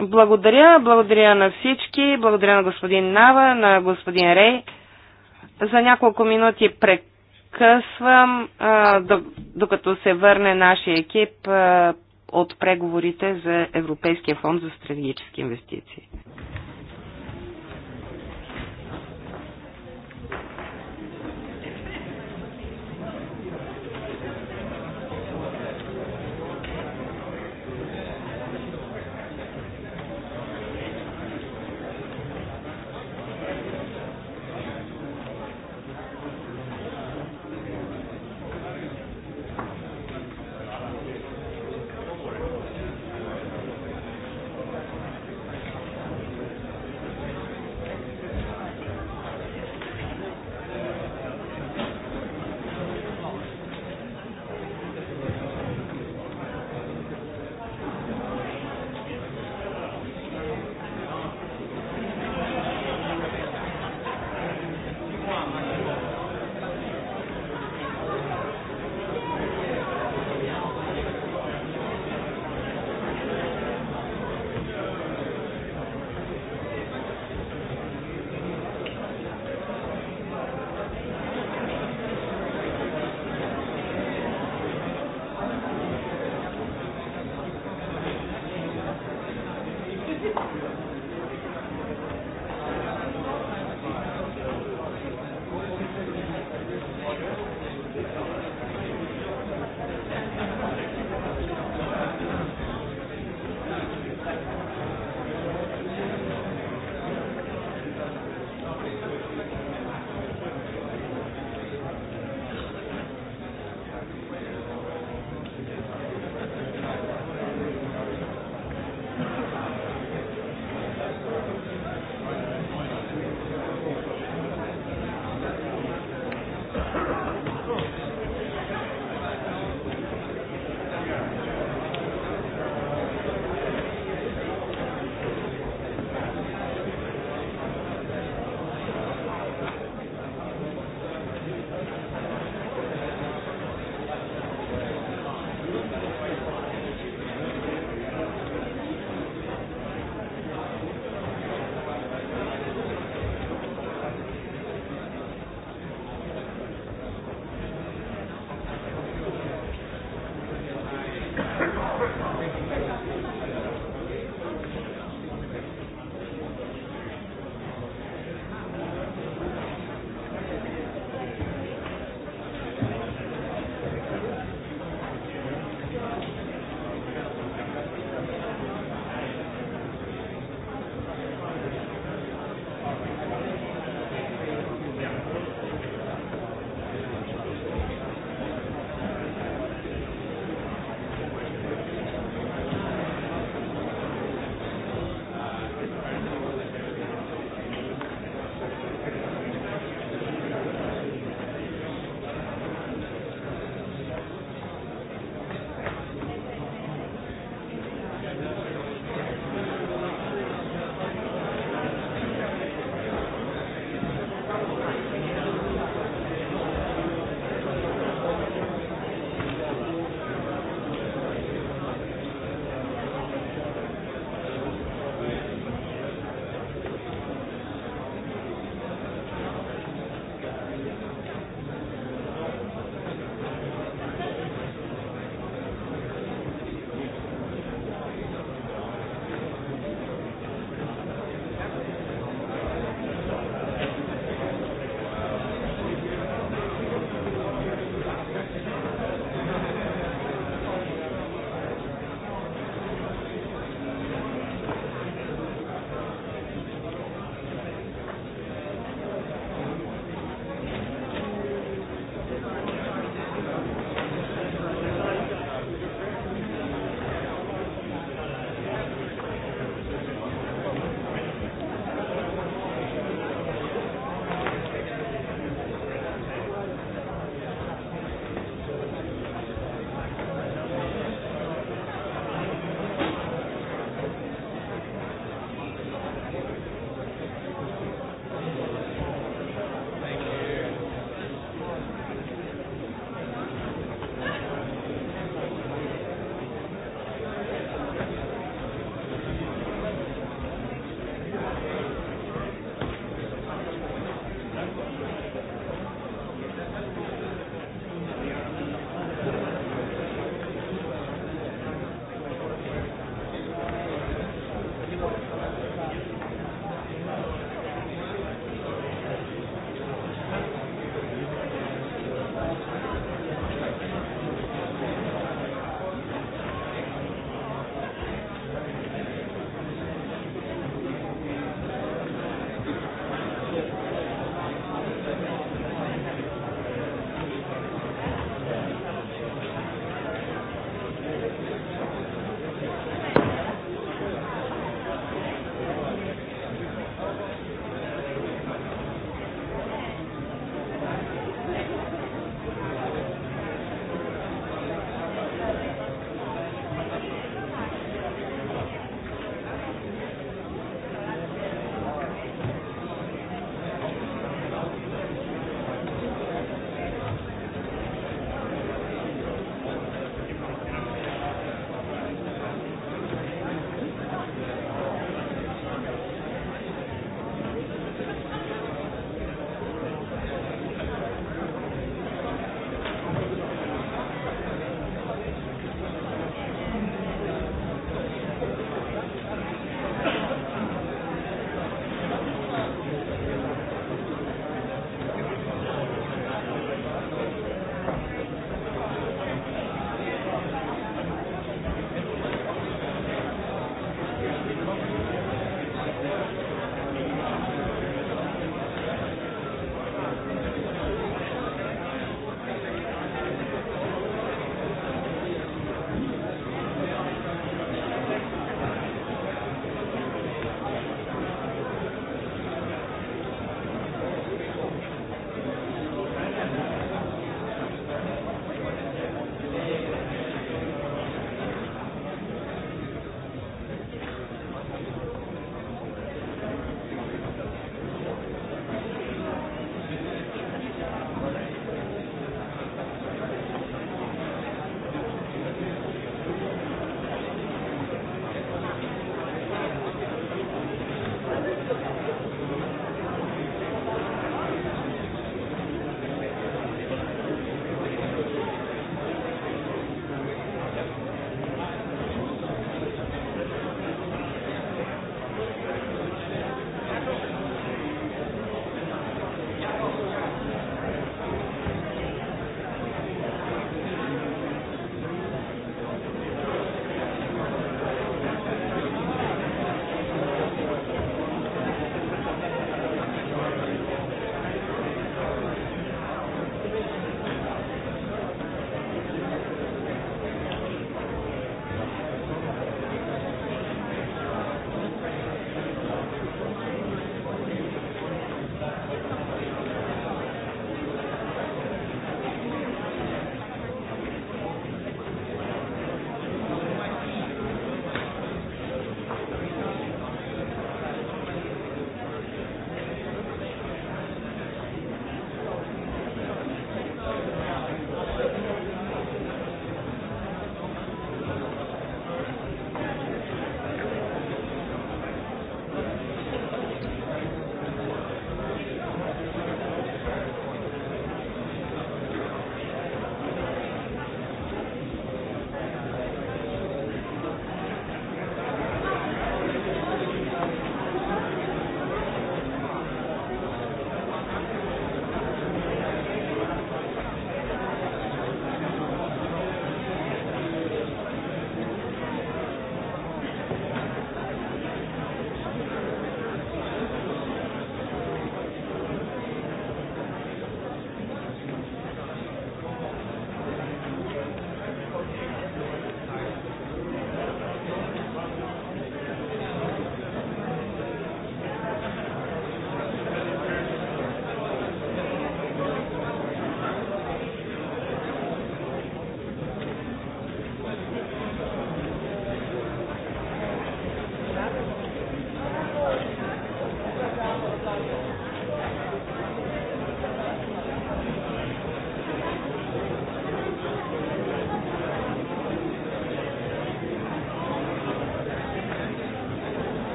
Благодаря, благодаря на всички, благодаря на господин Нава, на господин Рей. За няколко минути прекъсвам, докато се върне нашия екип от преговорите за Европейския фонд за стратегически инвестиции.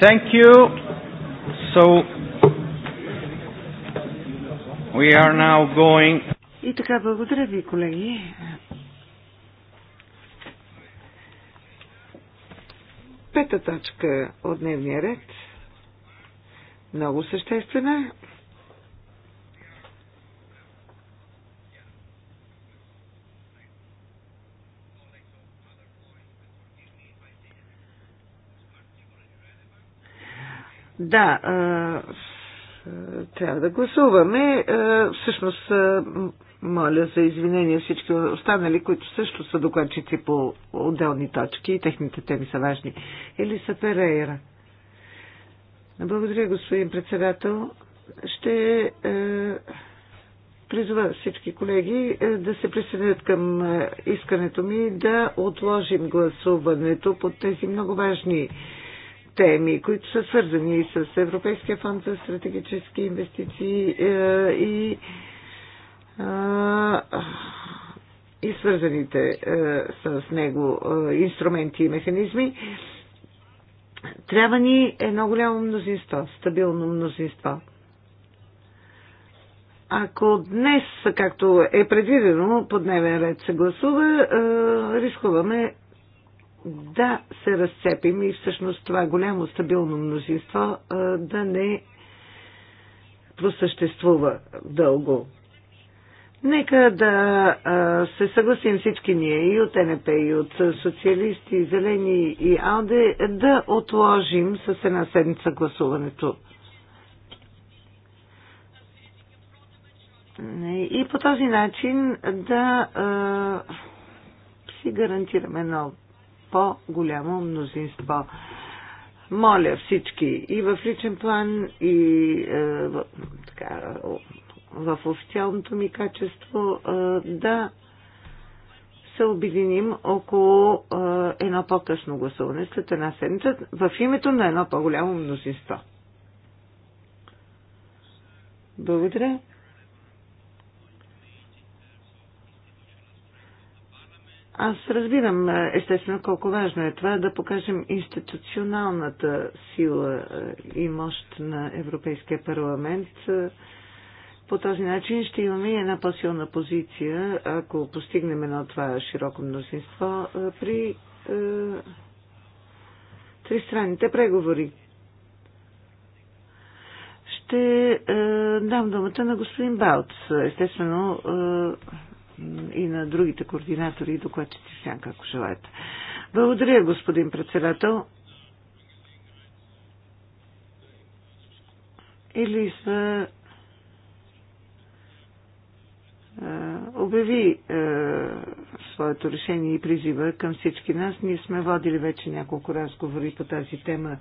Thank you. So we are now going. И така, благодаря ви, колеги. Пета точка от дневния ред. Много съществена. Да, трябва да гласуваме. Всъщност, моля за извинение всички останали, които също са докладчици по отделни точки и техните теми са важни. Елиса Перейра. Благодаря, господин председател. Ще е, призова всички колеги е, да се присъединят към е, искането ми да отложим гласуването по тези много важни теми, които са свързани с Европейския фонд за стратегически инвестиции е, и, и свързаните е, с него е, инструменти и механизми. Трябва ни едно голямо мнозинство, стабилно мнозинство. Ако днес, както е предвидено, по дневен ред се гласува, рискуваме да се разцепим и всъщност това голямо стабилно мнозинство да не просъществува дълго. Нека да се съгласим всички ние и от НП, и от социалисти, и зелени, и АЛДЕ, да отложим с една седмица гласуването. И по този начин да си гарантираме много по-голямо мнозинство. Моля всички и в личен план, и е, в, така, в официалното ми качество е, да се обединим около е, едно по-късно гласуване след една седмица в името на едно по-голямо мнозинство. Благодаря. Аз разбирам е, естествено колко важно е това да покажем институционалната сила е, и мощ на Европейския парламент. Е, по този начин ще имаме една по-силна позиция, ако постигнем едно това широко мнозинство при е, тристранните преговори. Ще е, дам думата на господин Балц. Естествено, е, и на другите координатори и докладчици сега, ако желаете. Благодаря, господин председател. Или за обяви е, своето решение и призива към всички нас. Ние сме водили вече няколко разговори по тази тема.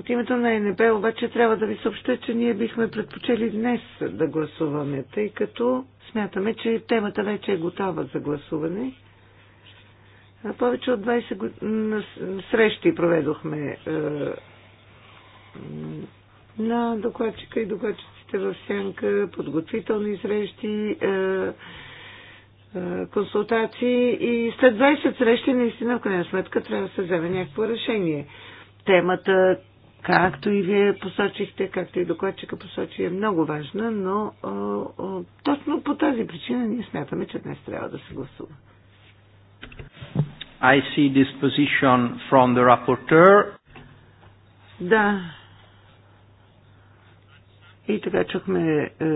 От името на ЕНП обаче трябва да ви съобща, че ние бихме предпочели днес да гласуваме, тъй като смятаме, че темата вече е готова за гласуване. Повече от 20 год... срещи проведохме е, на докладчика и докладчиците в сянка, подготвителни срещи, е, е, консултации и след 20 срещи наистина в крайна сметка трябва да се вземе някакво решение. Темата, както и вие посочихте, както и докладчика посочи, е много важна, но е, точно по тази причина ние смятаме, че днес трябва да се гласува. I see this position from the rapporteur. Да, и така чухме е,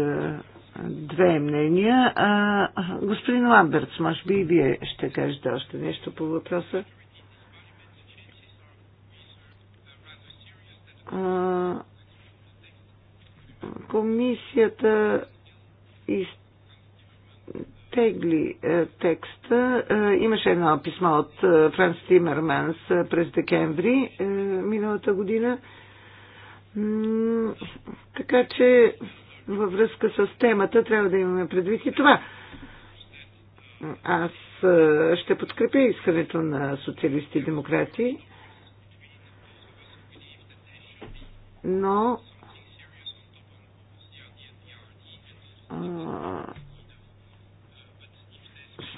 две мнения. А, господин Ламбертс, може би и вие ще кажете още нещо по въпроса. А, комисията изтегли е, текста. Е, имаше едно писмо от е, Франс Тимерманс е, през декември миналата година. Така че във връзка с темата трябва да имаме предвид и това. Аз ще подкрепя искането на социалисти и демократи, но а,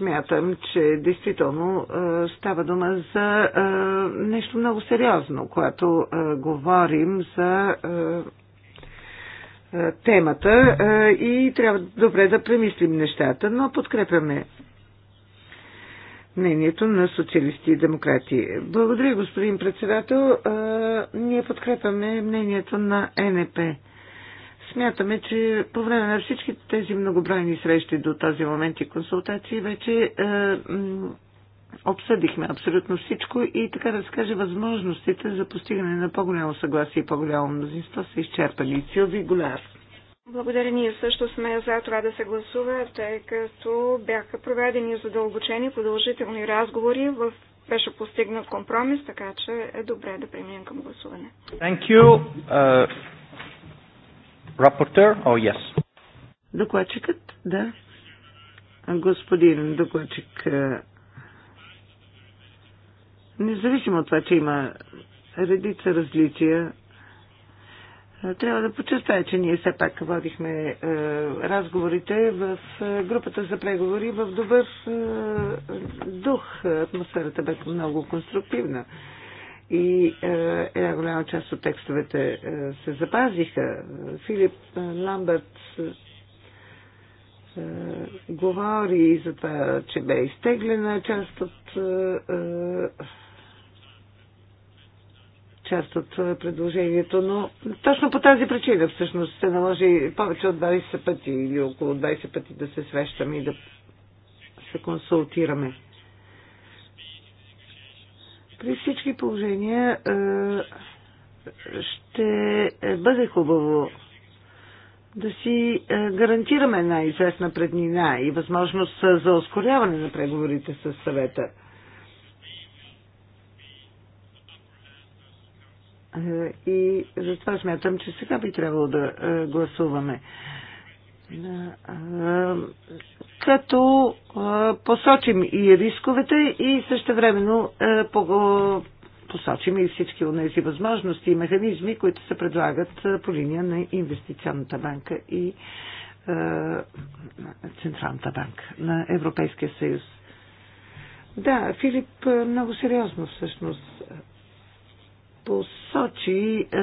смятам, че действително става дума за нещо много сериозно, когато говорим за темата и трябва добре да премислим нещата, но подкрепяме мнението на социалисти и демократи. Благодаря, господин председател. Ние подкрепяме мнението на НП. Смятаме, че по време на всички тези многобройни срещи до този момент и консултации вече е, обсъдихме абсолютно всичко и така да се каже възможностите за постигане на по-голямо съгласие и по-голямо мнозинство са изчерпани. Силви Голяр. Благодаря. Ние също сме за това да се гласува, тъй като бяха проведени задълбочени продължителни разговори в беше постигнат компромис, така че е добре да преминем към гласуване. Thank you. Uh... Рапортер. о, oh, yes. Докладчикът, да. Господин докладчик, е, независимо от това, че има редица различия, е, трябва да подчертая, че ние все пак водихме е, разговорите в е, групата за преговори в добър е, дух. Атмосферата беше много конструктивна. Е, и е, една голяма част от текстовете е, се запазиха. Филип е, Ламбърт е, е, говори за това, че бе изтеглена част от е, е част от е, предложението, но точно по тази причина всъщност се наложи повече от 20 пъти или около 20 пъти да се срещаме и да се консултираме. При всички положения е, ще бъде хубаво да си е, гарантираме една известна преднина и възможност за ускоряване на преговорите с съвета. Е, и затова смятам, че сега би трябвало да гласуваме като посочим и рисковете и по, посочим и всички от тези възможности и механизми, които се предлагат по линия на инвестиционната банка и Централната банка на Европейския съюз. Да, Филип много сериозно всъщност посочи е,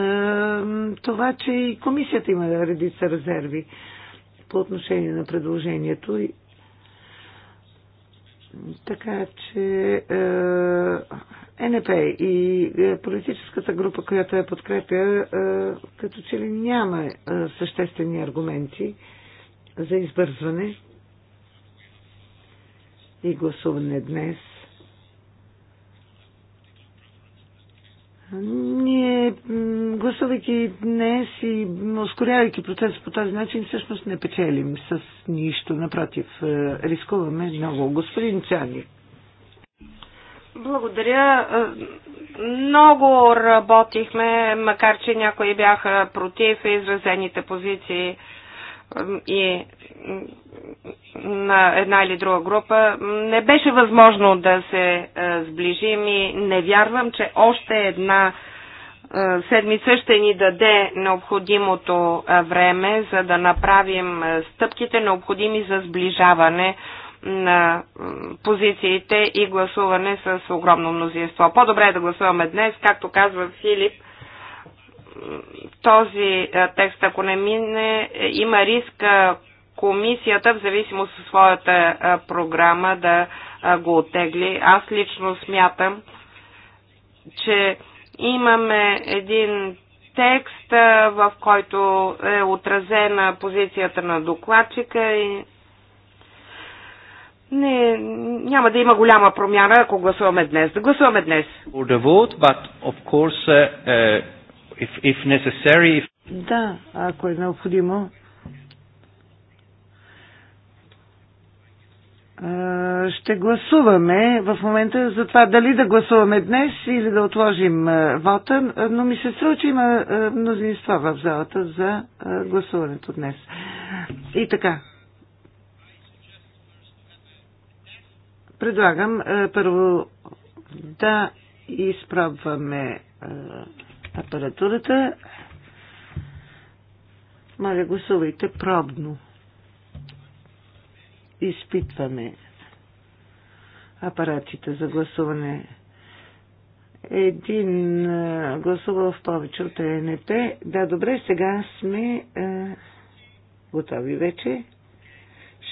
това, че и комисията има редица резерви по отношение на предложението така че е, е НП и е, политическата група, която я подкрепя, е, като че ли няма е, съществени аргументи за избързване и гласуване днес. Ние, гласувайки днес и ускорявайки процес по този начин, всъщност не печелим с нищо. Напротив, е, рискуваме много. Господин Цяни. Благодаря. Е, много работихме, макар че някои бяха против изразените позиции и на една или друга група, не беше възможно да се е, сближим и не вярвам, че още една е, седмица ще ни даде необходимото е, време, за да направим стъпките необходими за сближаване на позициите и гласуване с огромно мнозинство. По-добре е да гласуваме днес, както казва Филип, този е, текст, ако не мине, е, има риск е, комисията, в зависимост от своята програма, да го отегли. Аз лично смятам, че имаме един текст, в който е отразена позицията на докладчика и не, няма да има голяма промяна, ако гласуваме днес. Да гласуваме днес if, if necessary, if... Да, ако е необходимо, ще гласуваме в момента за това дали да гласуваме днес или да отложим вота, но ми се струва, че има мнозинство в залата за гласуването днес. И така. Предлагам първо да изпробваме апаратурата. Маля, гласувайте пробно. Изпитваме апаратите за гласуване. Един гласувал в повече от ЕНП. Да, добре, сега сме е, готови вече.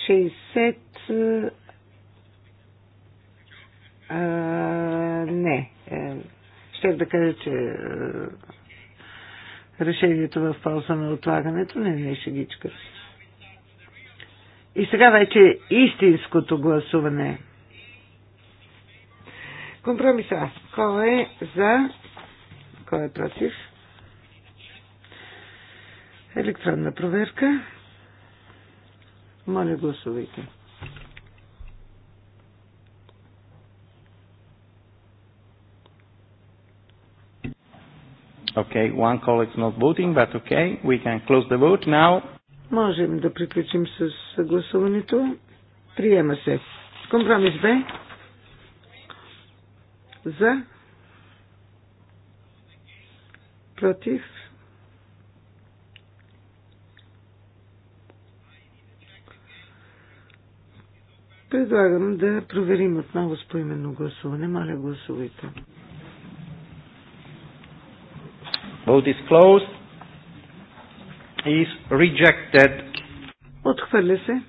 60. не. Е, Щях да кажа, че е, решението в полза на отлагането не, не е шегичка. И сега вече истинското гласуване. Компромиса. Кой е за? Кой е против? Електронна проверка. Моля, гласувайте. Okay, one colleague's not voting, but okay, we can close the vote now. Можем да приключим с гласуването. Приема се. Компромис Б. За. Против. Предлагам да проверим отново с поименно гласуване. Моля, гласувайте. both is closed. Is rejected. Отхвърля се.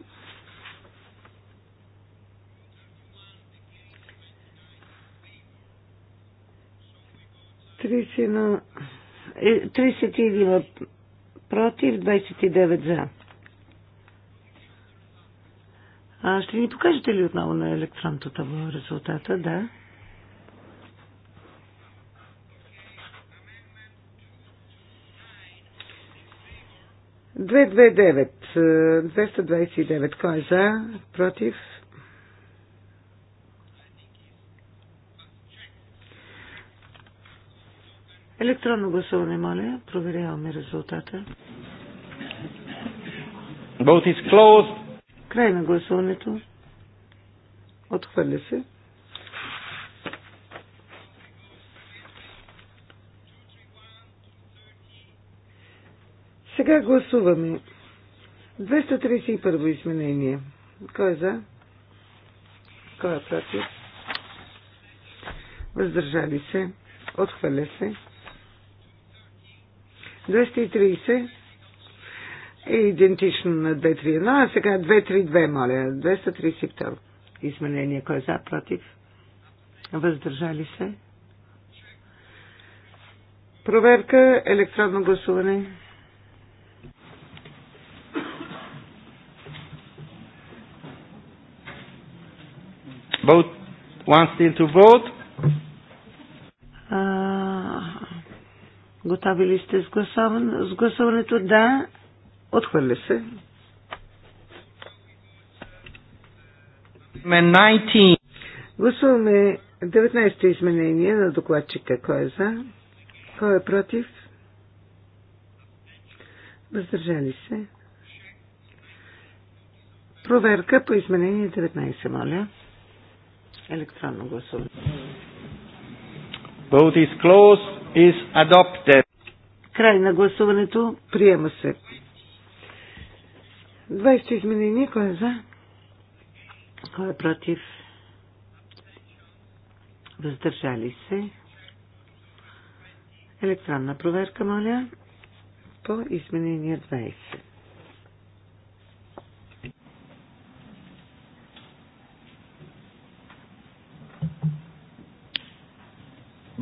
Тридесет е, против, 29 за. А ще ни покажете ли отново на електронното табло резултата? Да. 229. 229. Е, Кой е за? Против? Електронно гласуване, моля. Проверяваме резултата. Vote is closed. Край на гласуването. Отхвърля се. Сега гласуваме. 231 изменение. Кой е за? Кой е против? Въздържали се. Отхвърля се. 230 е идентично на 231, а сега 232, моля. 232 изменение. Кой е за? Против? Въздържали се. Проверка електронно гласуване. Vote. One still to vote. готови ли сте с, гласуване, с гласуването? Да. Отхвърля се. Гласуваме 19-то изменение на докладчика. Кой е за? Кой е против? Въздържали се. Проверка по изменение 19, моля. Електронно гласуване. Vote is closed. Is adopted. Край на гласуването. Приема се. 20 изменения. Кой е за? Кой е против? Въздържали се. Електронна проверка, моля, по изменение 20.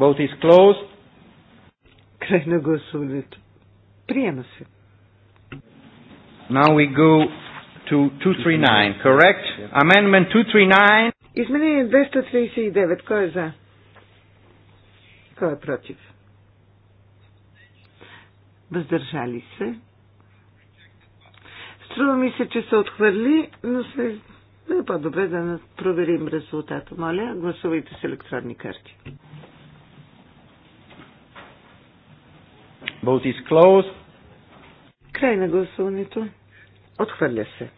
Vote is closed. Край на гласуването. Приема се. Now we go to 239, correct? Amendment 239. Изменение 239. Кой е за? Кой е против? Въздържали се. Струва ми се, че се отхвърли, но се... Не е по-добре да проверим резултата. Моля, гласувайте с електронни карти. Vote is closed. Край на гласуването. Отхвърля се.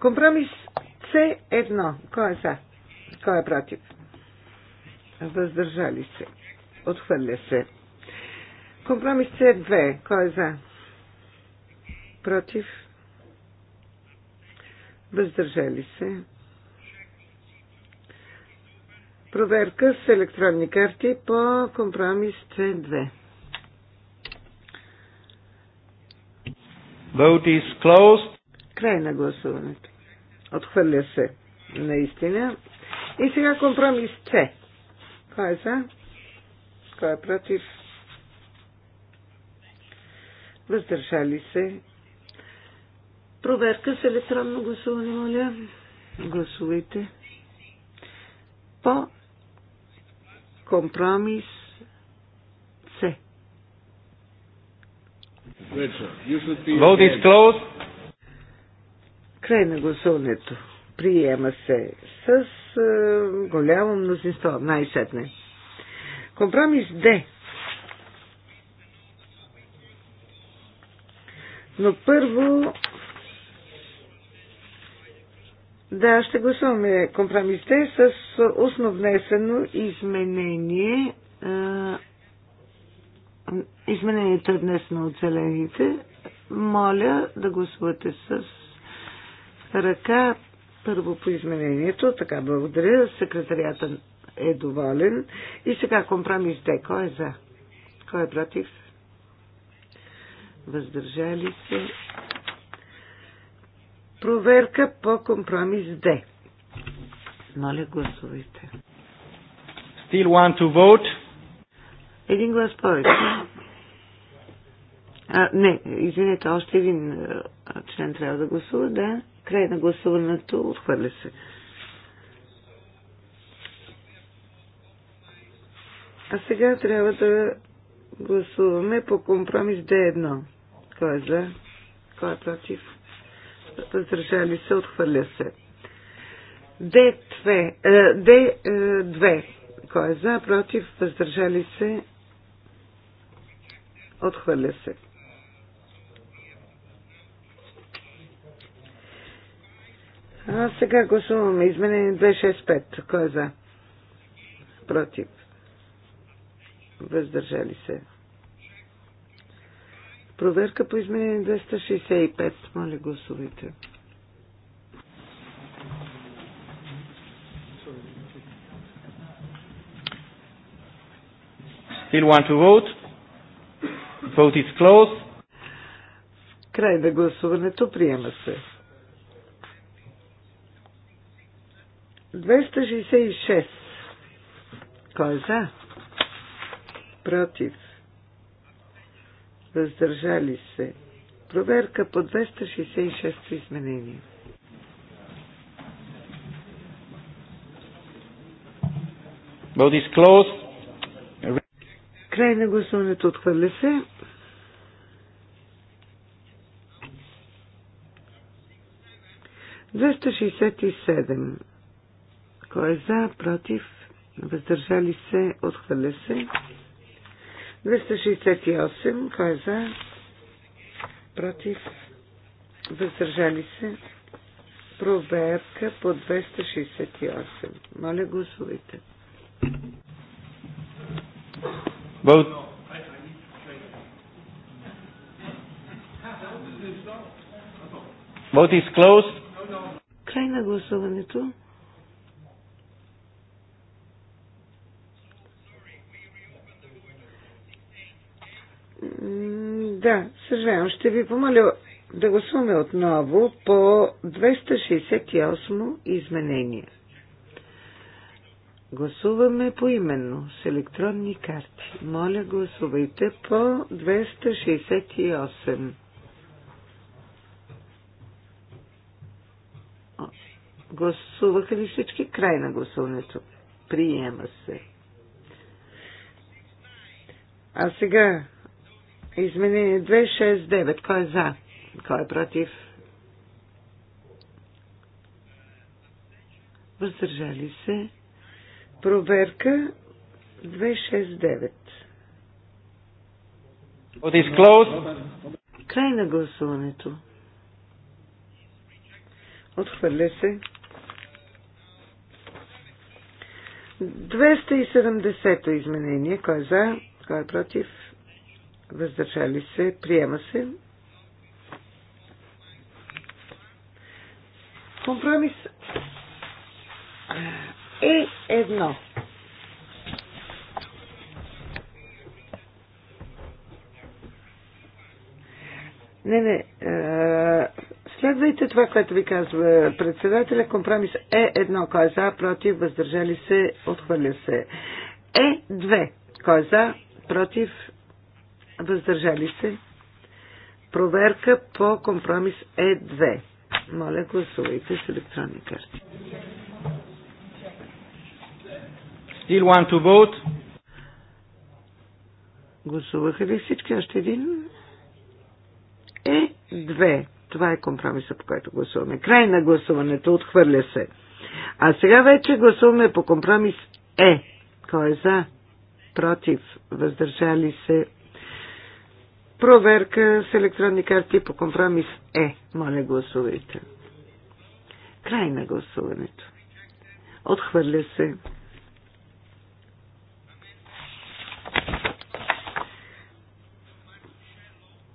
Компромис С1. Кой е за? Кой е против? Въздържали се. Отхвърля се. Компромис С2. Кой е за? Против? Въздържали се. Проверка с електронни карти по компромис С2. Vote is closed. Край на гласуването. Отхвърля се. Наистина. И сега компромис С. Кой е за? Кой е против? Въздържали се. Проверка с електронно гласуване, моля. Гласувайте. По компромис Vote is closed. Край на гласуването. Приема се с е, голямо мнозинство. Най-сетне. Компромис Д. Но първо да, ще гласуваме компромис Д с основнесено изменение е, измененията днес на оцелените, моля да гласувате с ръка първо по изменението. Така, благодаря. Секретарията е доволен. И сега компромис Д. Кой е за? Кой е против? Въздържали се. Проверка по компромис Д. Моля, гласувайте. Still want to vote? Един глас повече. А, не, извинете, още един член трябва да гласува, да. Край на гласуването отхвърля се. А сега трябва да гласуваме по компромис D1. Кой е за? Кой е против? Въздържали се, отхвърля се. D2. D2. Кой е за? Против? Въздържали се, Отхвърля се. А сега гласуваме изменение 265. Кой е за? Против. Въздържали се. Проверка по изменение 265. Моля, гласувайте. Still want to vote? Vote is closed. Край на гласуването. Приема се. 266. Кой е за? Против. Въздържали се. Проверка по 266 изменение. Край на гласуването отхвърля се. 267. Кой е за, против, въздържали се, отхвърля се. 268. Кой е за, против, въздържали се. Проверка по 268. Моля, гласувайте. Бъл... Vote is closed. Край на гласуването. Да, съжалявам. Ще ви помоля да гласуваме отново по 268 изменение. Гласуваме поименно с електронни карти. Моля, гласувайте по 268. Гласуваха ли всички? Край на гласуването. Приема се. А сега изменение 269. Кой е за? Кой е против? Въздържали се. Проверка 269. Край на гласуването. Отхвърля се. 270-то изменение. Кой е за? Кой е против? Въздържали се. Приема се. Компромис е едно. Не, не. Е, Следвайте това, което ви казва председателя. Компромис е едно. Кой е за, против, въздържали се, отхвърля се. Е две. Кой е за, против, въздържали се. Проверка по компромис е две. Моля, гласувайте с електронни карти. Still want to vote? Гласуваха ли всички? Още един? Е, две. Това е компромиса, по който гласуваме. Край на гласуването. Отхвърля се. А сега вече гласуваме по компромис Е. Кой е за? Против? Въздържали се? Проверка с електронни карти по компромис Е. Моля, гласувайте. Край на гласуването. Отхвърля се.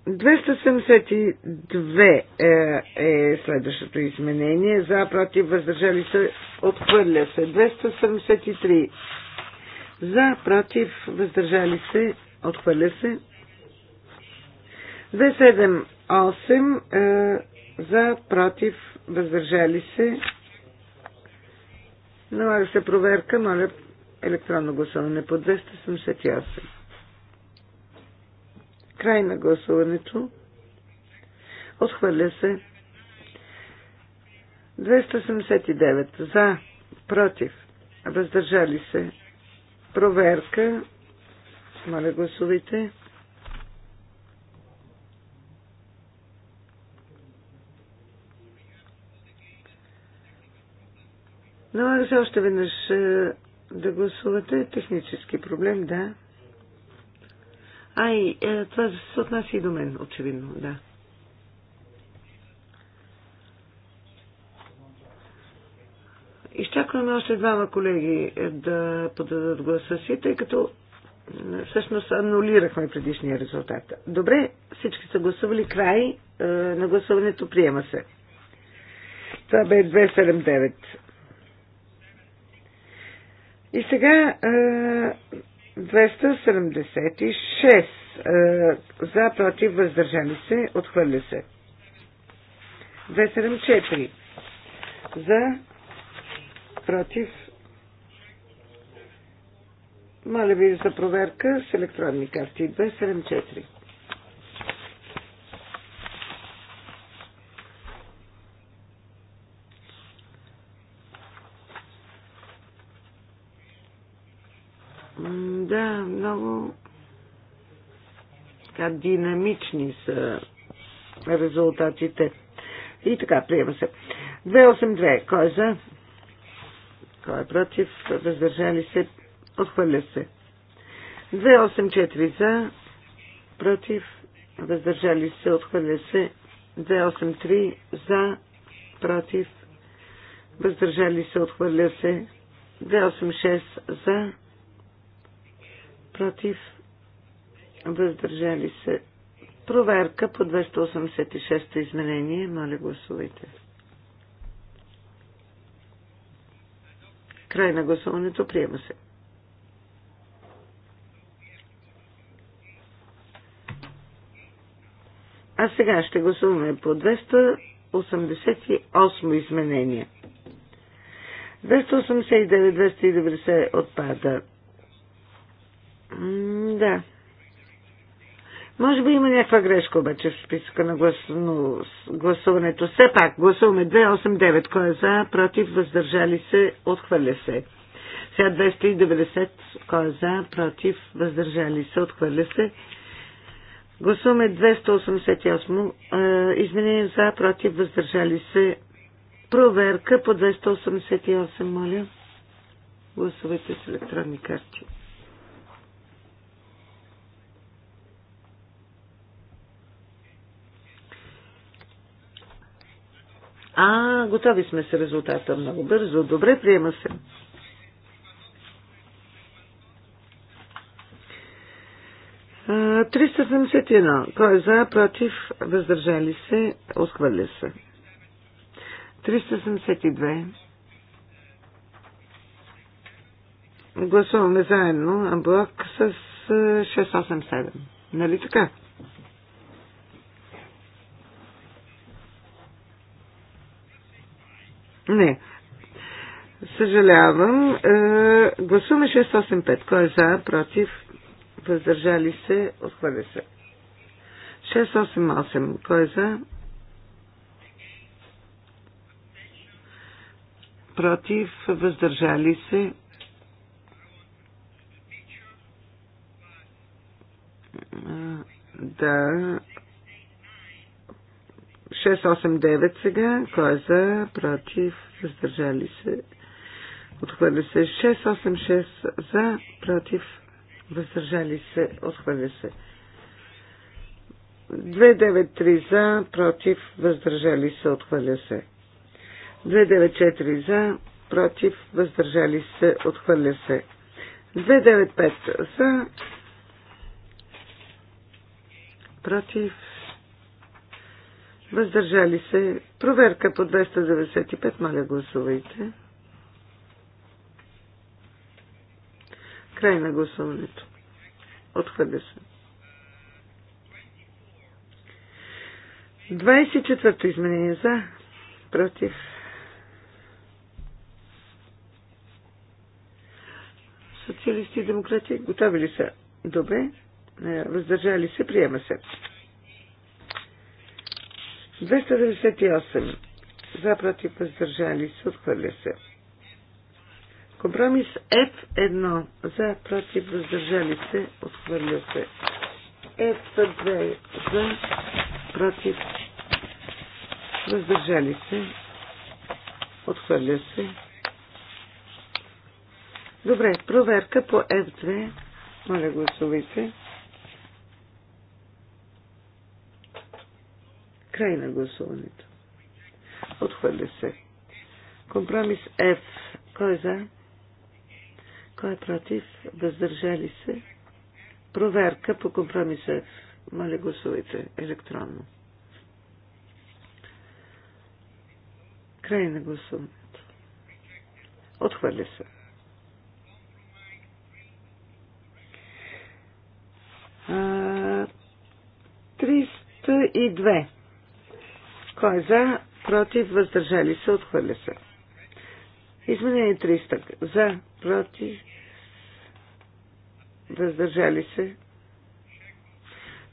272 е, е следващото изменение. За, против, въздържали се, отхвърля се. 273. За, против, въздържали се, отхвърля се. 278. Е, за, против, въздържали се. Налага се проверка, моля електронно гласуване по 278. Край на гласуването. Отхвърля се. 279 за, против, въздържали се. Проверка. Моля, гласувайте. Налага се още веднъж е, да гласувате. Технически проблем, да. Ай, е, това се отнася и до мен, очевидно, да. Изчакваме още двама колеги е, да подадат гласа си, тъй като всъщност анулирахме предишния резултат. Добре, всички са гласували край е, на гласуването, приема се. Това бе 279. И сега е, 276 е, за, против, въздържали се, отхвърля се. 274 за, против. Моля ви за проверка с електронни карти. 274. много така динамични са резултатите. И така, приема се. 282. Кой е за? Кой е против? Въздържали се? Отхвърля се. 284 за, против, въздържали се, отхвърля се. 283 за, против, въздържали се, отхвърля се. 286 за, против, въздържали се. Проверка по 286-то изменение. Моля, гласувайте. Край на гласуването. Приема се. А сега ще гласуваме по 288 изменение. 289-290 отпада. Да. Може би има някаква грешка обаче в списъка на глас... но гласуването. Все пак гласуваме 289. Кой е за, против, въздържали се, отхвърля се. Сега 290. Кой е за, против, въздържали се, отхвърля се. Гласуваме 288. Е, изменение за, против, въздържали се. Проверка по 288, моля. Гласувайте с електронни карти. А, готови сме с резултата много бързо. Добре, приема се. А, 371. Кой е за, против, въздържали се, отхвърля се. 372. Гласуваме заедно блок с 687. Нали така? Не. Съжалявам. Е, гласуваме 685. Кой е за, против, въздържали се, отхвърля се. 688. Кой е за? Против, въздържали се. Е, да, 689 сега. Кой е за? Против. Въздържали се. Отхвърля се. 686 за. Против. Въздържали се. Отхвърля се. 293 за. Против. Въздържали се. Отхвърля се. 294 за. Против. Въздържали се. Отхвърля се. 295 за. Против Въздържали се. Проверка по 295. маля, гласувайте. Край на гласуването. Отхвърля се. 24-то изменение за. Против. Социалисти и демократи готови ли са? Добре. Въздържали се. Приема се. 298. За против въздържали се. Отхвърля се. Компромис F1. За против въздържали се. Отхвърля се. F2. За против въздържали се. Отхвърля се. Добре, проверка по F2. Моля, гласувайте. Край на гласуването. Отхвърля се. Компромис F. Кой е за? Кой е против? Въздържали се? Проверка по компромис F. Моля, гласувайте електронно. Край на гласуването. Отхвърля се. А, 302. Кой е за? Против? Въздържали се? Отхвърля се. три 300. За? Против? Въздържали се?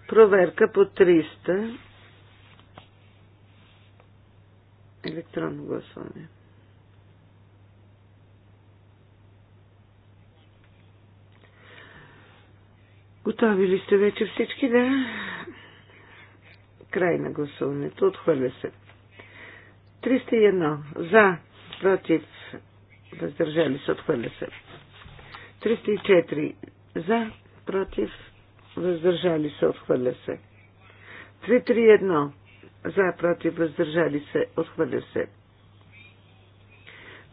Проверка по 300. Електронно гласуване. Готови ли сте вече всички? Да. Край на гласуването. Отхвърля се. 301. За. Против. Въздържали се. Отхвърля се. 304. За. Против. Въздържали се. Отхвърля се. 331. За. Против. Въздържали се. Отхвърля се.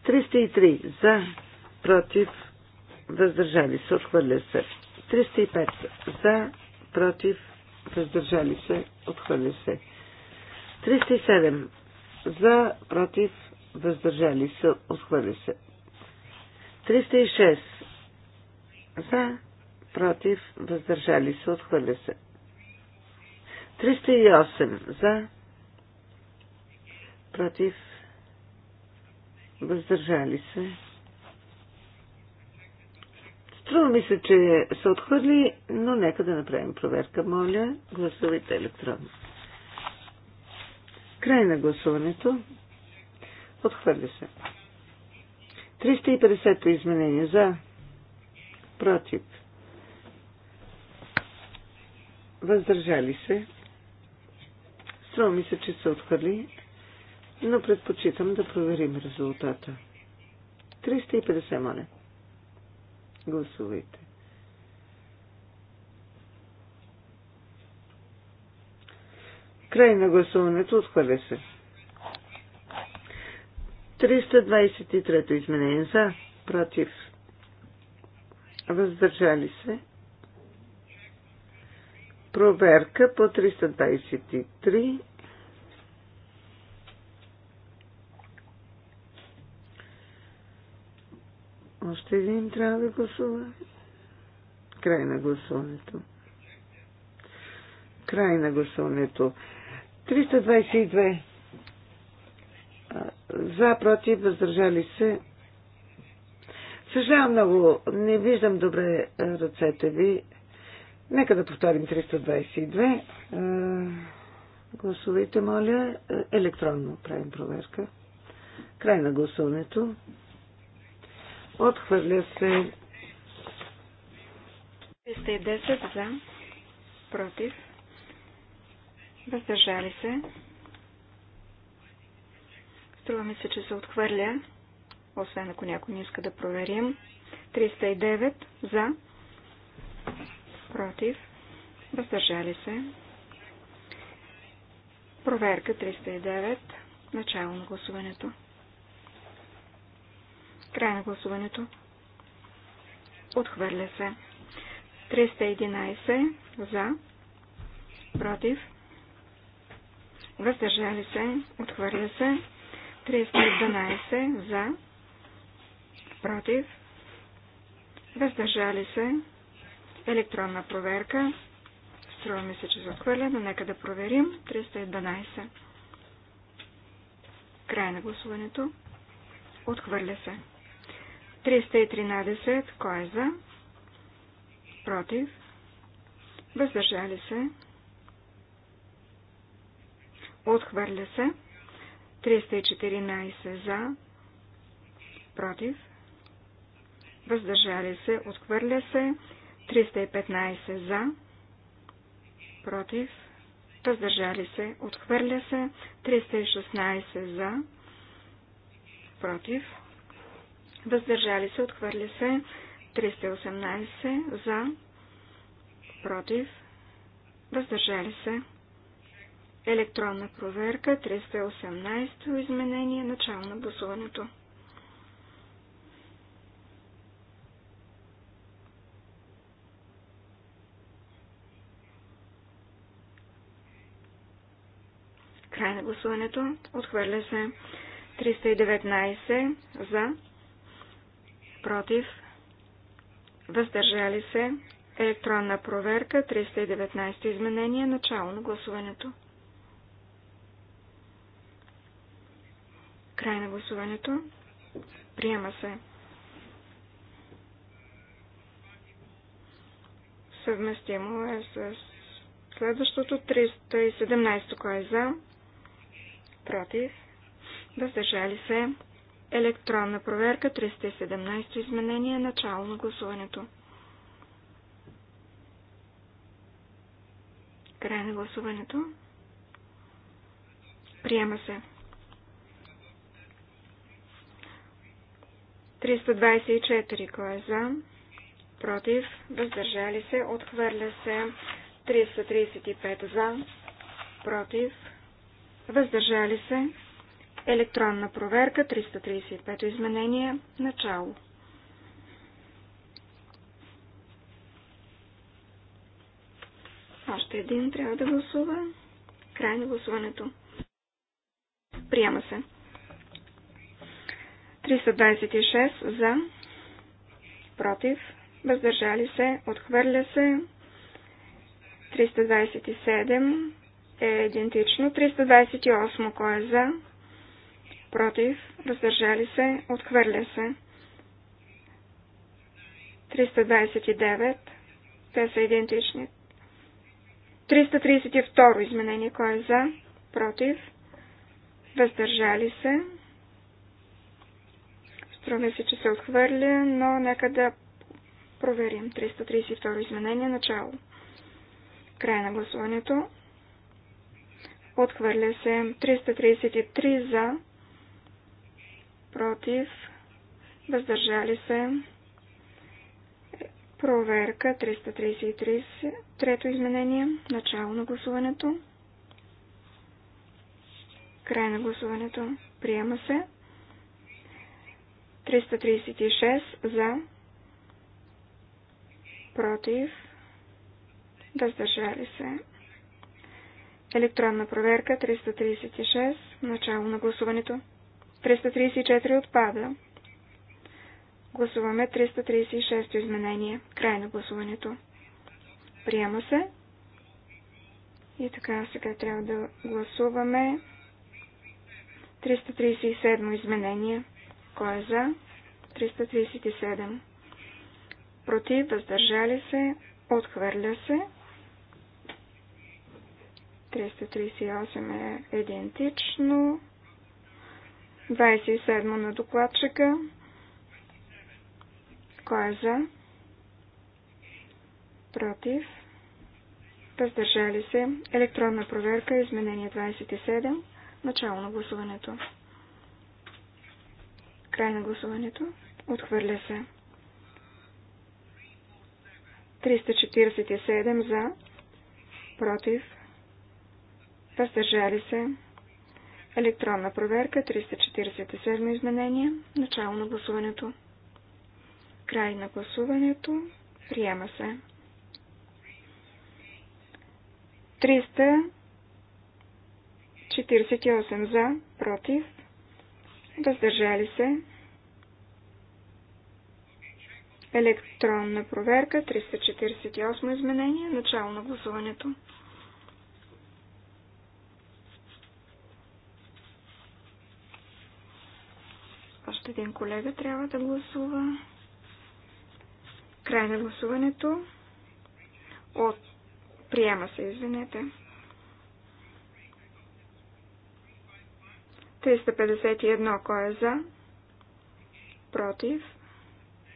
303. За. Против. Въздържали се. Отхвърля се. 305. За. Против въздържали се, отхвърля се. 307 за, против, въздържали се, отхвърля се. 306 за, против, въздържали се, отхвърля се. 308 за, против, въздържали се, Струва ми се, че се отхвърли, но нека да направим проверка. Моля, гласувайте електронно. Край на гласуването. Отхвърля се. 350-то изменение за. Против. Въздържали се. Струва ми се, че се отхвърли, но предпочитам да проверим резултата. 350, моля. Гласувайте. Край на гласуването отхвърля се. 323 то изменение за, против, въздържали се. Проверка по 323 Още един трябва да гласува. Край на гласуването. Край на гласуването. 322. За, против, въздържали се. Съжалявам много. Не виждам добре ръцете ви. Нека да повторим 322. Гласувайте, моля. Електронно правим проверка. Край на гласуването. Отхвърля се. 210 за. Против. Въздържали се. Струва ми се, че се отхвърля. Освен ако някой не иска да проверим. 309 за. Против. Въздържали се. Проверка 309. Начало на гласуването. Край на гласуването. Отхвърля се. 311 за, против, въздържали се, отхвърля се. 312 за, против, въздържали се, електронна проверка. Струва ми се, че се отхвърля, но нека да проверим. 312. Край на гласуването. Отхвърля се. 313. Кой е за? Против. Въздържали се. Отхвърля се. 314 за. Против. Въздържали се. Отхвърля се. 315 за. Против. Въздържали се. Отхвърля се. 316 за. Против въздържали се, отхвърля се 318 за, против, въздържали се. Електронна проверка 318 изменение начало на гласуването. Край на гласуването. Отхвърля се 319 за против, въздържали се, електронна проверка, 319 изменение, начало на гласуването. Край на гласуването. Приема се. Съвместимо е с следващото 317, кой е за, против, въздържали се, Електронна проверка 317 изменение. Начало на гласуването. Край на гласуването. Приема се. 324. Кой е за? Против. Въздържали се. Отхвърля се. 335 за. Против. Въздържали се. Електронна проверка, 335 изменение, начало. Още един трябва да гласува. Край на гласуването. Приема се. 326 за, против, въздържали се, отхвърля се. 327 е идентично. 328 кой е за, против, въздържали се, отхвърля се. 329, те са идентични. 332 изменение, кой е за, против, въздържали се. Струва се, че се отхвърля, но нека да проверим. 332 изменение, начало. Край на гласуването. Отхвърля се 333 за, против, въздържали се, проверка 333, трето изменение, начало на гласуването, край на гласуването, приема се, 336 за, против, въздържали се. Електронна проверка 336, начало на гласуването. 334 отпада. Гласуваме 336 изменение. Край на гласуването. Приема се. И така, сега трябва да гласуваме 337 изменение. Кой е за? 337. Против, въздържали се, отхвърля се. 338 е идентично. 27 на докладчика. Кой е за? Против. Въздържали се. Електронна проверка. Изменение 27. Начало на гласуването. Край на гласуването. Отхвърля се. 347 за. Против. Въздържали се. Електронна проверка, 347 изменение, начало на гласуването. Край на гласуването, приема се. 348 за, против, въздържали се. Електронна проверка, 348 изменение, начало на гласуването. Още един колега трябва да гласува. Край на гласуването. От... Приема се, извинете. 351. Кой е за? Против?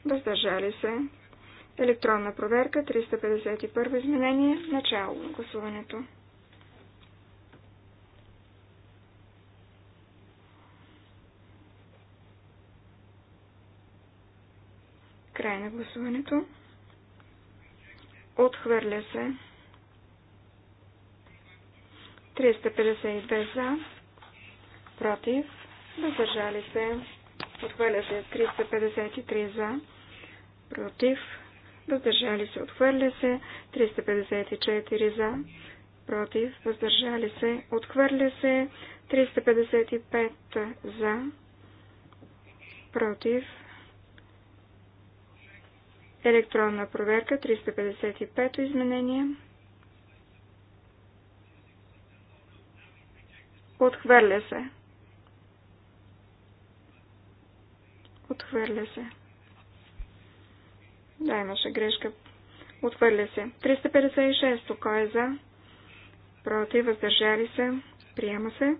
Въздържали се. Електронна проверка. 351 изменение. Начало на гласуването. на гласуването. Отхвърля се. 352 за. Против. Въздържали се. Отхвърля се. 353 за. Против. Въздържали се. Отхвърля се. 354 за. Против. Въздържали се. Отхвърля се. 355 за. Против Електронна проверка 355 изменение. Отхвърля се. Отхвърля се. Да, имаше грешка. Отхвърля се. 356. Кой е за? Против. Въздържали се. Приема се.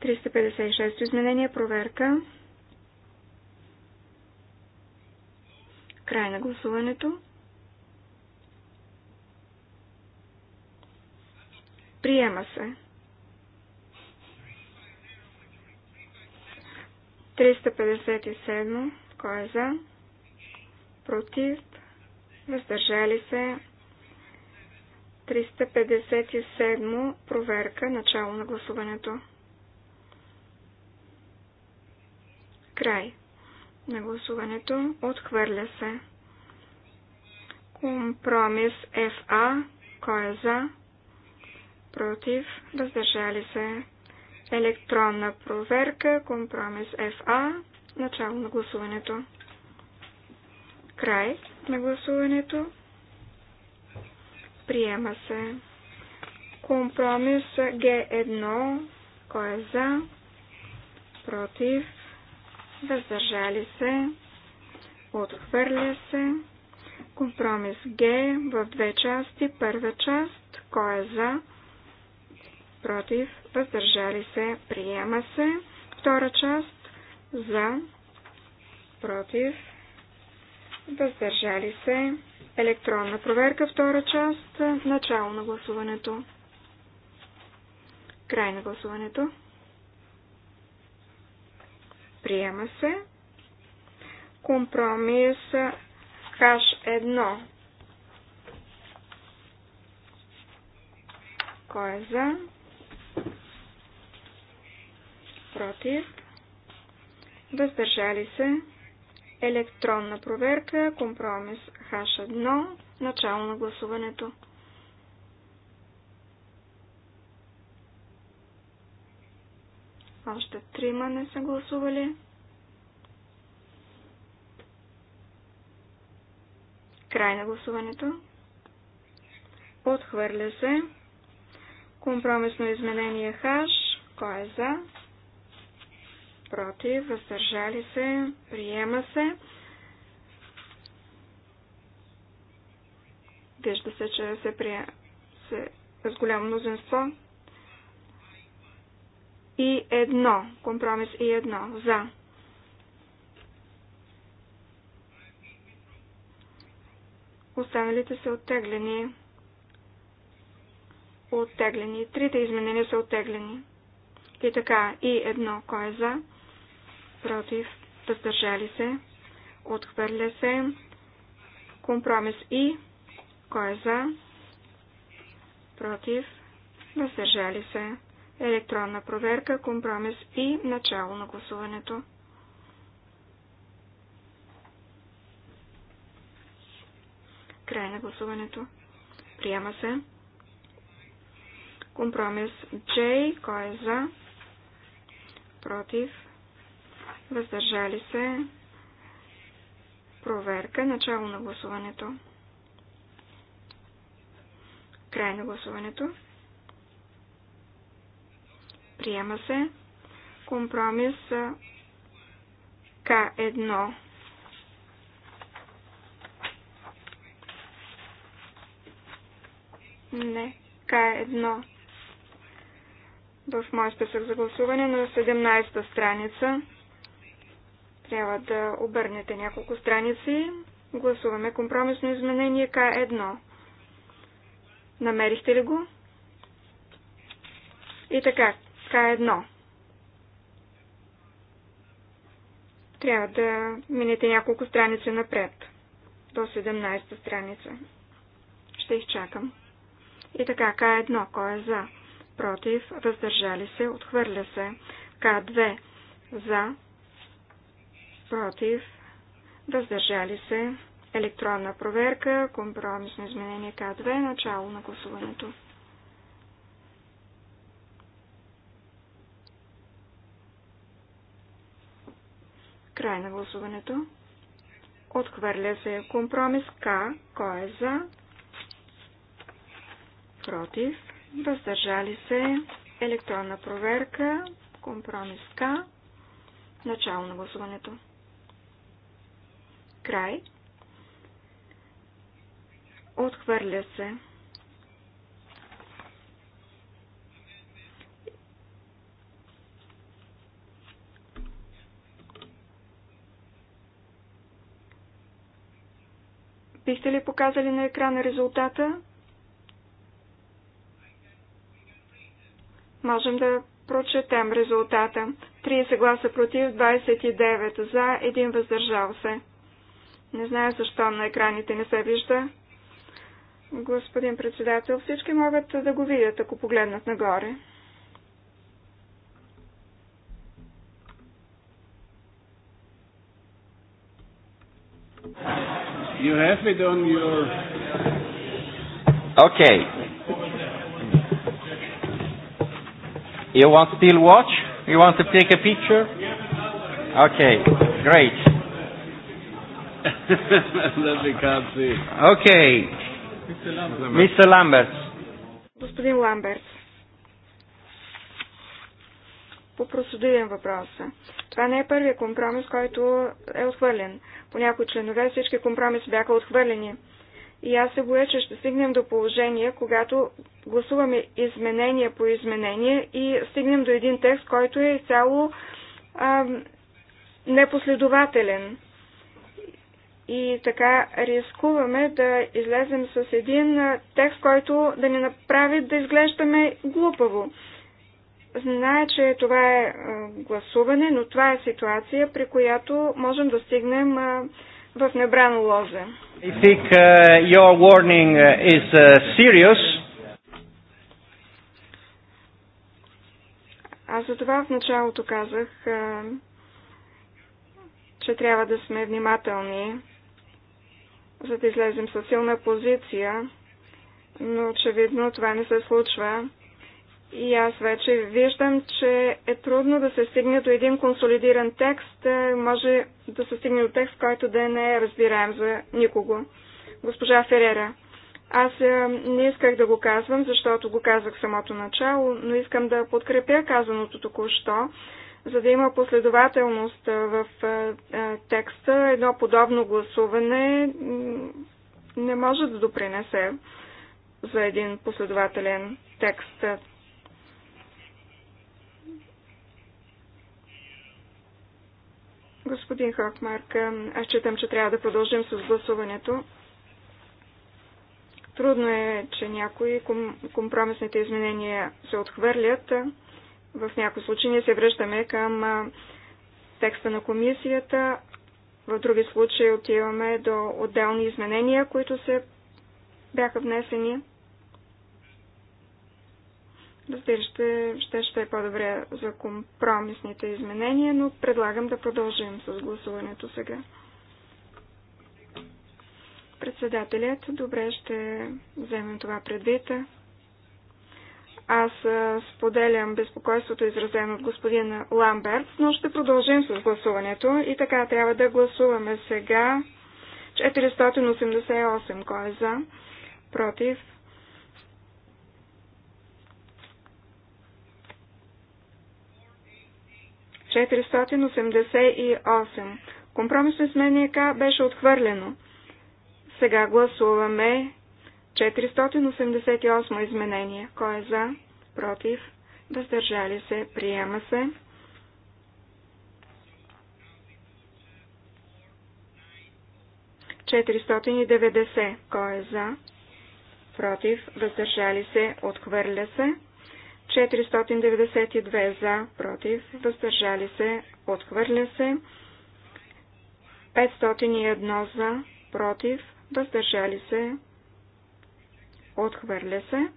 356 изменение. Проверка. Край на гласуването. Приема се. 357. Кой е за? Против? Въздържали се? 357. Проверка. Начало на гласуването. Край на гласуването. Отхвърля се. Компромис ФА. Кой е за? Против. Въздържали се. Електронна проверка. Компромис ФА. Начало на гласуването. Край на гласуването. Приема се. Компромис Г1. Кой е за? Против въздържали се, отхвърля се. Компромис Г в две части. Първа част, кой е за, против, въздържали се, приема се. Втора част, за, против, въздържали се. Електронна проверка, втора част, начало на гласуването. Край на гласуването. Приема се. Компромис хаш 1. Кой е за? Против. Въздържали се. Електронна проверка. Компромис хаш 1. Начало на гласуването. Още трима не са гласували. Край на гласуването. Отхвърля се. Компромисно изменение хаш. Кой е за? Против. Въздържали се. Приема се. Вижда се, че се, прие... се с голямо мнозинство и едно, Компромис и едно За. Останалите са оттеглени. Оттеглени. Трите изменения са оттеглени. И така, и едно, кой е за, против, въздържали се, отхвърля се, компромис и, кой е за, против, въздържали се електронна проверка, компромис и начало на гласуването. Край на гласуването. Приема се. Компромис J. Кой е за? Против. Въздържали се. Проверка. Начало на гласуването. Край на гласуването. Приема се. Компромис К1. Не, К1. В моят списък за гласуване на 17-та страница. Трябва да обърнете няколко страници. Гласуваме компромисно изменение К1. Намерихте ли го? И така, е едно. Трябва да минете няколко страници напред. До 17-та страница. Ще изчакам. И така, К1. Е Кой е за? Против. Въздържали се. Отхвърля се. К2. За. Против. Въздържали се. Електронна проверка. Компромисно изменение К2. Начало на гласуването. Край на гласуването. Отхвърля се компромис К. Кой е за? Против. Въздържали се. Електронна проверка. Компромис К. Начало на гласуването. Край. Отхвърля се. Бихте ли показали на екрана резултата? Можем да прочетем резултата. 30 гласа против, 29 за, 1 въздържал се. Не знае защо на екраните не се вижда. Господин председател, всички могат да го видят, ако погледнат нагоре. You have it on your. Okay. You want to still watch? You want to take a picture? Okay, great. can't see. Okay. Mr. Lambert. Mr. Lambert. Господин Ламберт по процедурен въпрос. Това не е първият компромис, който е отхвърлен. По някои членове всички компромиси бяха отхвърлени. И аз се боя, че ще стигнем до положение, когато гласуваме изменение по изменение и стигнем до един текст, който е цяло а, непоследователен. И така рискуваме да излезем с един текст, който да ни направи да изглеждаме глупаво. Зная, че това е гласуване, но това е ситуация, при която можем да стигнем в небрано лозе. I think uh, your warning uh, is uh, serious. Аз за това в началото казах, че трябва да сме внимателни, за да излезем със силна позиция, но очевидно това не се случва. И аз вече виждам, че е трудно да се стигне до един консолидиран текст. Е, може да се стигне до текст, който да не е разбираем за никого. Госпожа Ферера, аз е, не исках да го казвам, защото го казах самото начало, но искам да подкрепя казаното току-що, за да има последователност е, в текста. Едно подобно гласуване не може да допринесе за един последователен текст. Господин Хокмарк, аз считам, че трябва да продължим с гласуването. Трудно е, че някои компромисните изменения се отхвърлят. В някои случаи ние се връщаме към текста на комисията, в други случаи отиваме до отделни изменения, които се бяха внесени. Разбира се ще, ще, е по-добре за компромисните изменения, но предлагам да продължим с гласуването сега. Председателят, добре ще вземем това предвид. Аз споделям безпокойството, изразено от господин Ламберт, но ще продължим с гласуването и така трябва да гласуваме сега 488. Кой е за? Против? 488. Компромисно изменение К беше отхвърлено. Сега гласуваме 488 изменение. Кой е за? Против? Въздържали се? Приема се. Четиристотин Кой е за? Против? Въздържали се? Отхвърля се. 492 за, против, въздържали се, отхвърля се. 501 за, против, въздържали се, отхвърля се.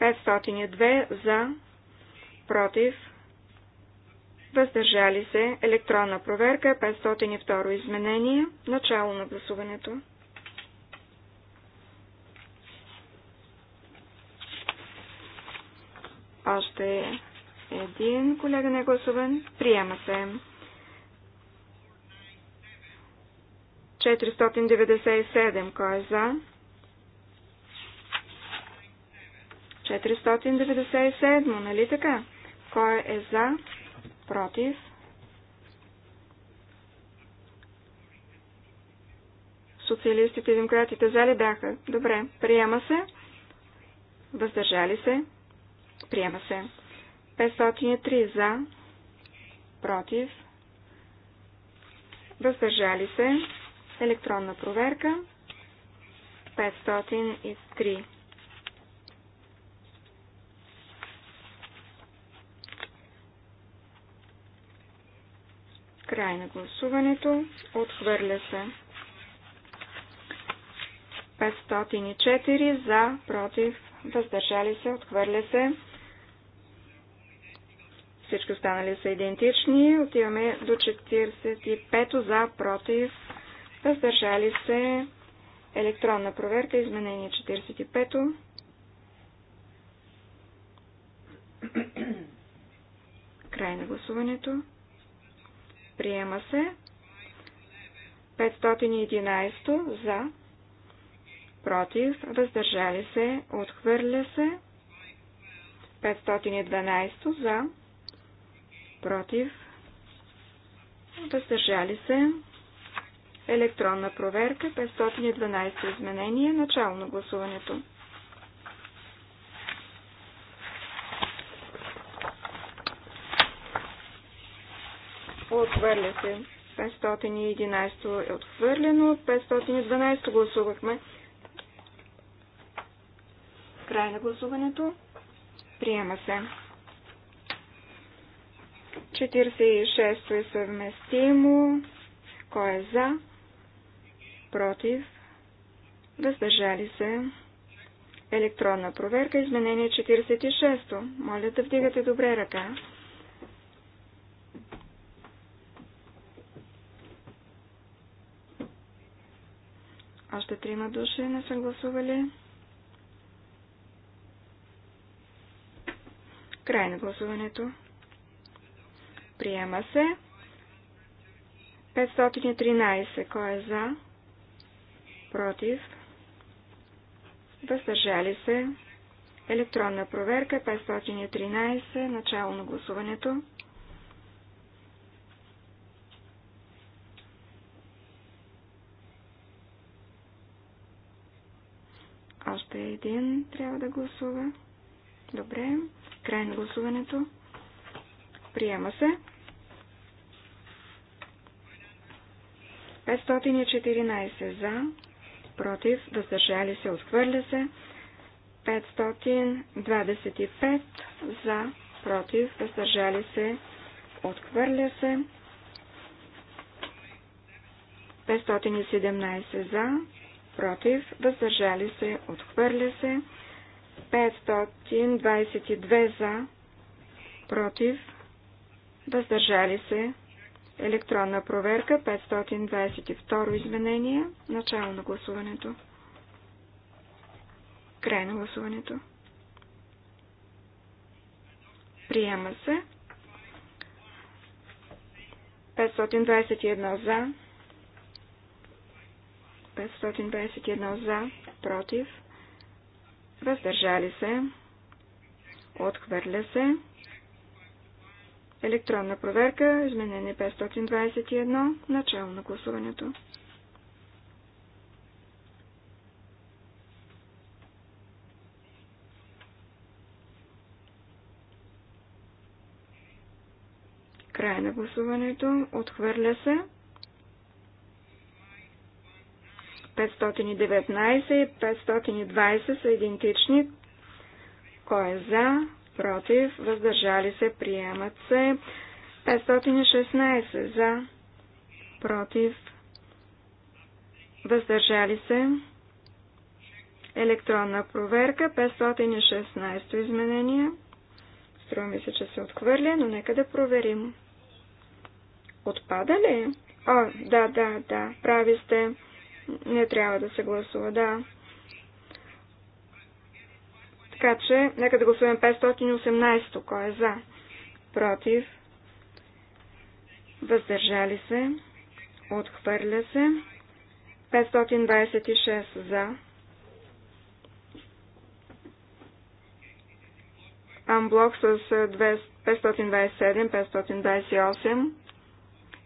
502 за, против, въздържали се, електронна проверка, 502 изменение, начало на гласуването. Още един колега не е гласуван. Приема се. 497. Кой е за? 497, нали така? Кой е за? Против? Социалистите и демократите за ли бяха? Добре, приема се. Въздържали се? Приема се. 503 за. Против. Въздържали се. Електронна проверка. 503. Край на гласуването. Отхвърля се. 504 за, против, въздържали се, отхвърля се. Всички останали са идентични. Отиваме до 45 за, против, въздържали се. Електронна проверка, изменение 45. Край на гласуването. Приема се. 511 за. Против. Въздържали се. Отхвърля се. 512 за против, въздържали се, електронна проверка, 512 изменения. начало на гласуването. Отхвърля се. 511 е отхвърлено, 512 гласувахме. Край на гласуването. Приема се. 46 е съвместимо. Кой е за? Против? Въздържали се? Електронна проверка. Изменение 46. Моля да вдигате добре ръка. Още трима души не са гласували. Край на гласуването. Приема се. 513. Кой е за? Против. Въздържали се. Електронна проверка 513. Начало на гласуването. Още един трябва да гласува. Добре. Край на гласуването. Приема се. 514 за, против, въздържали се, отхвърля се. 525 за, против, въздържали се, отхвърля се. 517 за, против, въздържали се, отхвърля се. 522 за, против, въздържали се, Електронна проверка 522 изменение. Начало на гласуването. Край на гласуването. Приема се. 521 за. 521 за. Против. Въздържали се. Отхвърля се. Електронна проверка, изменение 521, начало на гласуването. Край на гласуването. Отхвърля се. 519 и 520 са идентични. Кой е за? против, въздържали се, приемат се. 516 за, против, въздържали се. Електронна проверка, 516 изменение. Струва ми се, че се отхвърля, но нека да проверим. Отпада ли? О, да, да, да, прави сте. Не трябва да се гласува, да. Така че, нека да гласуваме 518. Кой е за? Против? Въздържали се? Отхвърля се? 526 за. Амблок с 527, 528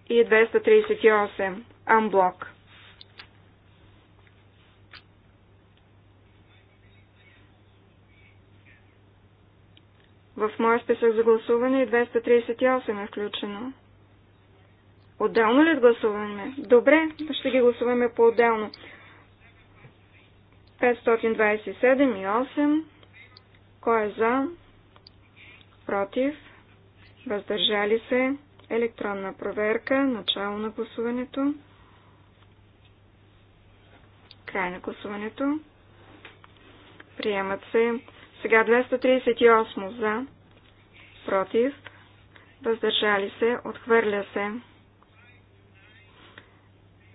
и 238. Амблок. В моя списък за гласуване е и 238 е включено. Отделно ли гласуваме? Добре, ще ги гласуваме по-отделно. 527 и 8. Кой е за? Против? Въздържали се? Електронна проверка. Начало на гласуването. Край на гласуването. Приемат се сега 238 за, против, въздържали се, отхвърля се.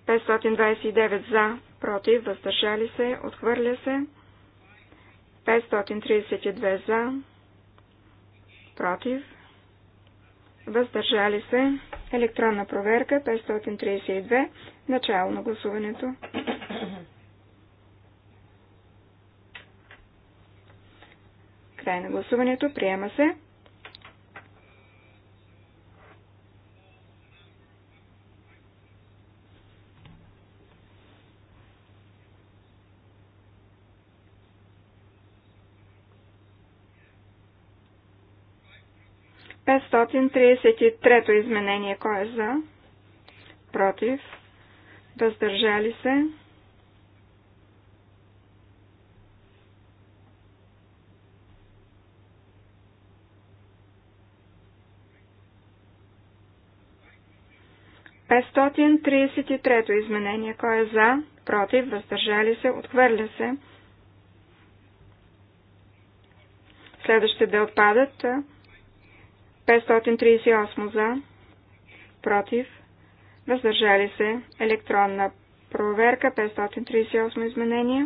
529 за, против, въздържали се, отхвърля се. 532 за, против, въздържали се, електронна проверка, 532, начало на гласуването. Край на гласуването. Приема се. Петстотин трето изменение. Кой е за? Против? Въздържали се? 533 изменение. Кой е за? Против? Въздържали се? Отхвърля се. Следващите да отпадат. 538 за. Против? Въздържали се? Електронна проверка. 538 изменение.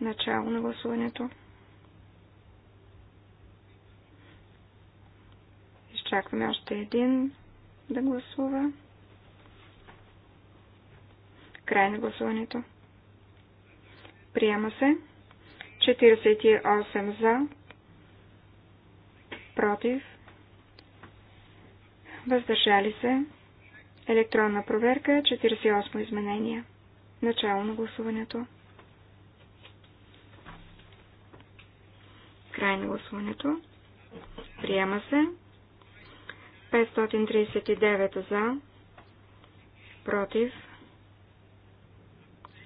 Начало на гласуването. Изчакваме още един да гласува. Край на гласуването. Приема се. 48 за. Против. Въздържали се. Електронна проверка. 48 изменения. Начало на гласуването. Край на гласуването. Приема се. 539 за. Против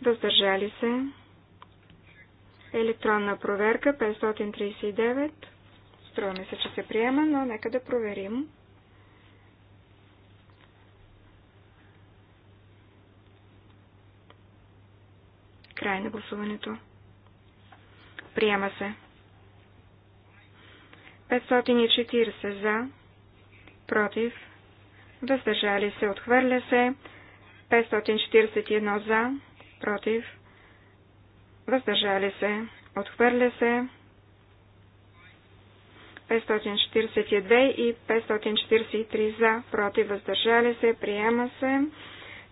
въздържали се, електронна проверка 539. Струва ми се, че се приема, но нека да проверим. Край на гласуването. Приема се. 540 за, против, въздържали се, отхвърля се, 541 за, против, въздържали се, отхвърля се. 542 и 543 за, против, въздържали се, приема се.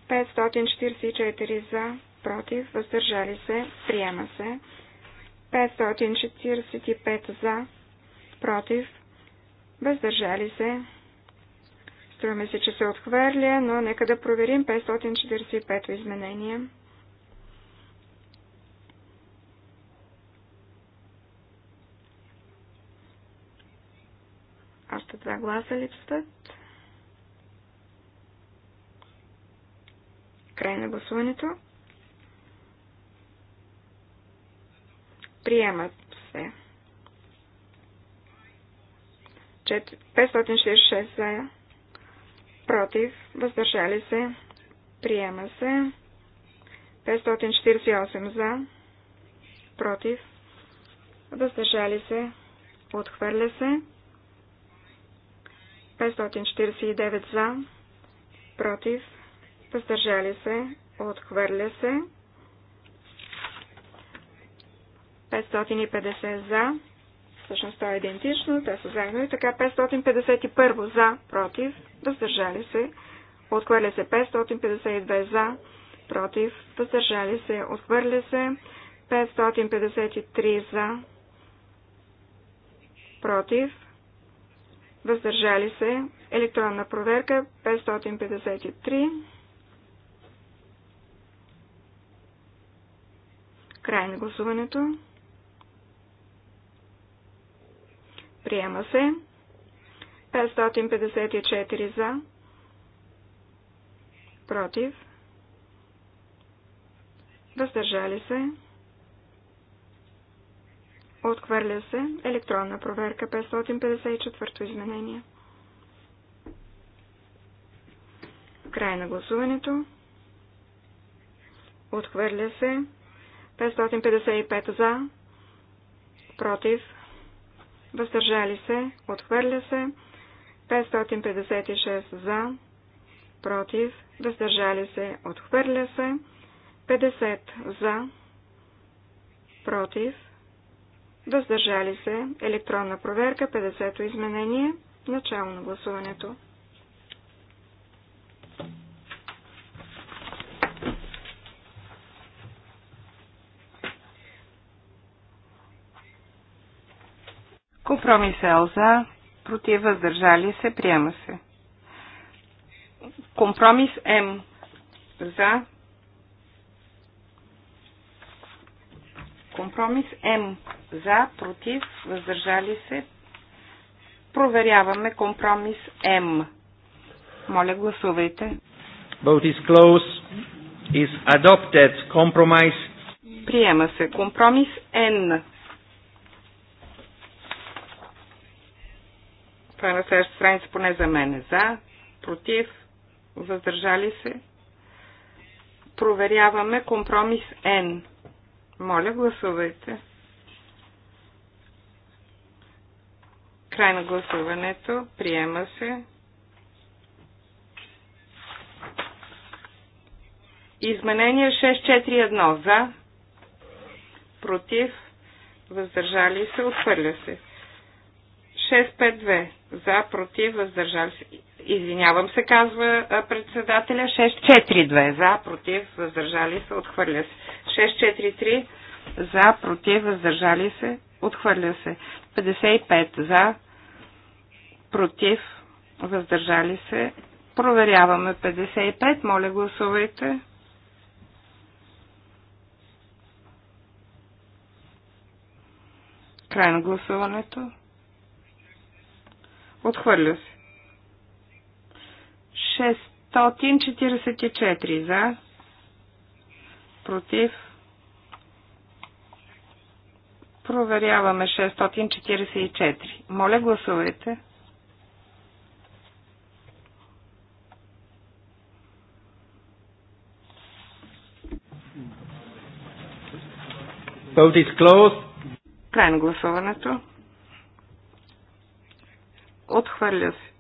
544 за, против, въздържали се, приема се. 545 за, против, въздържали се. Струваме се, че се отхвърля, но нека да проверим 545 изменения. два гласа липсват. Край на гласуването. Приемат се. 566 за, против, въздържали се, приема се. 548 за, против, въздържали се, отхвърля се. 549 за, против, въздържали се, отхвърля се. 550 за, всъщност това е идентично, те са заедно и така 551 за, против, въздържали се, отхвърля се 552 за, против, въздържали се, отхвърля се 553 за, против, въздържали се, електронна проверка 553, край на гласуването, приема се, 554 за, против, въздържали се, Отхвърля се. Електронна проверка 554 изменение. Край на гласуването. Отхвърля се. 555 за. Против. Въздържали се. Отхвърля се. 556 за. Против. Въздържали се. Отхвърля се. 50 за. Против въздържали се, електронна проверка, 50-то изменение, начало на гласуването. Компромис Л за, против, въздържали се, приема се. Компромис М за, компромис М за, против, въздържали се. Проверяваме компромис М. Моля, гласувайте. Vote is close. Is adopted. Compromise. Приема се. Компромис Н. Това е на следващата страница, поне за мен. За, против, въздържали се. Проверяваме компромис Н. Моля, гласувайте. Край на гласуването. Приема се. Изменение 641 за, против, въздържали се, отхвърля се. 652 за, против, въздържали се. Извинявам се, казва председателя. 642 за, против, въздържали се, отхвърля се. 643 за, против, въздържали се, Отхвърля се. 55 за, против, въздържали се. Проверяваме 55. Моля, гласувайте. Край на гласуването. Отхвърля се. 644 за, против, Проверяваме 644. Моля, гласувайте. Vote is closed. Край на гласуването. Отхвърля се.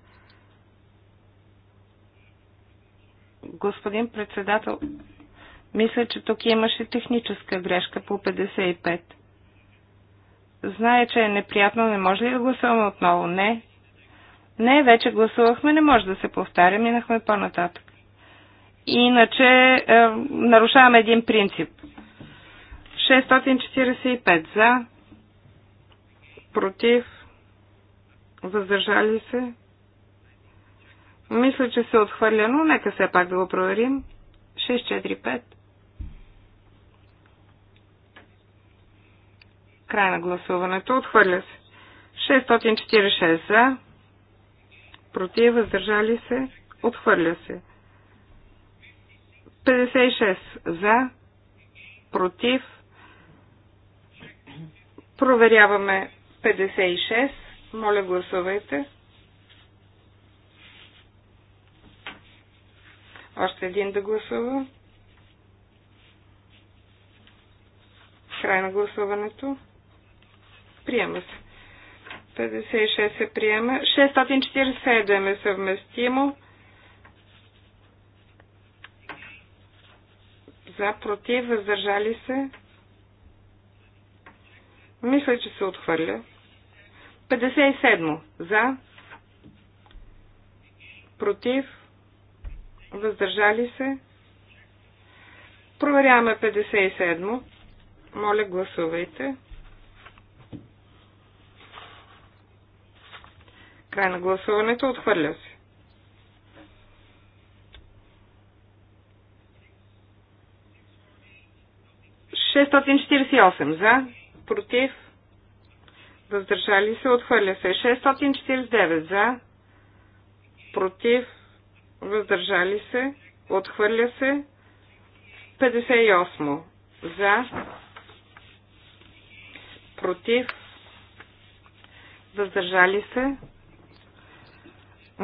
Господин председател, мисля, че тук имаше техническа грешка по 55. Знае, че е неприятно. Не може ли да гласуваме отново? Не. Не, вече гласувахме. Не може да се повтаря. Минахме по-нататък. Иначе е, нарушаваме един принцип. 645 за, против, въздържали се. Мисля, че се отхвърля, но нека все пак да го проверим. 645. Край на гласуването. Отхвърля се. 646 за. Против. Въздържали се. Отхвърля се. 56 за. Против. Проверяваме 56. Моля, гласувайте. Още един да гласува. Край на гласуването. Приема се. 56 се приема. 647 е съвместимо. За, против, въздържали се. Мисля, че се отхвърля. 57. За. Против. Въздържали се. Проверяваме 57. Моля, гласувайте. Край на гласуването. Отхвърля се. Шестстотин за, против, въздържали се, отхвърля се. 649 за, против, въздържали се, отхвърля се. 58 за, против, въздържали се,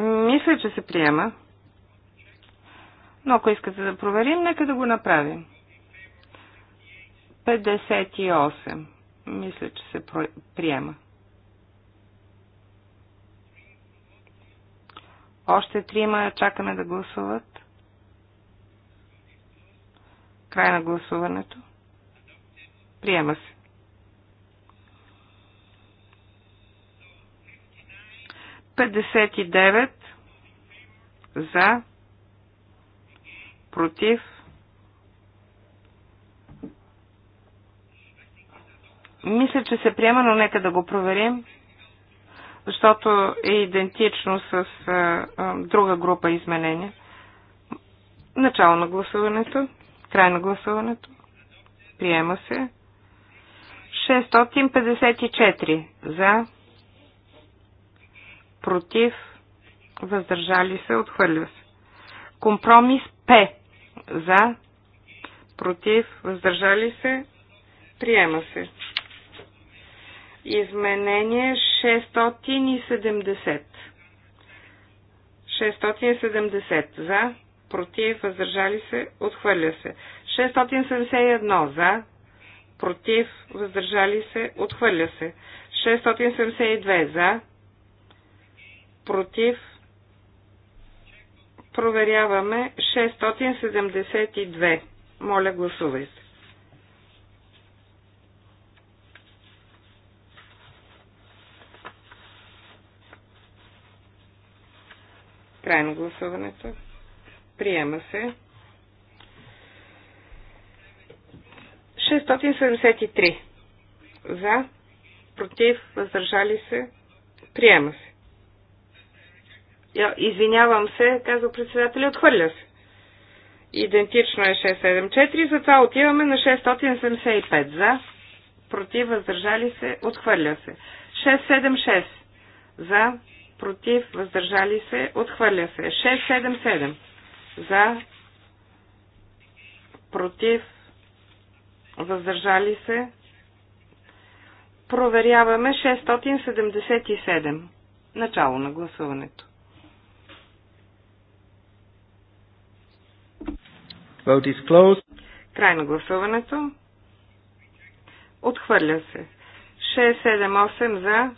мисля, че се приема. Но ако искате да проверим, нека да го направим. 58. Мисля, че се приема. Още трима чакаме да гласуват. Край на гласуването. Приема се. 59 за, против, мисля, че се приема, но нека да го проверим, защото е идентично с а, а, друга група изменения. Начало на гласуването, край на гласуването, приема се. 654 за, против, въздържали се, отхвърля се. Компромис П за, против, въздържали се, приема се. Изменение 670. 670 за, против, въздържали се, отхвърля се. 671 за, против, въздържали се, отхвърля се. 672 за, против, проверяваме 672. Моля, гласувайте. Край на гласуването. Приема се. 673. За. Против. Въздържали се. Приема се. Извинявам се, казва председателя, отхвърля се. Идентично е 674, затова отиваме на 675 за, против, въздържали се, отхвърля се. 676 за, против, въздържали се, отхвърля се. 677 за, против, въздържали се. Проверяваме 677. Начало на гласуването. Vote is closed. Край на гласуването. Отхвърля се. 6-7-8 за.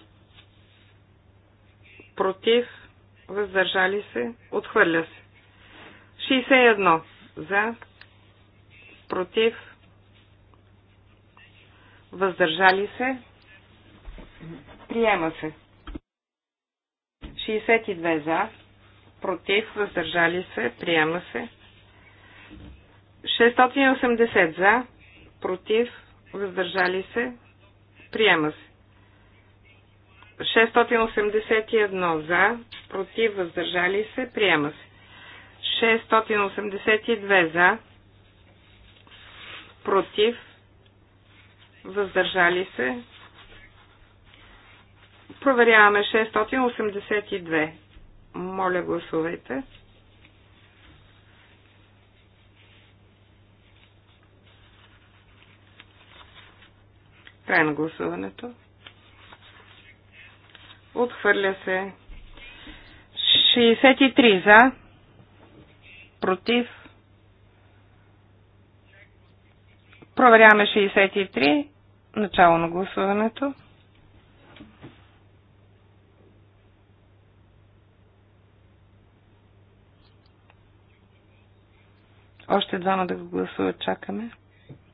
Против. Въздържали се. Отхвърля се. 61 за. Против. Въздържали се. Приема се. 62 за. Против. Въздържали се. Приема се. 680 за, против, въздържали се, приема се. 681 за, против, въздържали се, приема се. 682 за, против, въздържали се. Проверяваме 682. Моля, гласувайте. Край на гласуването. Отхвърля се. 63 за. Против. Проверяваме 63. Начало на гласуването. Още двама да го гласуват. Чакаме.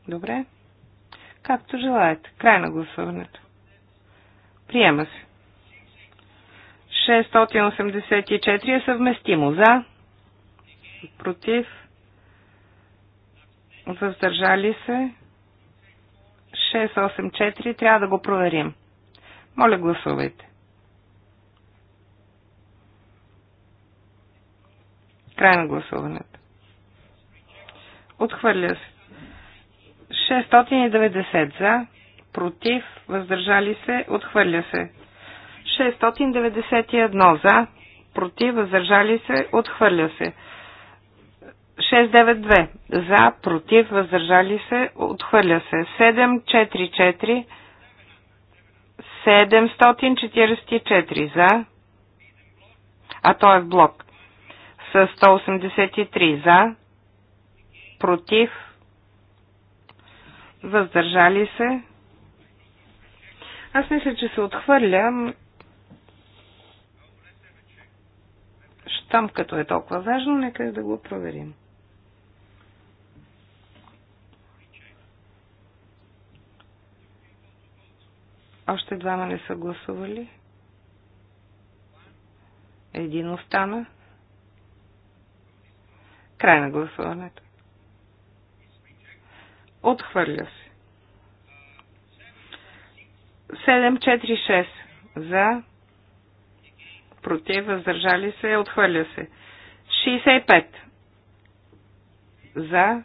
Добре. Както желаете. Край на гласуването. Приема се. 684 е съвместимо. За, против, въздържали се. 684 трябва да го проверим. Моля, гласувайте. Край на гласуването. Отхвърля се. 690 за, против, въздържали се, отхвърля се. 691 за, против, въздържали се, отхвърля се. 692 за, против, въздържали се, отхвърля се. 744 744 за, а то е в блок. С 183 за, против, въздържали се. Аз мисля, че се отхвърля. Там, като е толкова важно, нека да го проверим. Още двама не са гласували. Един остана. Край на гласуването. Отхвърля се. 746 за, против, въздържали се, отхвърля се. 65 за,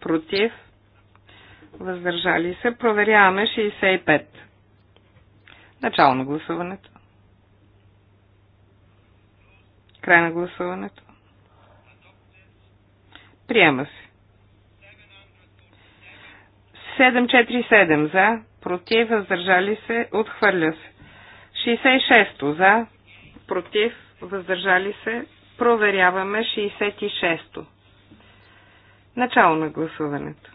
против, въздържали се. Проверяваме 65. Начало на гласуването. Край на гласуването. Приема се. 747 за, против, въздържали се, отхвърля се. 66 за, против, въздържали се, проверяваме 66-то. Начало на гласуването.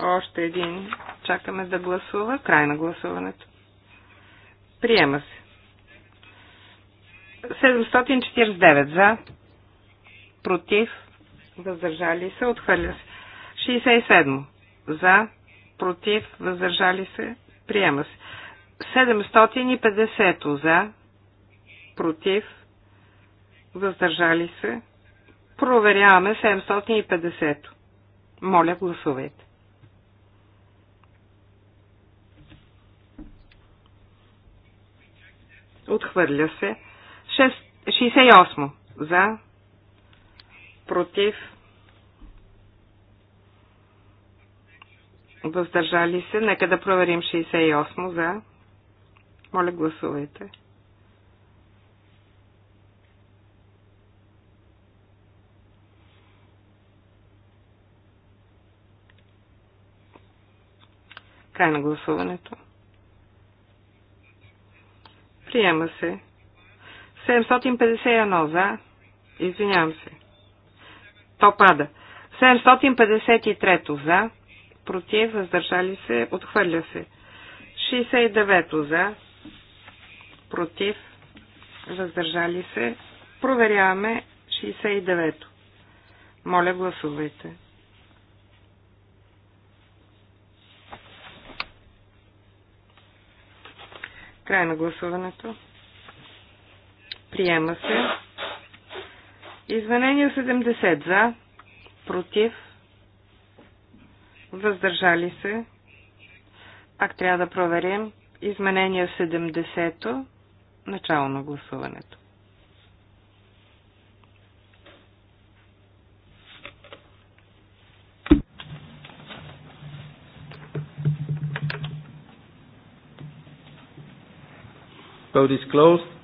Още един. Чакаме да гласува. Край на гласуването. Приема се. 749 за, против, въздържали се, отхвърля се. 67. За, против, въздържали се, приема се. 750 за, против, въздържали се. Проверяваме 750. Моля, гласувайте. Отхвърля се. 68 за, против, въздържали се. Нека да проверим 68 за. Моля, гласувайте. Край на гласуването. Приема се. 751 за. Извинявам се. То пада. 753 за, против, въздържали се, отхвърля се. 69 за, против, въздържали се. Проверяваме 69 Моля, гласувайте. Край на гласуването. Приема се. Изменение 70 за, против, въздържали се. Пак трябва да проверим. Изменение 70-то, начало на гласуването. Vote is closed.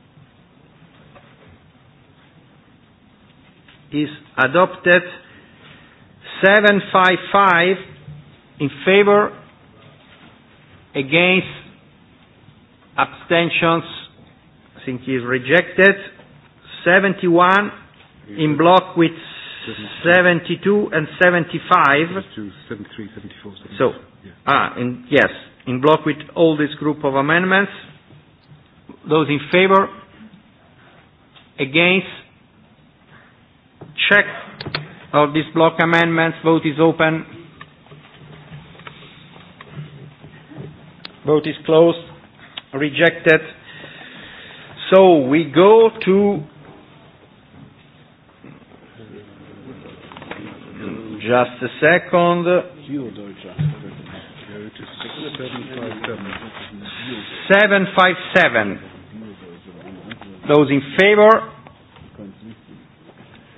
is adopted. 755 in favor, against, abstentions, I think is rejected. 71 in block with 72 and 75. So, ah, in, yes, in block with all this group of amendments. Those in favor, against, check of this block amendments. Vote is open. Vote is closed. Rejected. So we go to just a second. Seven five seven. Those in favor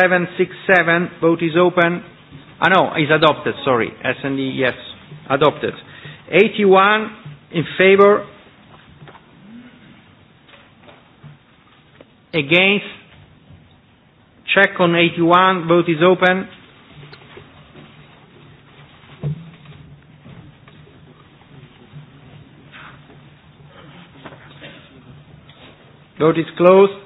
767. Vote is open. Ah, no, is adopted. Sorry. SND, yes. Adopted. 81 in favor. Against. Check on 81. Vote is open. Vote is closed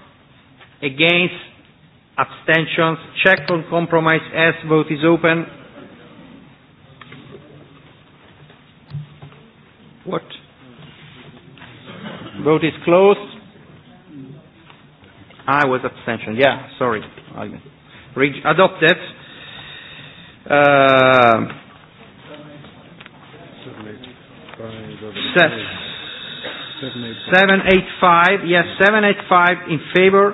against, abstentions, check on compromise S, vote is open. What? Vote is closed. I was abstention, yeah, sorry. Reg- adopted. Uh, Seven eight five, yes, seven eight five in favor,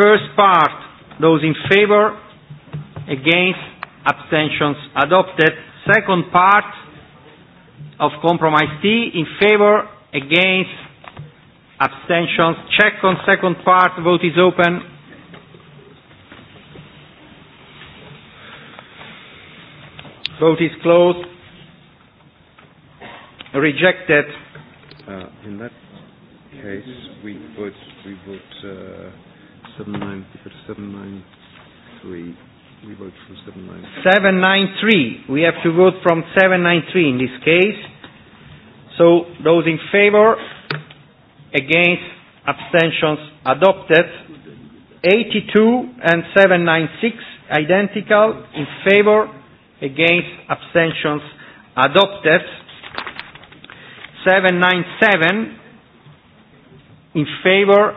First part, those in favor, against, abstentions adopted. Second part of compromise T, in favor, against, abstentions. Check on second part, vote is open. Vote is closed. Rejected. Uh, in that case, we would, we would uh, 793. We vote from 793. 793. We have to vote from 793 in this case. So those in favor, against, abstentions adopted. 82 and 796 identical in favor, against, abstentions adopted. 797 in favor,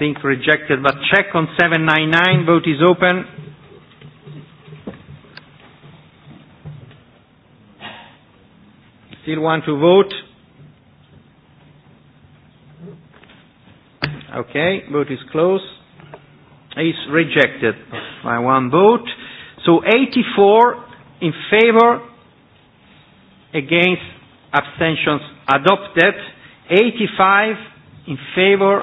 think rejected, but check on 799. Vote is open. Still want to vote? Okay, vote is closed. It's rejected by one vote. So 84 in favor, against abstentions adopted. 85 in favor,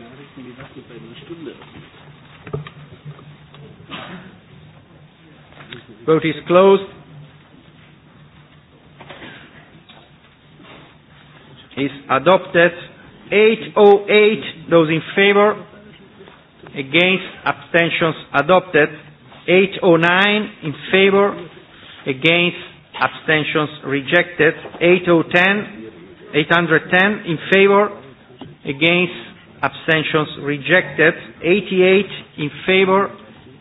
Vote is closed. Is adopted. 808, those in favor, against, abstentions adopted. 809, in favor, against, abstentions rejected. 810, 810, in favor, against, abstentions rejected. 88, in favor,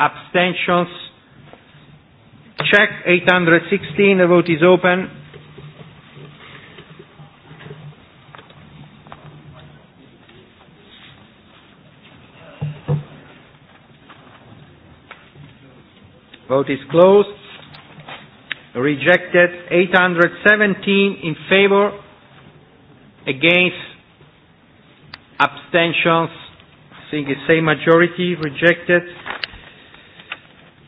abstentions. Check 816. The vote is open. Vote is closed. Rejected. 817 in favor. Against. Abstentions. I think it's same majority. Rejected.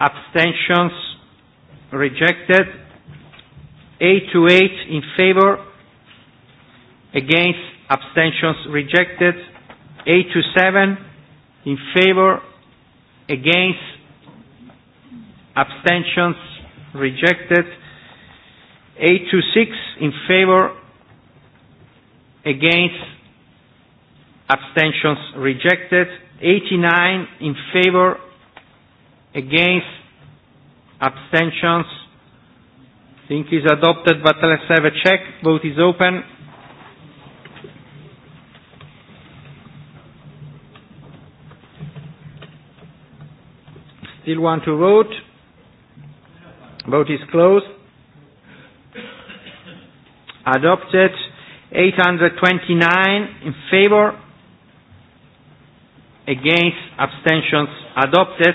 abstentions rejected. 8 to 8 in favor, against abstentions rejected. 8 to 7 in favor, against abstentions rejected. 8 to 6 in favor, against abstentions rejected. 89 in favor, against, abstentions, I think is adopted, but let's have a check. Vote is open. Still want to vote? Vote is closed. Adopted. 829 in favor. Against abstentions adopted.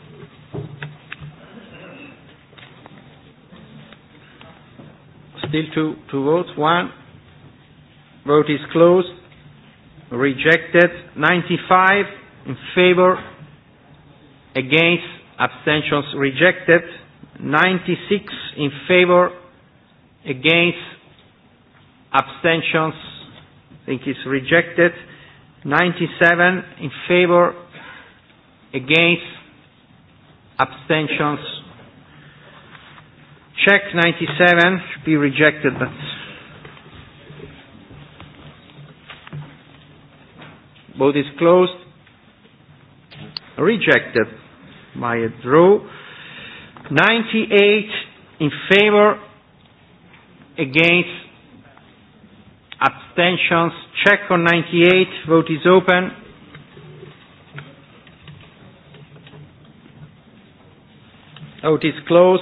Still two, two votes. One vote is closed. Rejected. 95 in favor. Against. Abstentions rejected. 96 in favor. Against. Abstentions. I think it's rejected. 97 in favor. Against. Abstentions Check 97 should be rejected, but vote is closed. Rejected by a draw. 98 in favor, against, abstentions. Check on 98. Vote is open. Vote is closed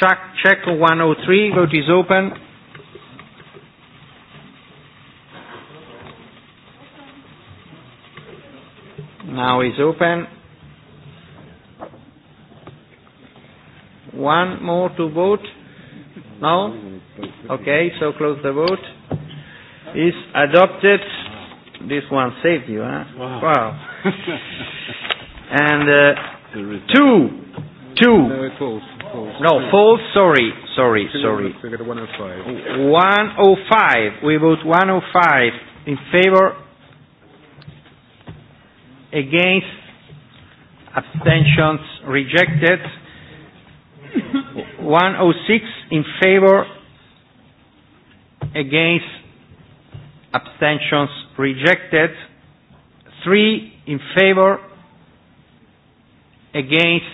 Check, check 103. Vote is open. Now it's open. One more to vote? No? Okay, so close the vote. Is adopted. This one saved you, huh? Wow. wow. and uh, two, two. No, it falls. No, false, sorry, sorry, sorry. One oh five. We vote one five in favor, against, abstentions rejected. One six in favor, against, abstentions rejected. Three in favor, against,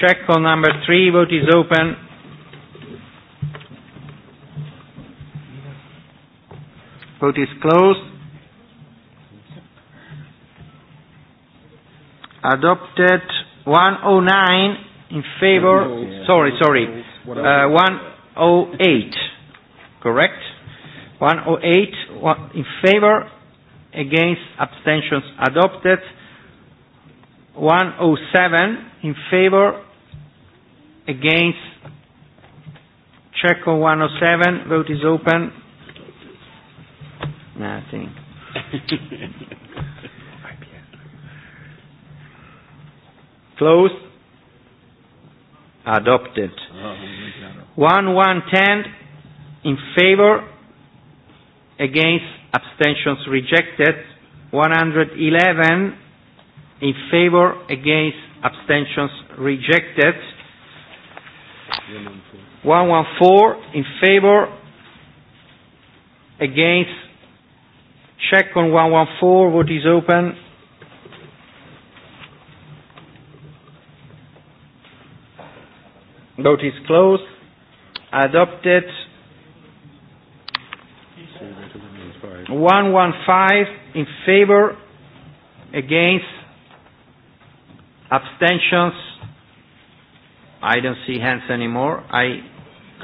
Check on number three. Vote is open. Vote is closed. Adopted 109 in favor. Sorry, sorry. Uh, 108. Correct? 108 one, in favor. Against abstentions adopted. 107 in favor against Checo 107 vote is open nothing closed adopted 1110 in favor against abstentions rejected 111 in favor against abstentions rejected 114 in favor against check on 114 what is open vote is closed adopted 115 in favor against abstentions I don't see hands anymore. I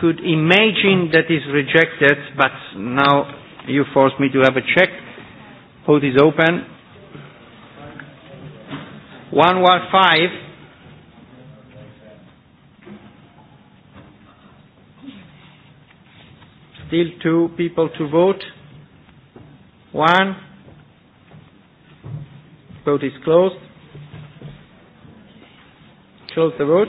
could imagine that is rejected, but now you force me to have a check. Vote is open. 115. Still two people to vote. One. Vote is closed. Close the vote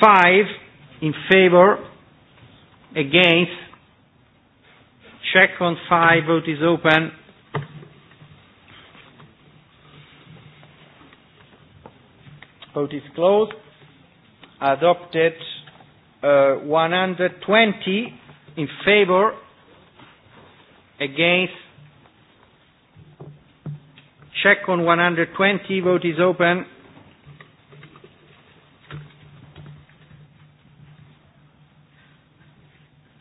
Five in favor, against, check on five, vote is open. Vote is closed. Adopted uh, 120 in favor, against, check on 120, vote is open.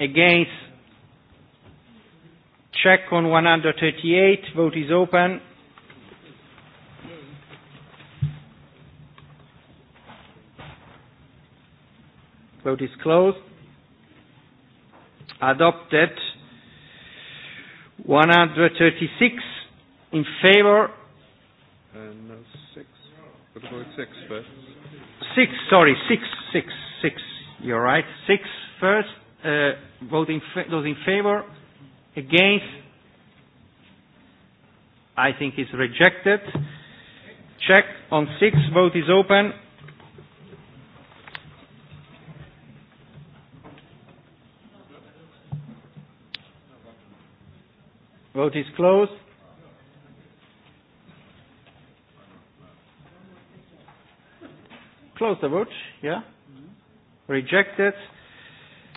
against check on 138 vote is open vote is closed adopted 136 in favor uh, no, six. What about six first? Six, sorry, six, six, six. You're right. Six first uh, vote in fa- those in favor, against, I think is rejected. Check on six, vote is open. Vote is closed. Close the vote, yeah? Rejected.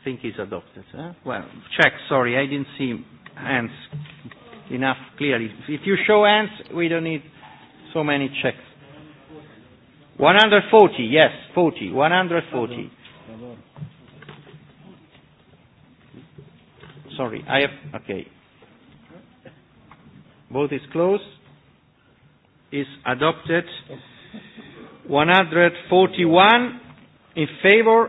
I think he's adopted. Huh? Well, check. Sorry, I didn't see hands enough clearly. If you show hands, we don't need so many checks. 140, yes, 40, 140. Sorry, I have, okay. Vote is closed. Is adopted. 141 in favor,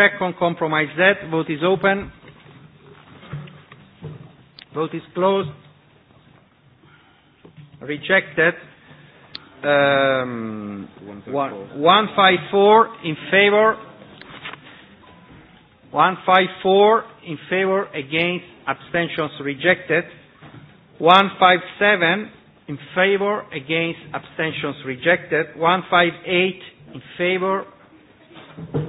check on compromise Z. Vote is open. Vote is closed. Rejected. Um, 154 in favor. 154 in favor against abstentions rejected. 157 in favor against abstentions rejected. 158 in favor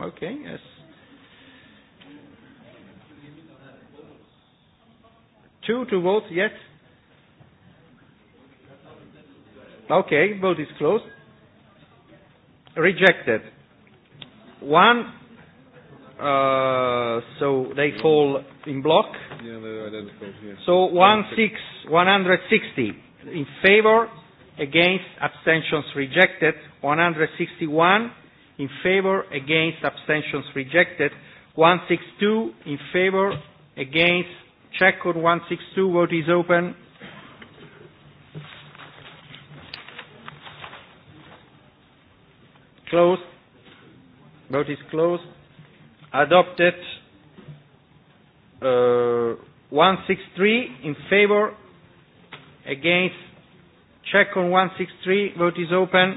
Okay, yes. Two to vote yet? Okay, vote is closed. Rejected. One, uh, so they fall in block. Yeah, they're identical. Yeah. So one six, 160 in favor, against, abstentions rejected. 161 in favor, against, abstentions rejected. 162 in favor, against, check on 162, vote is open. Closed. Vote is closed. Adopted. Uh, 163 in favor, against, check on 163, vote is open.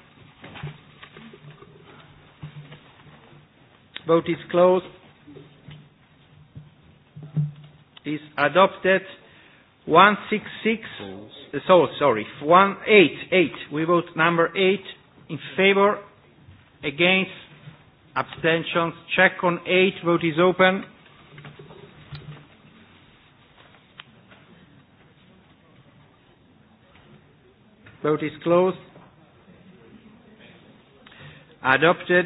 Vote is closed. Is adopted. 166. Uh, so sorry. One eight eight. We vote number eight in favor, against, abstentions. Check on eight. Vote is open. Vote is closed. Adopted.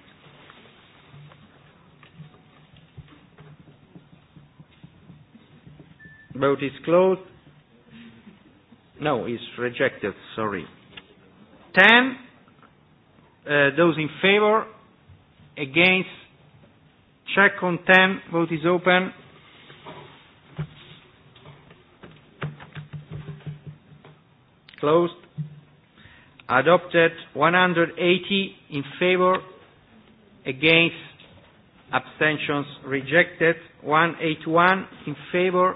Vote is closed. No, it's rejected, sorry. 10. Uh, those in favor, against, check on 10. Vote is open. Closed. Adopted 180 in favor, against, abstentions rejected. 181 in favor,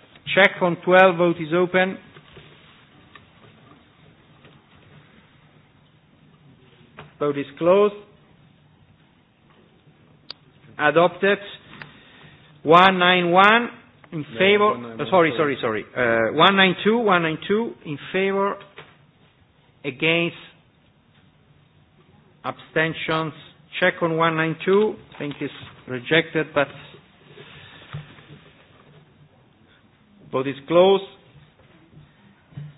Check on 12. Vote is open. Vote is closed. Adopted. 191 in favor. No, uh, sorry, sorry, sorry. Uh, 192, 192 in favor. Against. Abstentions. Check on 192. I think it's rejected, but Vote is closed.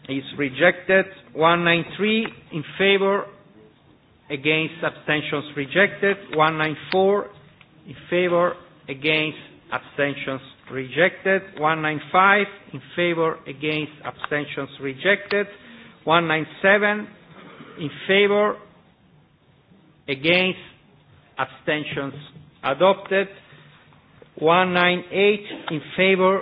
Is rejected. 193 in favor. Against abstentions rejected. 194 in favor. Against abstentions rejected. 195 in favor. Against abstentions rejected. 197 in favor. Against abstentions adopted. 198 in favor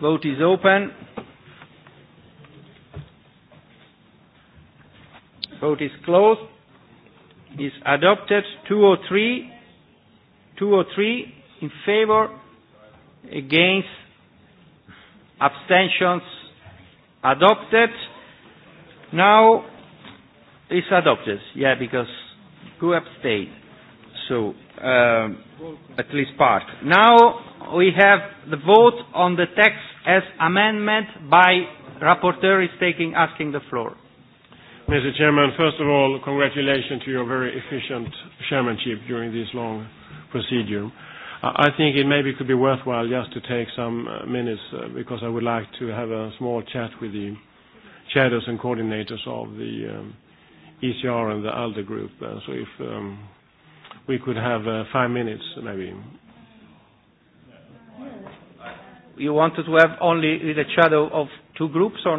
Vote is open. Vote is closed. Is adopted. 203. 203 in favor. Against. Abstentions. Adopted. Now it's adopted. Yeah, because who abstained? so uh, at least part. Now we have the vote on the text as amendment by rapporteur is taking asking the floor. Mr. Chairman, first of all, congratulations to your very efficient chairmanship during this long procedure. I think it maybe could be worthwhile just to take some minutes uh, because I would like to have a small chat with the shadows and coordinators of the um, ECR and the ALDE group. Uh, so if um, we could have uh, five minutes, maybe. You wanted to have only the shadow of two groups or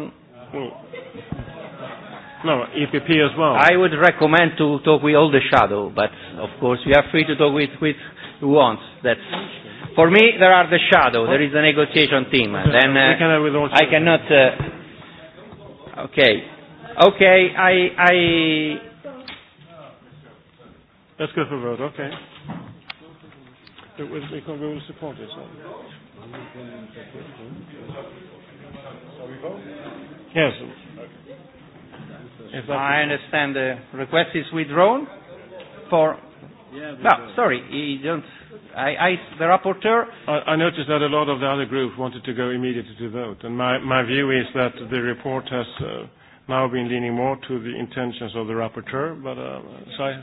No, EPP as well. I would recommend to talk with all the shadow, but of course you are free to talk with, with who wants. That's for me. There are the shadow. There is a negotiation team. and Then uh, can I cannot. Uh, okay, okay. I I Let's go for a vote, okay. But we can we will support this one. Yes. If I understand the request is withdrawn for no, sorry, he don't. I, I, the rapporteur. I, I noticed that a lot of the other group wanted to go immediately to vote, and my, my view is that the report has uh, now been leaning more to the intentions of the rapporteur. But uh, so I,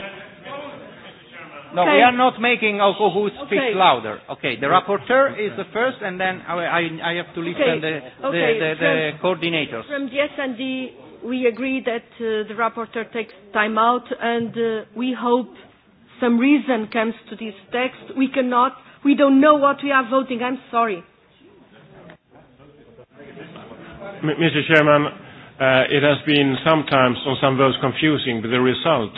No, okay. we are not making Alco who speaks okay. louder. Okay, the rapporteur okay. is the first, and then I, I, I have to listen okay. the, the, okay. the, the, the from, coordinators. From the S&D, we agree that uh, the rapporteur takes time out, and uh, we hope some reason comes to this text. We cannot, we don't know what we are voting. I'm sorry. M Mr. Chairman, uh, it has been sometimes on some votes confusing, but the results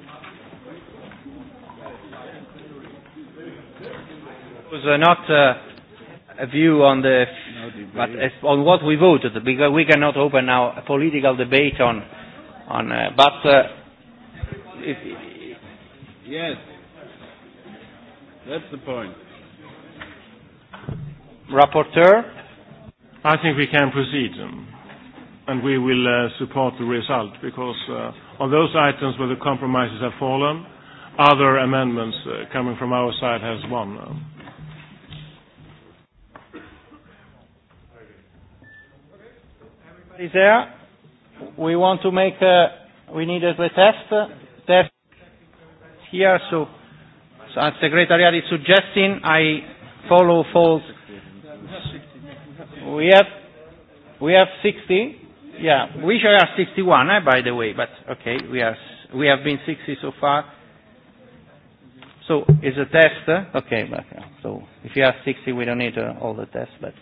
uh, not uh, a view on the, but as, on what we voted, because we cannot open now a political debate on, on. Uh, but uh, if, yes, that's the point. Rapporteur. I think we can proceed, um, and we will uh, support the result because uh, on those items where the compromises have fallen, other amendments uh, coming from our side has won. Um, Is there? We want to make a, we need a test. Test here, so, so as Secretary is suggesting, I follow false. We have, we have 60. Yeah, we should have 61, eh, by the way, but okay, we are, we have been 60 so far. So, it's a test, okay, but, so if you have 60, we don't need uh, all the tests, but.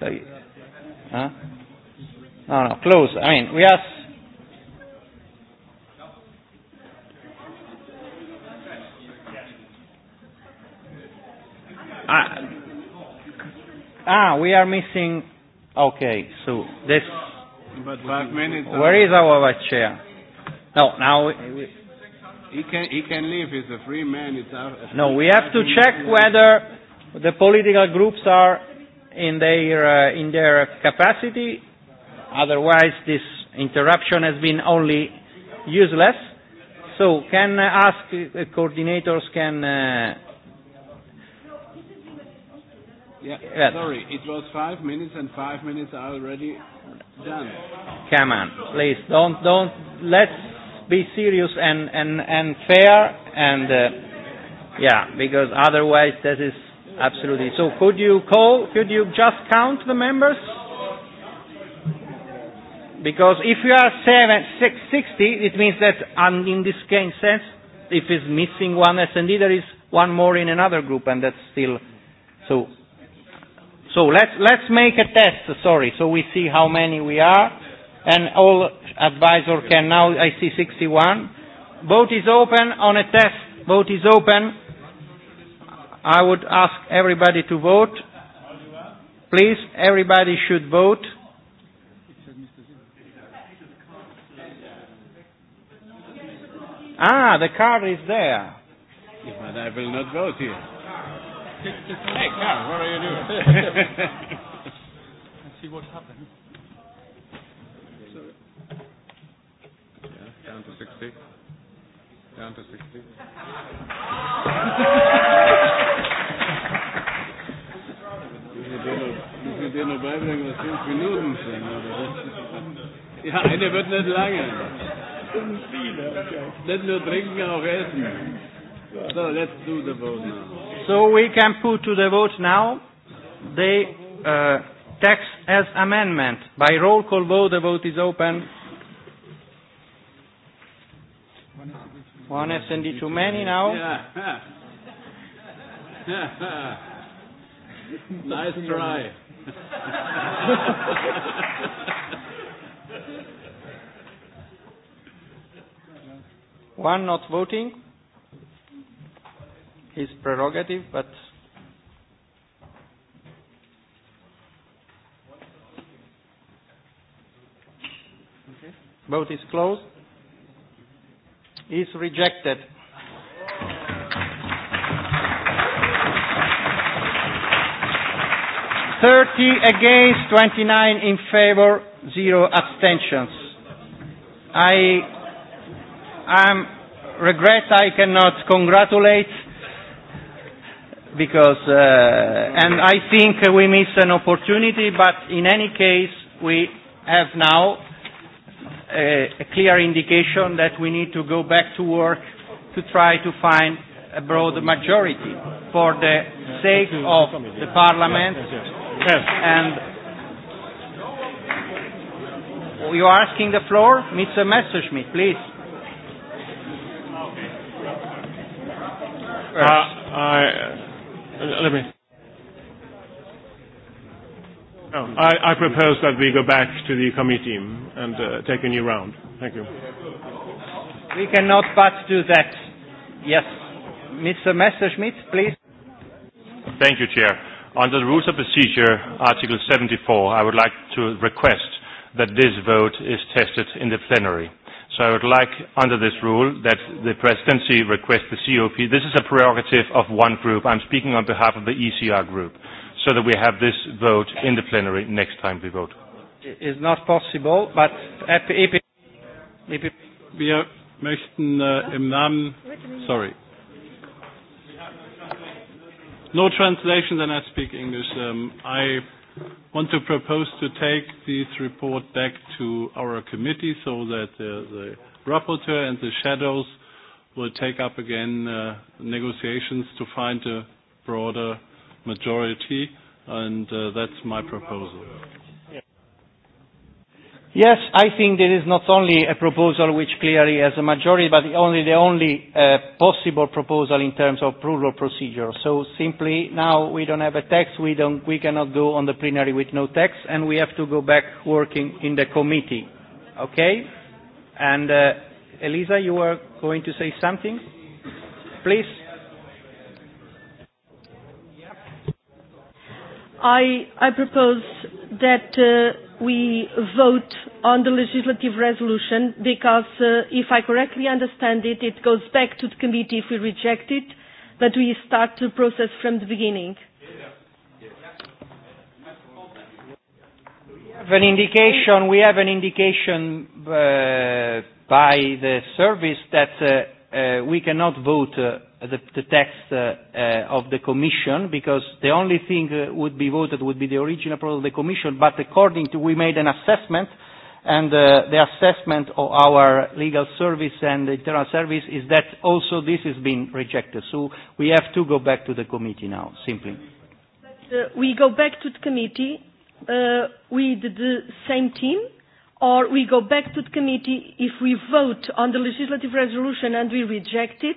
Huh? No, no, close. I mean, we ask. Ah, we are missing. Okay, so this. But five minutes. Where is our vice chair? No, now. We, he can he can leave. He's a free man. It's our, no, we have to check whether the political groups are in their, uh, in their capacity. Otherwise, this interruption has been only useless. So can I ask uh, coordinators can... Uh, yeah, yes. sorry, it was five minutes and five minutes are already done. Come on, please, don't, don't, let's be serious and, and, and fair and, uh, yeah, because otherwise this is Absolutely. So could you call, could you just count the members? Because if you are seven, six, 60, it means that in this case sense, if it's missing one SND, there is one more in another group, and that's still so. So let's let's make a test. Sorry, so we see how many we are, and all advisor can now. I see 61. Vote is open on a test. Vote is open. I would ask everybody to vote. Please, everybody should vote. Ah, the card is there. Yes, but I will not vote here. Hey, Carl, what are you doing? Let's see what happens. Yeah, down to 60. Down to 60. dir nur beibringen, dass fünf Minuten sind. Aber ja, eine wird nicht lange. Nicht nur trinken, auch essen. So, let's do the vote now. So we can put to the vote now the uh, text as amendment. By roll call vote, the vote is open. One SND too many now. Yeah. nice try. One not voting His prerogative, but vote is closed. Is rejected. 30 against, 29 in favor, zero abstentions. I I'm, regret I cannot congratulate because, uh, and I think we missed an opportunity, but in any case, we have now a, a clear indication that we need to go back to work to try to find a broad majority for the sake of the Parliament Yes. And you are asking the floor? Mr. Messerschmidt, please. Uh, I, uh, let me. Oh, I, I propose that we go back to the committee and uh, take a new round. Thank you. We cannot but do that. Yes. Mr. Messerschmidt, please. Thank you, Chair. Under the rules of procedure, Article 74, I would like to request that this vote is tested in the plenary. So I would like, under this rule, that the presidency request the COP. This is a prerogative of one group. I'm speaking on behalf of the ECR group, so that we have this vote in the plenary next time we vote. It's not possible, but Wir möchten im Namen. Sorry no translation, then I speak English. Um, I want to propose to take this report back to our committee so that uh the rapporteur and the shadows will take up again uh, negotiations to find a broader majority, and uh, that's my proposal. Yes, I think there is not only a proposal which clearly has a majority, but only the only uh, possible proposal in terms of approval procedure. So simply now we don't have a text, we, don't, we cannot go on the plenary with no text, and we have to go back working in the committee. Okay? And uh, Elisa, you were going to say something? Please. I, I propose that uh, we vote on the legislative resolution because, uh, if I correctly understand it, it goes back to the committee if we reject it, but we start the process from the beginning. We Have an indication, we have an indication uh, by the service that uh, uh, we cannot vote uh, the, the text uh, uh, of the Commission because the only thing uh, would be voted would be the original approval of the Commission, but according to we made an assessment and uh, the assessment of our legal service and the internal service is that also this has been rejected. So we have to go back to the committee now, simply. But, uh, we go back to the committee uh, with the same team or we go back to the committee if we vote on the legislative resolution and we reject it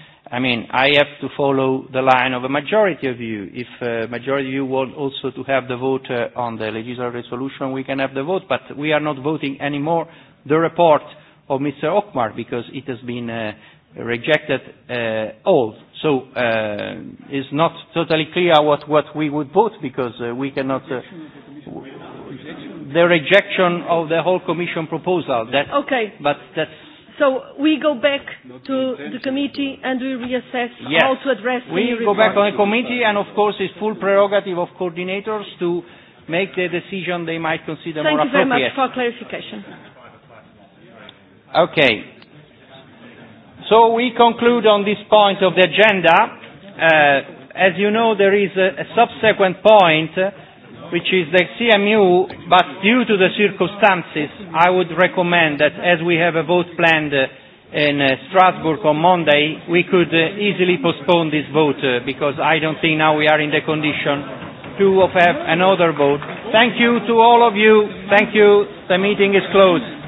I mean, I have to follow the line of a majority of you. If a majority of you want also to have the vote uh, on the legislative resolution, we can have the vote, but we are not voting anymore the report of Mr. Okmar because it has been uh, rejected uh, all. So uh, it's not totally clear what, what we would vote because uh, we cannot... Uh, the rejection of the whole Commission proposal. That, okay. But that's So we go back to the committee and we reassess yes. how to address we the We go back to the committee and of course it's full prerogative of coordinators to make the decision they might consider Thank more appropriate. Thank you very much for clarification. Okay. So we conclude on this point of the agenda. Uh, as you know, there is a, a subsequent point uh, which is the CMU, but due to the circumstances, I would recommend that as we have a vote planned uh, in uh, Strasbourg on Monday, we could uh, easily postpone this vote uh, because I don't think now we are in the condition to have another vote. Thank you to all of you. Thank you. The meeting is closed.